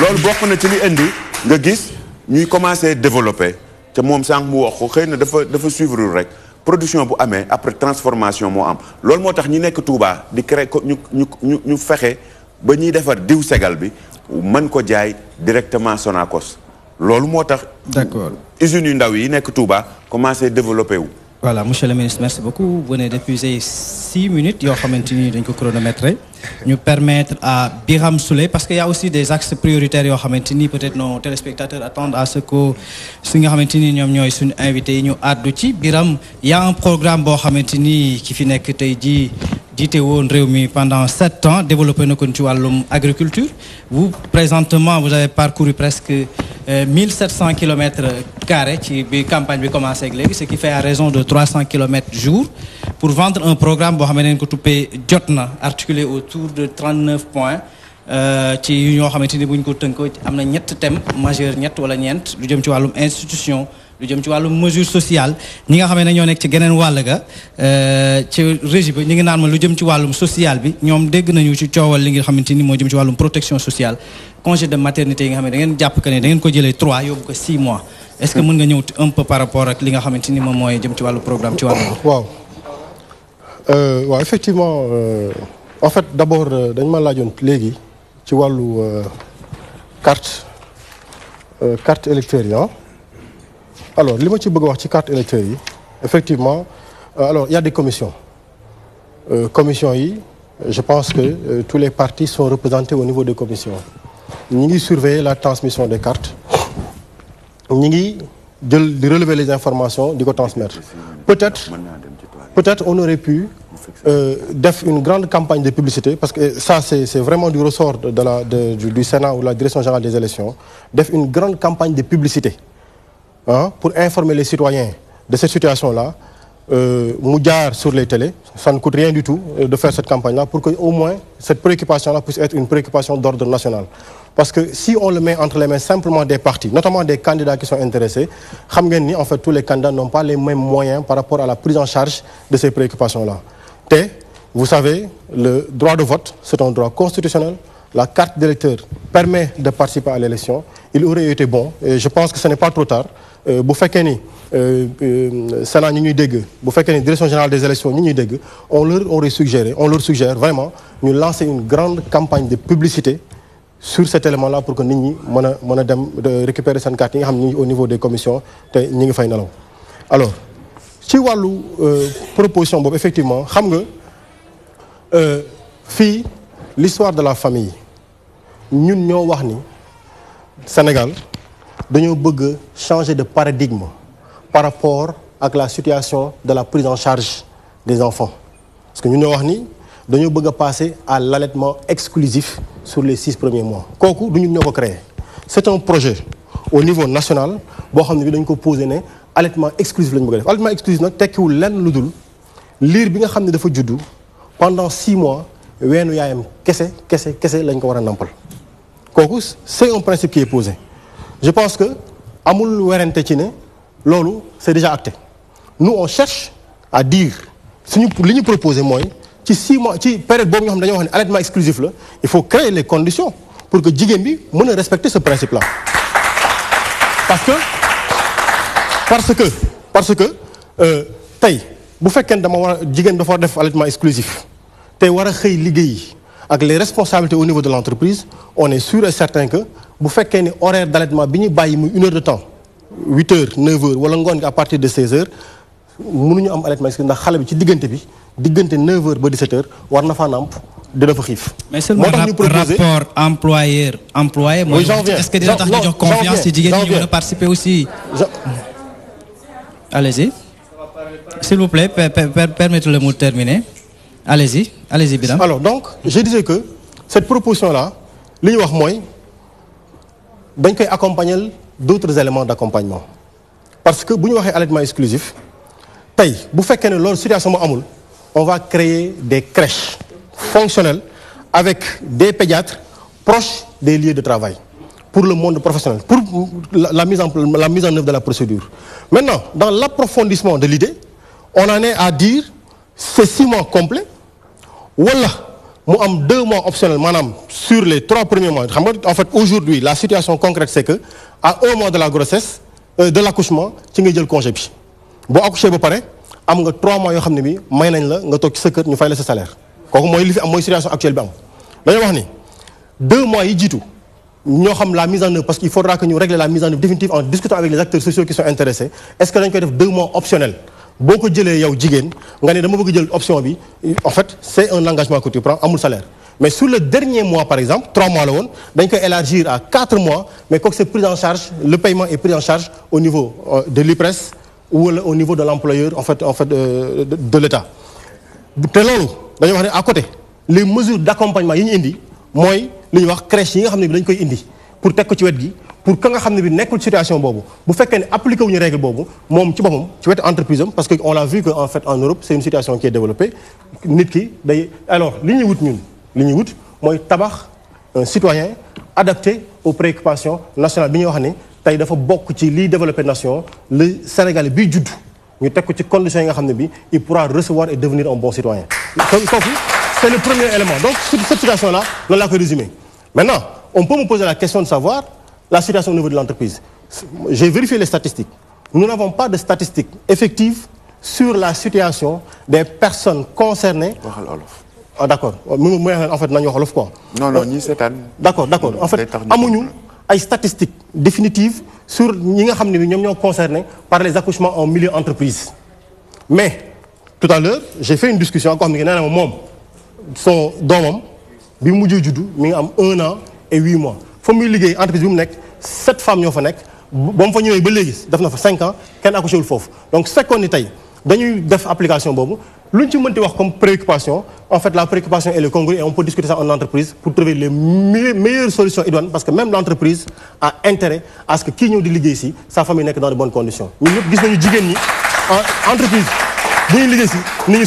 loolu bokk na ci li indi nga gis ñuy commencé développer te moom sànq mu wax ko xëy dafa dafa suivre rek production bu amee après transformation moo am loolu moo tax ñi nekk Touba di créer ko ñu ñu ñu ñu fexe ba ñuy defar diw segal bi mën ko jaay directement Sonacos loolu moo d'accord usines que ndaw yi Comment Touba commencé développé voilà monsieur le ministre merci beaucoup vous venez d'épuiser six minutes Vous xamante ni dañ ko nous permettre à Biram Souley, parce qu'il y a aussi des axes prioritaires, peut-être nos téléspectateurs attendent à ce que nous invité invité nous aider. Biram, il y a un programme qui finit que tu pendant sept ans développer nos à agriculture vous présentement vous avez parcouru presque 1700 km qui campagne bi commence avec ce qui fait à raison de 300 km jour pour vendre un programme qui articulé au autour de 39 points euh, ci yu ñoo xamante ni bu ñu ko tënkoo am na ñett thèmes majeurs ñett wala ñeent lu jëm ci wàllum institution lu jëm ci wàllum mesure sociale ñi nga xam ne ñoo nekk ci geneen wàll ga euh, ci régie bi ñi ngi naan ma lu jëm ci wàllum social bi ñoom dégg nañu ci coowal li nga xamante ni moo jëm ci wàllum protection sociale congé de maternité yi nga xam ne da ngeen jàpp que ne da ngeen ko jëlee 3 yóbbu ko 6 mois est-ce que mën nga ñëw un peu par rapport ak li nga xamante ni moom mooy jëm ci wàllu programme ci wàllu waaw euh, waaw effectivement en fait d'abord, tu euh, vais ma Tu vois euh, carte euh, carte ah. alors li carte effectivement alors il y a des commissions commission I, je pense que tous les partis sont représentés au niveau des commissions ñi ngi la transmission des cartes ñi ngi relever les informations di transmettre peut-être peut-être on aurait pu euh, une grande campagne de publicité, parce que ça c'est vraiment du ressort du, Sénat ou de la direction générale des élections, def une grande campagne de publicité hein, pour informer les citoyens de cette situation-là, euh, sur les télés, ça ne coûte rien du tout euh, de faire cette campagne-là pour qu'au moins cette préoccupation-là puisse être une préoccupation d'ordre national. Parce que si on le met entre les mains simplement des partis, notamment des candidats qui sont intéressés, en fait, tous les candidats n'ont pas les mêmes moyens par rapport à la prise en charge de ces préoccupations-là vous savez le droit de vote c'est un droit constitutionnel la carte d'électeur permet de participer à l'élection il aurait été bon et je pense que ce n'est pas trop tard euh, bu vous ni euh, euh, ñi direction générale des élections on leur aurait suggéré on leur suggère vraiment de lancer une grande campagne de publicité sur cet élément là pour que nous ñi puissent récupérer carte au niveau des commissions alors ci une euh, proposition bob effectivement xam nga euh, l'histoire de la famille Nous, ñoo wax Sénégal dañoo bëgg changer de paradigme par rapport à la situation de la prise en charge des enfants parce que nous ñoo wax ni passer à l'allaitement exclusif sur les six premiers mois c'est un projet au niveau national xam dañ allaitement exclusif la ñu bëgg def allaitement exclusif nag tekkiwul lenn lu dul liir bi nga xam ne dafa pendant six mois weenu yaayam kese kese kese lañ ko war a nampal kooku c'est un principe qui est posé je pense que amul werante ci ne loolu c'est déjà acté nous on cherche à dire suñu li ñu proposé mooy ci six mois ci période boobu ñoo xam wax allaitement exclusif la il faut créer les conditions pour que jigéen bi mën a respecter ce principe là parce que parce que parce que euh, tay bu fekkene dama wara jigen dafa def allaitement exclusif tay wara xey liguey ak les responsabilités au niveau de l'entreprise on est sûr et certain que bu fekkene horaire d'allaitement biñu bayyi muy une heure de temps 8h 9h wala ngone à partir de 16h Vous am allaitement parce ndax xalé bi ci digënté bi digënté 9h ba 17h war na fa namp dina fa xif mais seulement rapport employeur employé est-ce que déjà tax ñu confiance ci jigen ñu participer aussi Allez-y. S'il vous plaît, permettez-le de terminer. Allez-y, allez-y, Alors, donc, je disais que cette proposition-là, l'IOR Moy, dañ accompagner d'autres éléments d'accompagnement parce que bu ñu un allaitement exclusif vous bu que situation on va créer des crèches fonctionnelles avec des pédiatres proches des lieux de travail pour le monde professionnel, pour la, mise en, la mise en œuvre de la procédure. Maintenant, dans l'approfondissement de l'idée, on en est à dire c'est six mois complets, voilà, mu am deux mois optionnels madame, sur les trois premiers mois en fait aujourd'hui la situation concrète c'est que à un mois de la grossesse euh, de l'accouchement tu as le congé bi boo accouché vous parlez am nga trois mois yo xam ne bi may nañ la nga tok ci sa kër ñu fay la salaire comme moi li fi am mooy situation actuelle bi am wax ni deux mois yi tout nous avons la mise en œuvre parce qu'il faudra que nous régler la mise en œuvre définitive en discutant avec les acteurs sociaux qui sont intéressés est-ce que nous koy deux mois optionnels Beaucoup de gens yow nga dama option en fait c'est un engagement que tu prends amul salaire mais sur le dernier mois par exemple trois mois elle woon élargir à quatre mois mais quand c'est pris en charge le paiement est pris en charge au niveau euh, de l'IPRES ou au niveau de l'employeur en fait en fait de, euh, de, de l'État à côté les mesures d'accompagnement li ñuy wax crèche yi nga xam ne bi dañ koy indi pour teg ko ci wet gi pour que nga xam ne bi nekkul situation boobu bu fekkee ne appliqué ñu règle boobu moom ci boppam ci wetu entreprise am parce que on l'a vu que en fait en Europe c'est une situation qui est développée nit ki day alors li ñuy wut ñun li ñuy wut mooy tabax un citoyen adapté aux préoccupations nationales bi ñuy wax ne tey dafa bokk ci liy développé nation le Sénégalais bi judd ñu teg ko ci conditions yi nga xam ne bi il pourra recevoir et devenir un bon citoyen c'est le premier élément. Donc, cette situation-là, on l'a fait résumer. Maintenant, on peut me poser la question de savoir la situation au niveau de l'entreprise. J'ai vérifié les statistiques. Nous n'avons pas de statistiques effectives sur la situation des personnes concernées. Ah, d'accord. En fait, nous quoi. Non, non, ni cette euh, année. D'accord, d'accord. En fait, nous des statistiques définitives sur les par les accouchements en milieu entreprise. Mais, tout à l'heure, j'ai fait une discussion encore avec un homme son domam bi mujjee juddu mi am un an et huit mois fa muy liggéey entreprise bi mu nekk sept femmes ñoo fa nekk ba mu fa ñëwee ba léegi def na fa cinq ans kenn accouché wul foofu donc c'est ni tey dañuy def application boobu luñ ci mënti wax comme préoccupation en fait la préoccupation est le congrès et on peut discuter ça en entreprise pour trouver les meilleures solutions idoines parce que même l'entreprise a intérêt à ce que kii ñëw di liggéey si sa famille nekk dans de bonnes conditions ñun ñëpp gis nañu jigéen ñi entreprise bu ñu liggéey si ni ñu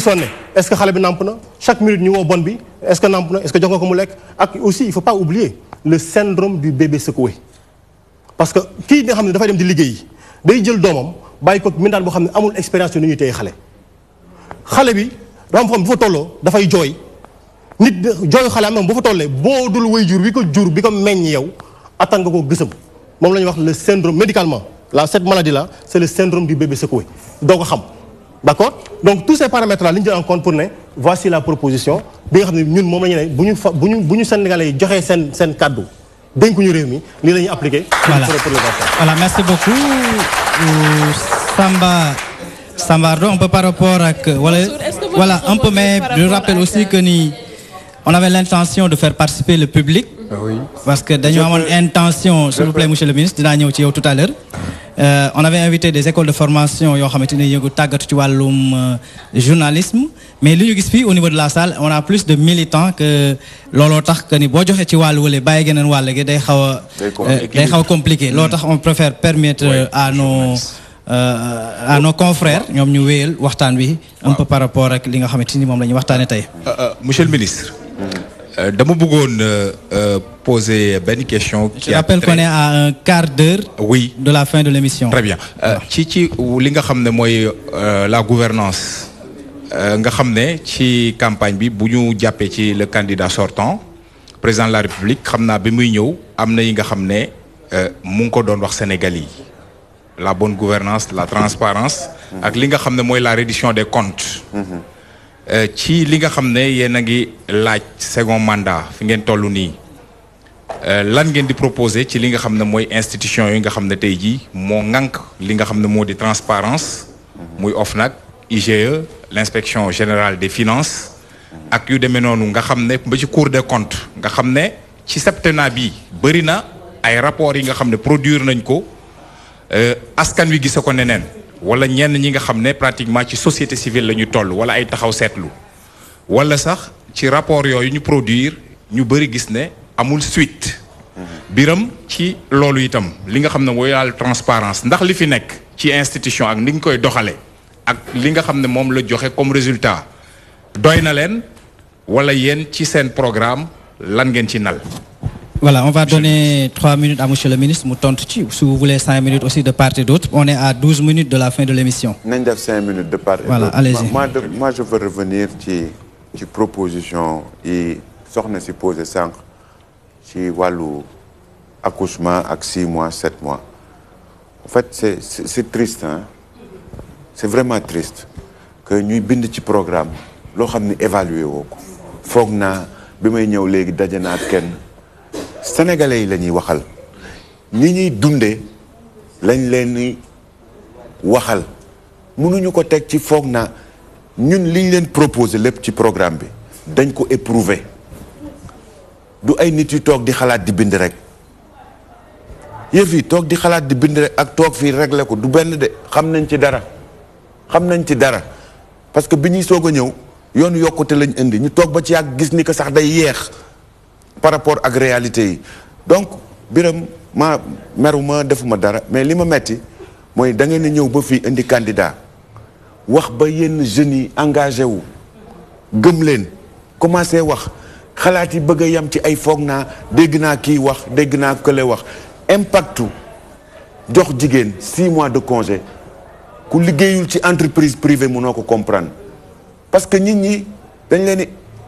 est-ce que xale bi nàmp na chaque minute ñu woo bon bi est-ce que nàmp na est-ce que jox nga ko mu lekk ak aussi il faut pas oublier le syndrome du bébé secoué parce que kii nga xam ne dafay dem di liggéeyi day jël doomam bàyyi ko mindaan boo xam ne amul expérience ni ñuy téye xale xale bi dafa am bu fa tolloo dafay jooy nit jooyu xale am bu fa tollee boo dul way jur bi ko jur bi ko meññ yow attan nga ko moom la wax le syndrome médicalement la cette maladie là c'est le syndrome du bébé secoué doo ko xam D'accord Donc tous ces paramètres-là, nous en compte pour nous, voici la proposition. Nous avons dit Sénégalais un cadeau. Dès que nous réunis, nous appliqué voilà. Voilà, merci beaucoup. Euh, Samba, Samba, on peut par rapport euh, à... voilà, voilà un peu, mais je rappelle aussi que nous, on avait l'intention de faire participer le public. Ah oui. parce que dañu amoon intention s'il vous plaît monsieur le ministre dinaa ñëw ci tout à l'heure euh, on avait invité des écoles de formation yoo xamante ne yëngu tàggatu ci wàllum euh, journalisme mais lui, gis au niveau de la salle on a plus de militants que looloo tax que ni boo joxee ci wàllu wële bàyyi geneen wàll gi day xaw day euh, compliqué looloo on préfère permettre oui, euh, à nos Euh, à nos confrères ñoom ñu wéyal waxtaan un peu par rapport à li nga xamante ni moom la ñuy waxtaanee monsieur le ministre. Mm. Euh, dama Bougon euh, euh, poser ben question. qui rappelle qu'on est à un quart d'heure. oui de la fin de l'émission. très bien ci ci li nga la gouvernance nga xam ci campagne bi bu ñu le candidat sortant président de la république xam naa bi muy ñëw am na yi nga xam mu Sénégalais. la bonne gouvernance la transparence ak li nga la reddition des comptes. Mm-hmm. Euh, ci li nga xam ne yéen a ngi laaj second mandat fi ngeen toll nii euh, lan ngeen di proposer ci li nga xam ne mooy institution yi nga xam ne tey jii moo ŋànk li nga xam ne di transparence muy OFNAC IGE l'inspection générale des finances ak yu demee noonu nga xam ne ba ci Cour des comptes nga xam ne ci septennat bi bëri na ay rapports yi nga xam produire nañ ko euh, askan wi gise ko neneen wala ñenn ñi nga xam ne pratiquement ci société civile la ñu toll wala ay taxaw seetlu wala sax ci rapport yooyu ñu produire ñu bëri gis ne amul suite. biram ci loolu itam li nga xam ne mooy transparence ndax li fi nekk ci institution ak ni ñu koy doxale ak li nga xam ne moom la joxe comme résultat doy na leen wala yéen ci seen programme lan ngeen ci nal Voilà, on va donner trois minutes à Monsieur le ministre Moutontuchi. Si vous voulez cinq minutes aussi de part et d'autre, on est à 12 minutes de la fin de l'émission. Nendef cinq minutes de part et voilà, allez-y. Moi, moi, je veux revenir sur les proposition et sur si propositions. cinq sur Walou accouchement à 6 mois, 7 mois. En fait, c'est triste. Hein? C'est vraiment triste que nous avons un programme, nous avons évalué. Faut que nous avons sénégalais yi lañuy waxal ni ñuy dunde lañ leen di waxal mënuñu ko teg ci foog na ñun liñ leen proposé lépp ci programme bi dañ ko éprouver du ay nit yu toog di xalaat di bind rek yëf yi toog di xalaat di bind rek ak toog fii régler ko du benn de xam nañ ci dara xam nañ ci dara parce que bi ñuy soog a ñëw yoon yokkute lañ indi ñu toog ba ci yàgg gis ni ko sax day yeex par rapport à la réalité donc biram ma meruma de dara mais li metti moy da ñëw ba indi candidat wax ba yenn jeunes yi engagé wu gëm leen commencé wax xalaat bëgg yam ci ay six mois de congé ku liggéeyul entreprise privée mënoo comprendre parce que nit ñi dañ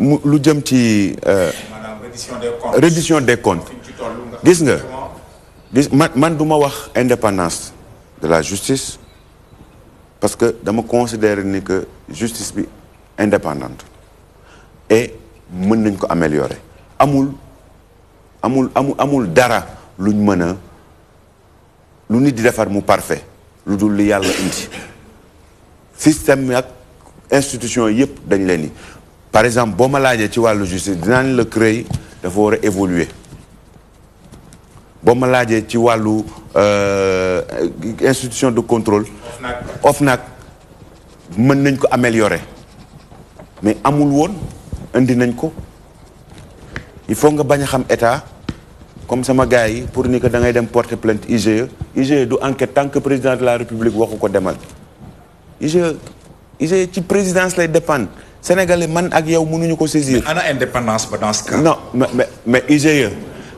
Euh, reddition des comptes gis nga gis man man indépendance de la justice parce que dama considérer ni que justice est indépendante et mën nañ ko améliorer amul amul amul dara luñ di mu parfait lu dul li indi système institution yépp dañ par exemple boo tu vois, ci wàllu justice dinaan le CREI dafa évoluer boo ma laajee euh, institution de contrôle OFNAC mën nañ ko améliorer mais amul woon indi nañ ko il faut que bañ a xam état comme sama gars pour ni que da ngay dem porter plainte IGE IGE du enquête tant que président de la république waxu ko faire. IGE IGE ci présidence lay dépendre sénégalais man ak yow ñu ko saisir. mais indépendance ba dans mais mais mais IGE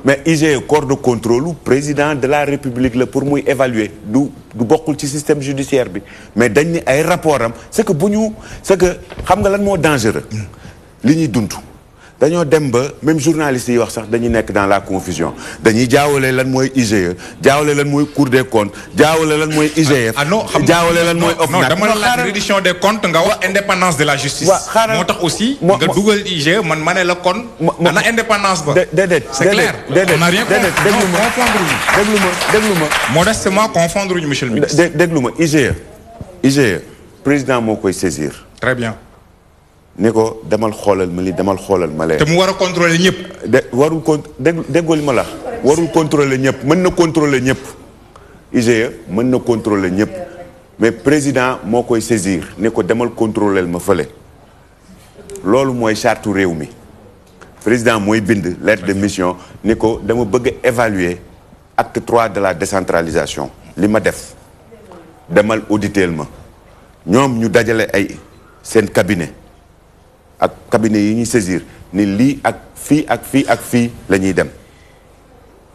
mais IGE corps de contrôle président de la république la pour muy évaluer du du bokkul ci système judiciaire bi mais dañ ni ay rapport am c'est bu ñu c'est que xam nga lan moo dangereux. li ñuy dund. dañoo dem même journaliste yi wax sax dañuy dans la confusion dañuy jaawale lan mooy IGE lan Cour des comptes lan IGF. ah, ah lan non la des comptes nga l'indépendance de la justice. aussi. nga dugal IGE man indépendance c'est clair. modestement confondre ñu Michel le ministre. IGE. E, président saisir. très bien niko demal xolal ma li demal xolal ma lee. te mu war contrôler ñëpp. warul con déggoo ma la warul contrôler ñëpp mën na contrôler ñëpp. IGE mën na contrôler ñëpp mais président mo koy saisir niko demal contrôler ma feulé lolu moy chartu réew mi président moy bind lettre de mission niko dama bëgg évaluer acte trois de la décentralisation li ma def demal auditeel ma ñoom ñu dajalé ay sen cabinet ak cabinet yi ñuy saisir ni lii ak fii ak fii ak fii la dem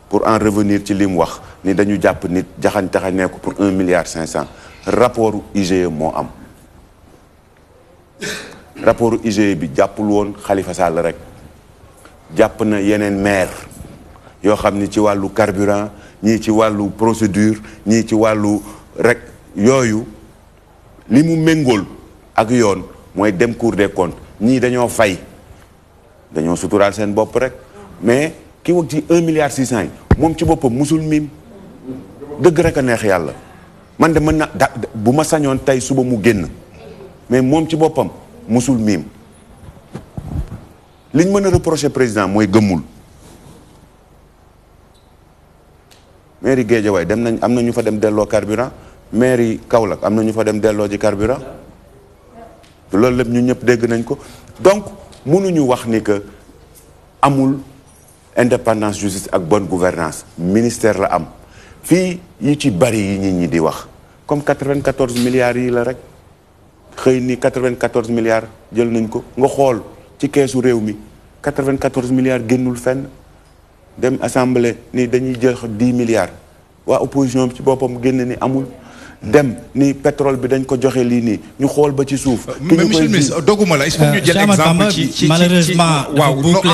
pour en revenir ci li mu wax ni dañu jàpp nit jaxañ taxañee ko pour un milliard cinq cent rapportu IGE moo am rapportu IGE bi jàppul woon xalifa Sall rek jàpp na yeneen maire yoo xam ni ci wàllu carburant ñii ci wàllu procédure ñii ci wàllu rek yooyu li mu méngool ak yoon mooy dem Cour des comptes ñii dañoo fay dañoo suturaal seen bopp rek mais ki wax ci un milliard six cent yi moom ci boppam musul miim dëgg rek a neex yàlla man de mën na da bu ma sañoon tey suba mu génn mais moom ci boppam musul miim liñ mën a reprocher président mooy gëmmul mairie Guédiawaye dem nañ am na ñu fa dem delloo carburant mairie Kaolack am na ñu fa dem delloo ji carburant loolu lépp ñu ñëpp dégg nañ ko donc mënuñu wax ni que amul indépendance justice ak bonne gouvernance ministère la am fii yi ci bari yi nit ñi di wax comme 94 milliards yi la rek xëy ni 94 milliards jël nañ ko nga xool ci keesu réew 94 milliards génnul fenn dem assemblée ni dañuy jël 10 milliards waa opposition bi ci boppam génn ni amul dem ni pétrole bi dañ ko joxé li ni ñu xol ba ci souf euh, ministre doguma la est-ce que ñu jël euh, exemple ci ci malheureusement waaw boucler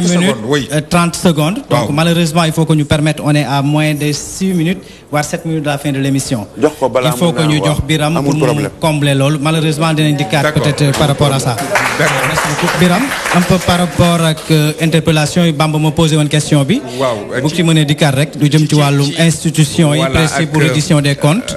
minutes 30 euh, secondes. donc malheureusement il faut que ñu permette on est à moins de 6 minutes voire 7 minutes de la fin de l'émission. il faut que ñu jox Biram pour combler l'eau malheureusement dinañ dikkaat peut-être par rapport à ça. d'accord Biram un peu par rapport à interpellation Bamba me poser une question bi. waaw bu ci mënee dikkaat rek du jëm ci walum institution yi. pour édition des comptes.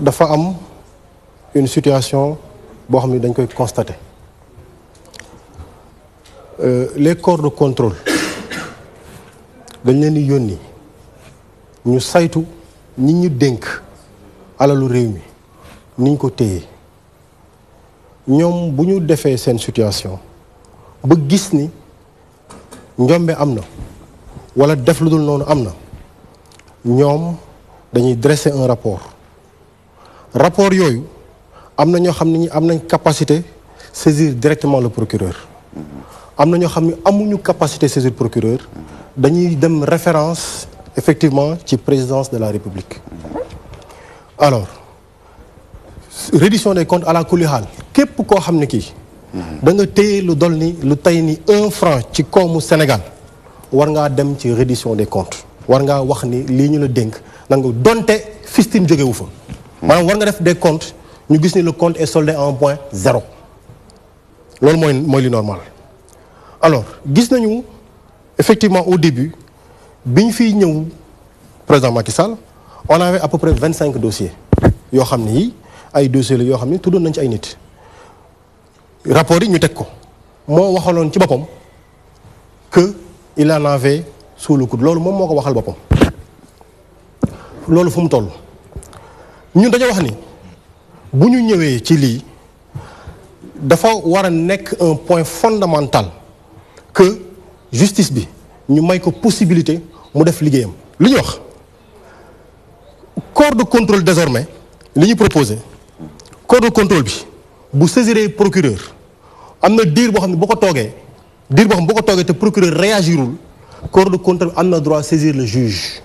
dafa am une situation que xam dañ euh, les corps de contrôle dañ leen di yónni ñu saytu nit ñu dénk alalu réew mi niñ ko téye ñoom bu ñu defee situation ba gis ni njombe am wala def lu dul noonu am na dresser un rapport rapport yoyu amna na ñoo capacité saisir directement le procureur Nous avons ñoo capacité amuñu capacité saisir procureur dañuy dem référence effectivement ci présidence de la république alors reddition des comptes à la kulixaal képp ko xamni ki da nga téye lu un franc ci au Sénégal war nga dem ci reddition des comptes war nga wax ni li ñu la dénk donté donte jogé wu fa maanaam war nga def des comptes ñu gis ni le compte est soldé en point zéro loolu mooy mooy li normal alors gis nañu effectivement au début biñ fi fiy ñëw président Macky Sall on avait à peu près vingt cinq dossiers yoo xam ne ay dossiers la yoo xam ne tuddoon nañ ci ay nit rapport yi ñu teg ko moo waxaloon ci boppam que il en avait sous le coude loolu moom moo ko waxal boppam loolu fu mu toll ñun dañu wax ni bu ñu ñëwee ci lii dafa war a nekk un point fondamental que justice bi ñu may ko possibilité mu def liggéeyam li ñu wax corps de contrôle désormais li ñu proposé corps de contrôle bi bu saisiré procureur am na diir boo xam ne boo ko toogee diir boo xam bu ko toogee te procureur réagirul corps de contrôle am na droit saisir le juge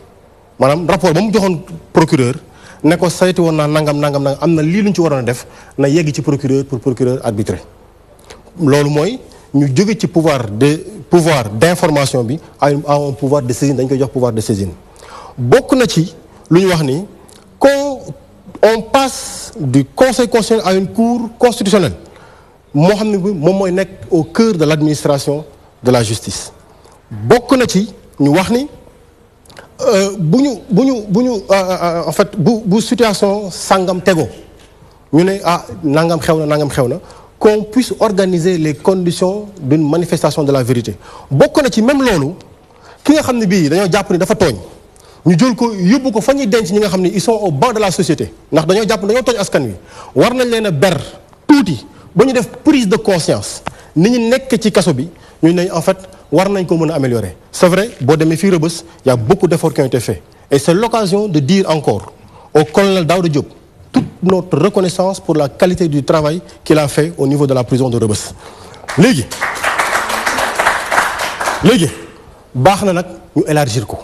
maanaam rapport ba mu joxoon procureur ne ko saytu woon naa nangam nangam nangam am na lii ci warona def na yegg ci procureur pour procureur arbitrer lolu moy ñu joggé ci pouvoir de pouvoir d'information bi a un pouvoir de saisine dañ koy jox pouvoir de saisine bokk na ci luñ wax ni kon on passe du conseil constitutionnel à une cour constitutionnelle moo xam ne moom mooy nekk au cœur de l'administration de la justice bokk na ci ñu wax ni pour euh, euh, euh, en fait bu bu situation sangam tego ñu ah nangam nangam qu'on puisse organiser les conditions d'une manifestation de la vérité bokk ci même lolu ki nga xamni bi dañu japp ni dafa togn ñu jël ko ko ils sont au bord de la société ndax dañu japp dañu togn askan wi war nañ leena ber touti def prise de conscience ni ñu nekk ci en fait c'est vrai il y a beaucoup d'efforts qui ont été faits et c'est l'occasion de dire encore au colonel Daouda Diop toute notre reconnaissance pour la qualité du travail qu'il a fait au niveau de la prison de Rebus. léegi léegi baax na nag élargir ko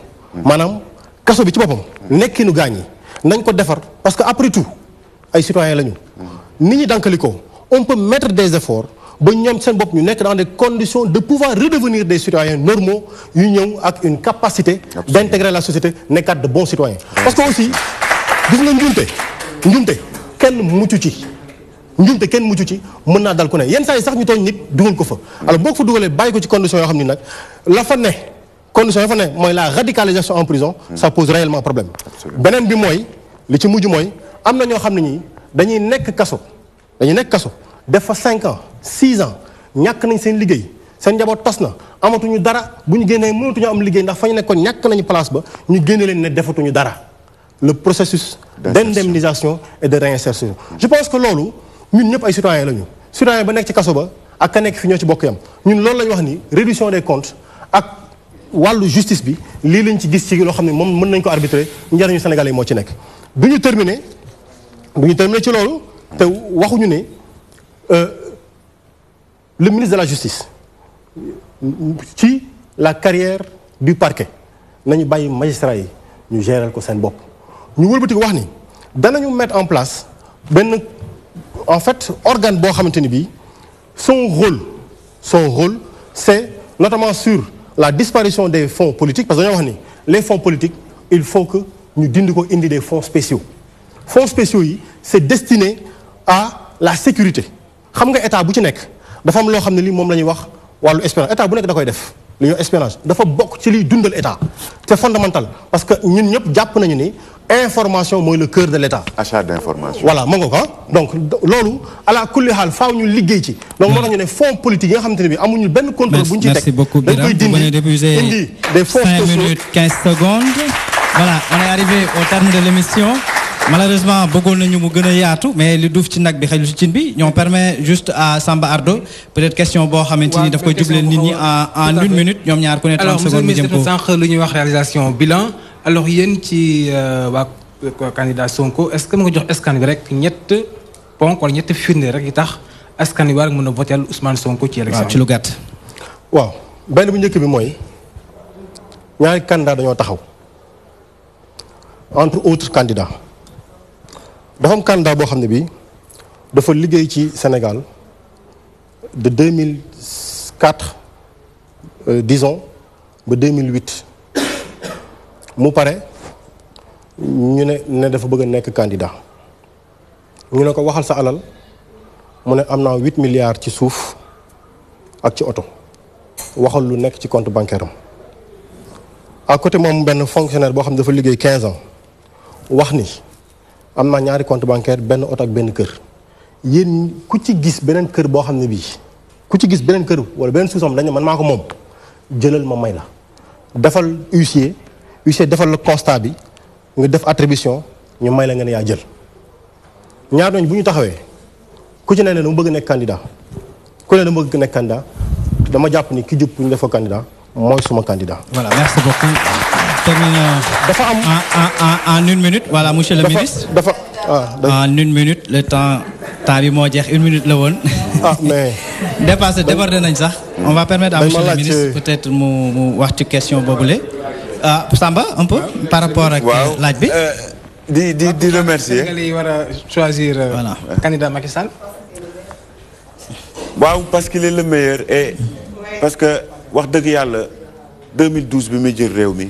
maanaam kaso bi ci boppam nekkinu gaañ yi nañ ko defar parce que après tout ay citoyens lañu nit ñi les on peut mettre des efforts ba ñoom seen bopp ñu nekk dans des conditions de pouvoir redevenir des citoyens normaux yu avec ak une capacité d'intégrer la société cadre de bons citoyens parce que aussi nous nga njumte njumte kenn mucc ci njumte kenn mucc ci mën naa dal ku ne yenn saa yi sax ñu tooñ nit dugal ko fa alors beaucoup de fa dugalee bàyyi ko ci conditions yoo xam ni la fa ne conditions yoo fa ne mooy la radicalisation en prison ça pose réellement problème beneen bi mooy li ci mujj mooy n'ek na ñoo n'ek ne dañuy nekk dañuy nekk def fa 5 ans 6 ans ñak nañ seen liggéey seen njaboot tas na amatuñu dara bu ñu génnee mënatuñu am liggéey ndax fa ñu nekkoon ñàkk nañu place ba ñu génne leen ne defatuñu dara le processus d'indemnisation et de réinsertion je pense que loolu ñun ñëpp ay citoyens lañu citoyen ba nekk ci kaso ba ak ka nekk fi ñoo ci bokk yam ñun loolu lañu wax ni réduction des comptes ak wàllu justice bi lii lañ ci gis ci loo xam ne moom mën nañ ko arbitrer njariñu Sénégalais yi moo ci nekk du ñu terminer du ñu terminer ci loolu te waxuñu ne euh, le ministre de la justice qui la carrière du parquet nous sommes magistrat yi nous gérer ko Nous voulons ñu wëlbati wax nous mettre en place ben en fait organe son rôle son rôle c'est notamment sur la disparition des fonds politiques parce que nous les fonds politiques il faut que nous disions indi des fonds spéciaux fonds spéciaux c'est destiné à la sécurité xam nga état bu ci nekk dafa am loo xam ne lii moom la ñuy wax wàllu espérance état bu nekk da koy def li ñuy espérance dafa bokk ci liy dundal état c'est fondamental parce que ñun ñëpp jàpp nañu ni information mooy le cœur de l'état. achat d'information. voilà ma nga ah. ko donc loolu la kulli xaal faaw ñu liggéey ci. donc moo tax ñu ne fonds politique yi nga xamante ne bi amuñu benn contrôle bu ñu ci teg dañ koy dindi indi des fonds sociaux. 5 minutes 15 secondes voilà on est arrivé au terme de l'émission malheureusement bëggoon nañu mu gën a yaatu mais li duuf ci nag bi xëy ci cin bi ñoo permet juste à Samba Ardo peut-être question bo xamanteni daf koy djublé nit ñi en en une minute ñom ñaar ko né 30 secondes mu jëm ko sànq lu ñu wax réalisation bilan alors yéen ci euh, wa euh, candidat Sonko est-ce que mu jox askan bi rek ñett ponk wala ñett firnde rek tax askan wi war mën voter Ousmane Sonko ci élection ci lu gàtt. waaw benn bu ñëk bi moy ñaari candidat dañu taxaw entre autres candidats dafa am candidat boo xam ne dafa Sénégal de 2004 euh, disons ba 2008 mu pare ñu ne ne dafa bëgg nekk candidat ñu ne ko waxal sa alal mu ne milliards ci suuf ak ci oto waxal lu nekk compte bancaire am à côté moom benn fonctionnaire boo xam dafa liggéey ans wax ni amna ñaari compte bancaire ben auto ak ben kër yeen ku ci gis benen kër bo xam bi ku ci gis benen kër wala beneen suusam dañ man maa ko moom jëlal ma may la defal huissier huissier defal le constat bi nga def attribution ñu may la nga ya yaa jël ñaar ñooñu buñu taxawé ku ci ne lu bëgg nek candidat ku ne dama bëgg nekk candidat dama japp ni ki jub ñu def candidat moy suma candidat. voilà merci beaucoup. Euh, dafa am en en une minute voilà monsieur le ministre. Ah, en une minute le temps temps vu moi dire une minute la woon. ah mais. dépassé débordé nañ sax. on va permettre à monsieur le ministre peut-être mu mu wax ci question boobule. ah Samba un peu par rapport à laaj bi euh, di di di remercier. choisir. Euh, voilà candidat Macky Sall. waaw parce qu'il est le meilleur et parce que wax dëgg yàlla 2012 bi muy jël réew mi.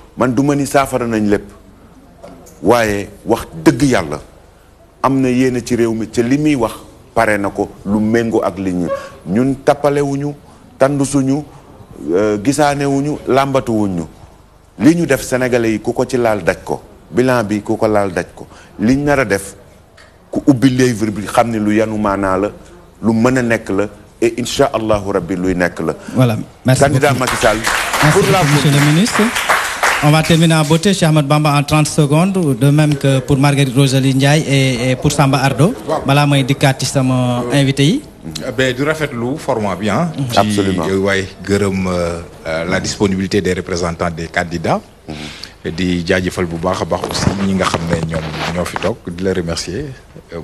man du ma ni saafara nañ lépp waaye wax dëgg yàlla am na yéene ci réew mi ci li muy wax pare na ko lu méngoo ak li ñu ñun tappalewuñu tandusuñu euh, gisaanewuñu làmbatuwuñu li ñu def sénégalais yi ku ko ci laal daj ko bilan bi ku ko laal daj ko liñ nar a def ku ubbi livre bi xam ne lu yanu maanaa la lu mën nekk la et incha allahu rabbi luy nekk la. voilà merci pour la monsieur On va terminer en beauté chez Bamba en 30 secondes, de même que pour Marguerite Rosalie Ndiaye et, pour Samba Ardo. Voilà, may dikkaat ci sama euh, invité yi. Euh, ben du rafetlu format bien. Hein. Mhm. absolument ci euh, waay gërëm la disponibilité des représentants des candidats. Mhm. di jaajëfal bu baax a baax aussi ñi nga xam ne di remercier. Euh,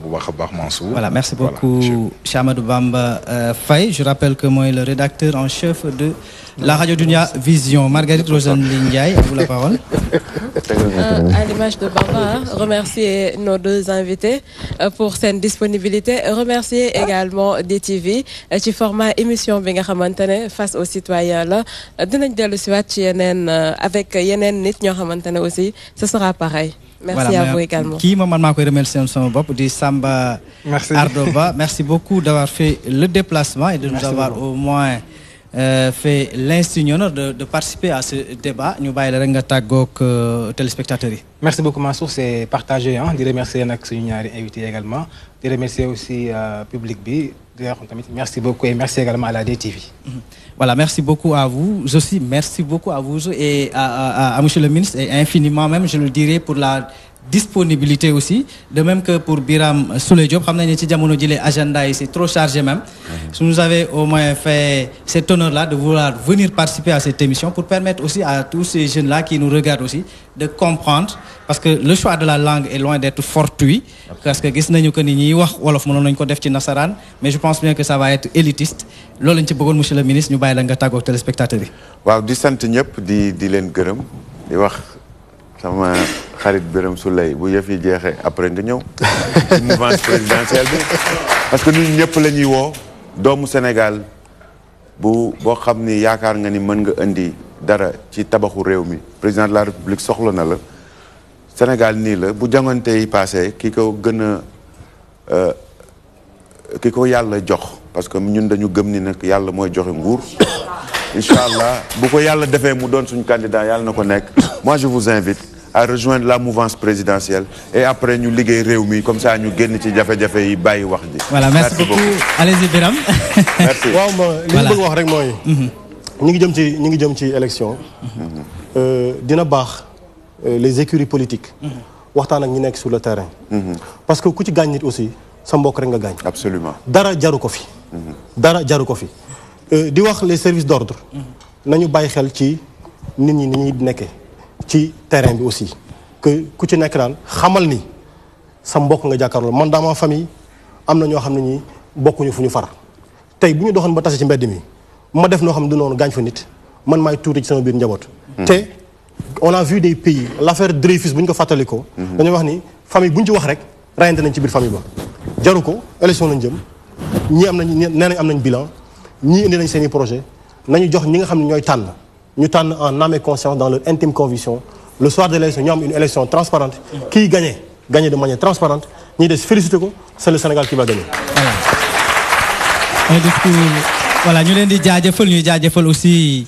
voilà merci beaucoup Chama Bamba euh, Faye je rappelle que moi, je suis le rédacteur en chef de la radio Dunia Vision Marguerite Rosaline Ndiaye à vous la parole. Euh, à l'image de Bamba hein, remercier nos deux invités pour cette disponibilité remercier également DTV ci format émission bi nga face aux citoyens Donnez dinañ le avec Yenen nit aussi ce sera pareil merci à vous également Qui m'a demandé Samba merci beaucoup d'avoir fait le déplacement et de nous avoir au moins euh, fait l'insigne de, de participer à ce débat euh, merci beaucoup Mansour c'est partagé Merci hein. à remercier nag également merci remercier aussi euh, public B. merci beaucoup et merci également à la DTV mhm. Voilà, merci beaucoup à vous. Je aussi, merci beaucoup à vous et à, M. Monsieur le ministre, et infiniment même, je le dirais, pour la disponibilité aussi de même que pour Biram Souley Diop xam trop chargé même Vous mhm. nous avez au moins fait cet honneur là de vouloir venir participer à cette émission pour permettre aussi à tous ces jeunes là qui nous regardent aussi de comprendre parce que le choix de la langue est loin d'être fortuit parce que mais je pense bien que ça va être élitiste loolu lañ ci bëggoon monsieur le ministre ñu bàyyi la nga tàggoog téléspectateur yi. waaw di sant ñëpp di di leen gërëm di wax sama xarit Birame Souleye bu yëf yi jeexee après nga ñëw ci parce que ñun ñëpp lañuy woo doomu Sénégal bu boo xam ni yaakaar nga ni mën nga indi dara ci tabaxu réew mi président de la république soxla na la Sénégal nii la bu jongante yi paase ki ko gën a euh, ki ko yàlla jox. parce que ñun dañu gëm ni nak yalla moy joxe nguur inshallah bu ko yalla défé mu don suñu candidat yalla nako ko nekk moi je vous invite à rejoindre la mouvance présidentielle et après ñu liguer réew mi comme ça ñu génn ci jafé jafé yi bayyi wax di voilà merci beaucoup allez-y Biram. merci waaw ma li ñu bëgg wax rek moy mhm. ñi ngi jëm ci ñi ngi jëm ci élection. Mhm. Euh, dina bax euh, les écuries politiques. Mhm. waxtaan ak ñi nekk sur le terrain. parce que ku ci gaañ nit aussi sa mbokk rek nga gaañ. absolument dara jaru ko fi. dara jaru ko fi euh, di wax les services d'ordre nañu bàyyi xel ci nit ñi ni ñuy nekkee ci terrain bi aussi que ku ci nekk daal xamal ni sa mbokk nga jàkkaarloo man famille am na ñoo xam ne ñi bokkuñu fu ñu far tey bu ñu doxoon ba tase ci mbedd mi ma def no xam du noonu gaañ fa nit man maay tuuti ci sama biir njaboot te on a vu des pays l'affaire Dreyfus buñ ko fàttalikoo dañu wax ni famille buñ ci wax rek rayante nañ ci biir famille ba jaru ko élection lañ jëm Nous avons un bilan nous indi nañ projet nañu jox ñi nga xam en âme et conscience dans leur intime conviction le soir de l'élection nous avons une élection transparente Qui gagnait Gagnait de manière transparente Nous des félicité c'est le Sénégal qui va gagner voilà aussi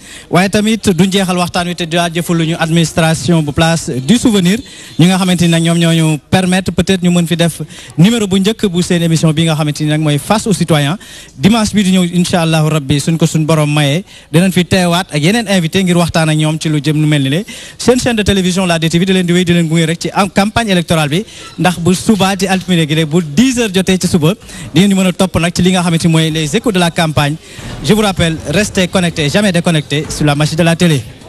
waaye tamit duñ jeexal waxtaan wi te daa jëfalu ñu administration bu place du souvenir ñi nga xamante ni nag ñoom ñoo ñu permettre peut-être ñu mën fi def numéro bu njëkk bu seen émission bi nga xamanteni nak moy face aux citoyens dimanche bi di ñëw inshallah rabbi suñ ko suñ borom mayé dinañ fi téwaat ak yeneen invité ngir waxtaan ak ñom ci lu jëm nu melni le seen chaîne de télévision la DTV di leen di wéy di leen gunge rek ci campagne électorale bi ndax bu subaa ci altmine gi de bu 10 h jotee ci suba di ñu mëna top nak ci li nga xamanteni moy les échos de la campagne je vous rappelle restez connectés jamais déconnectés sur la machine de la télé.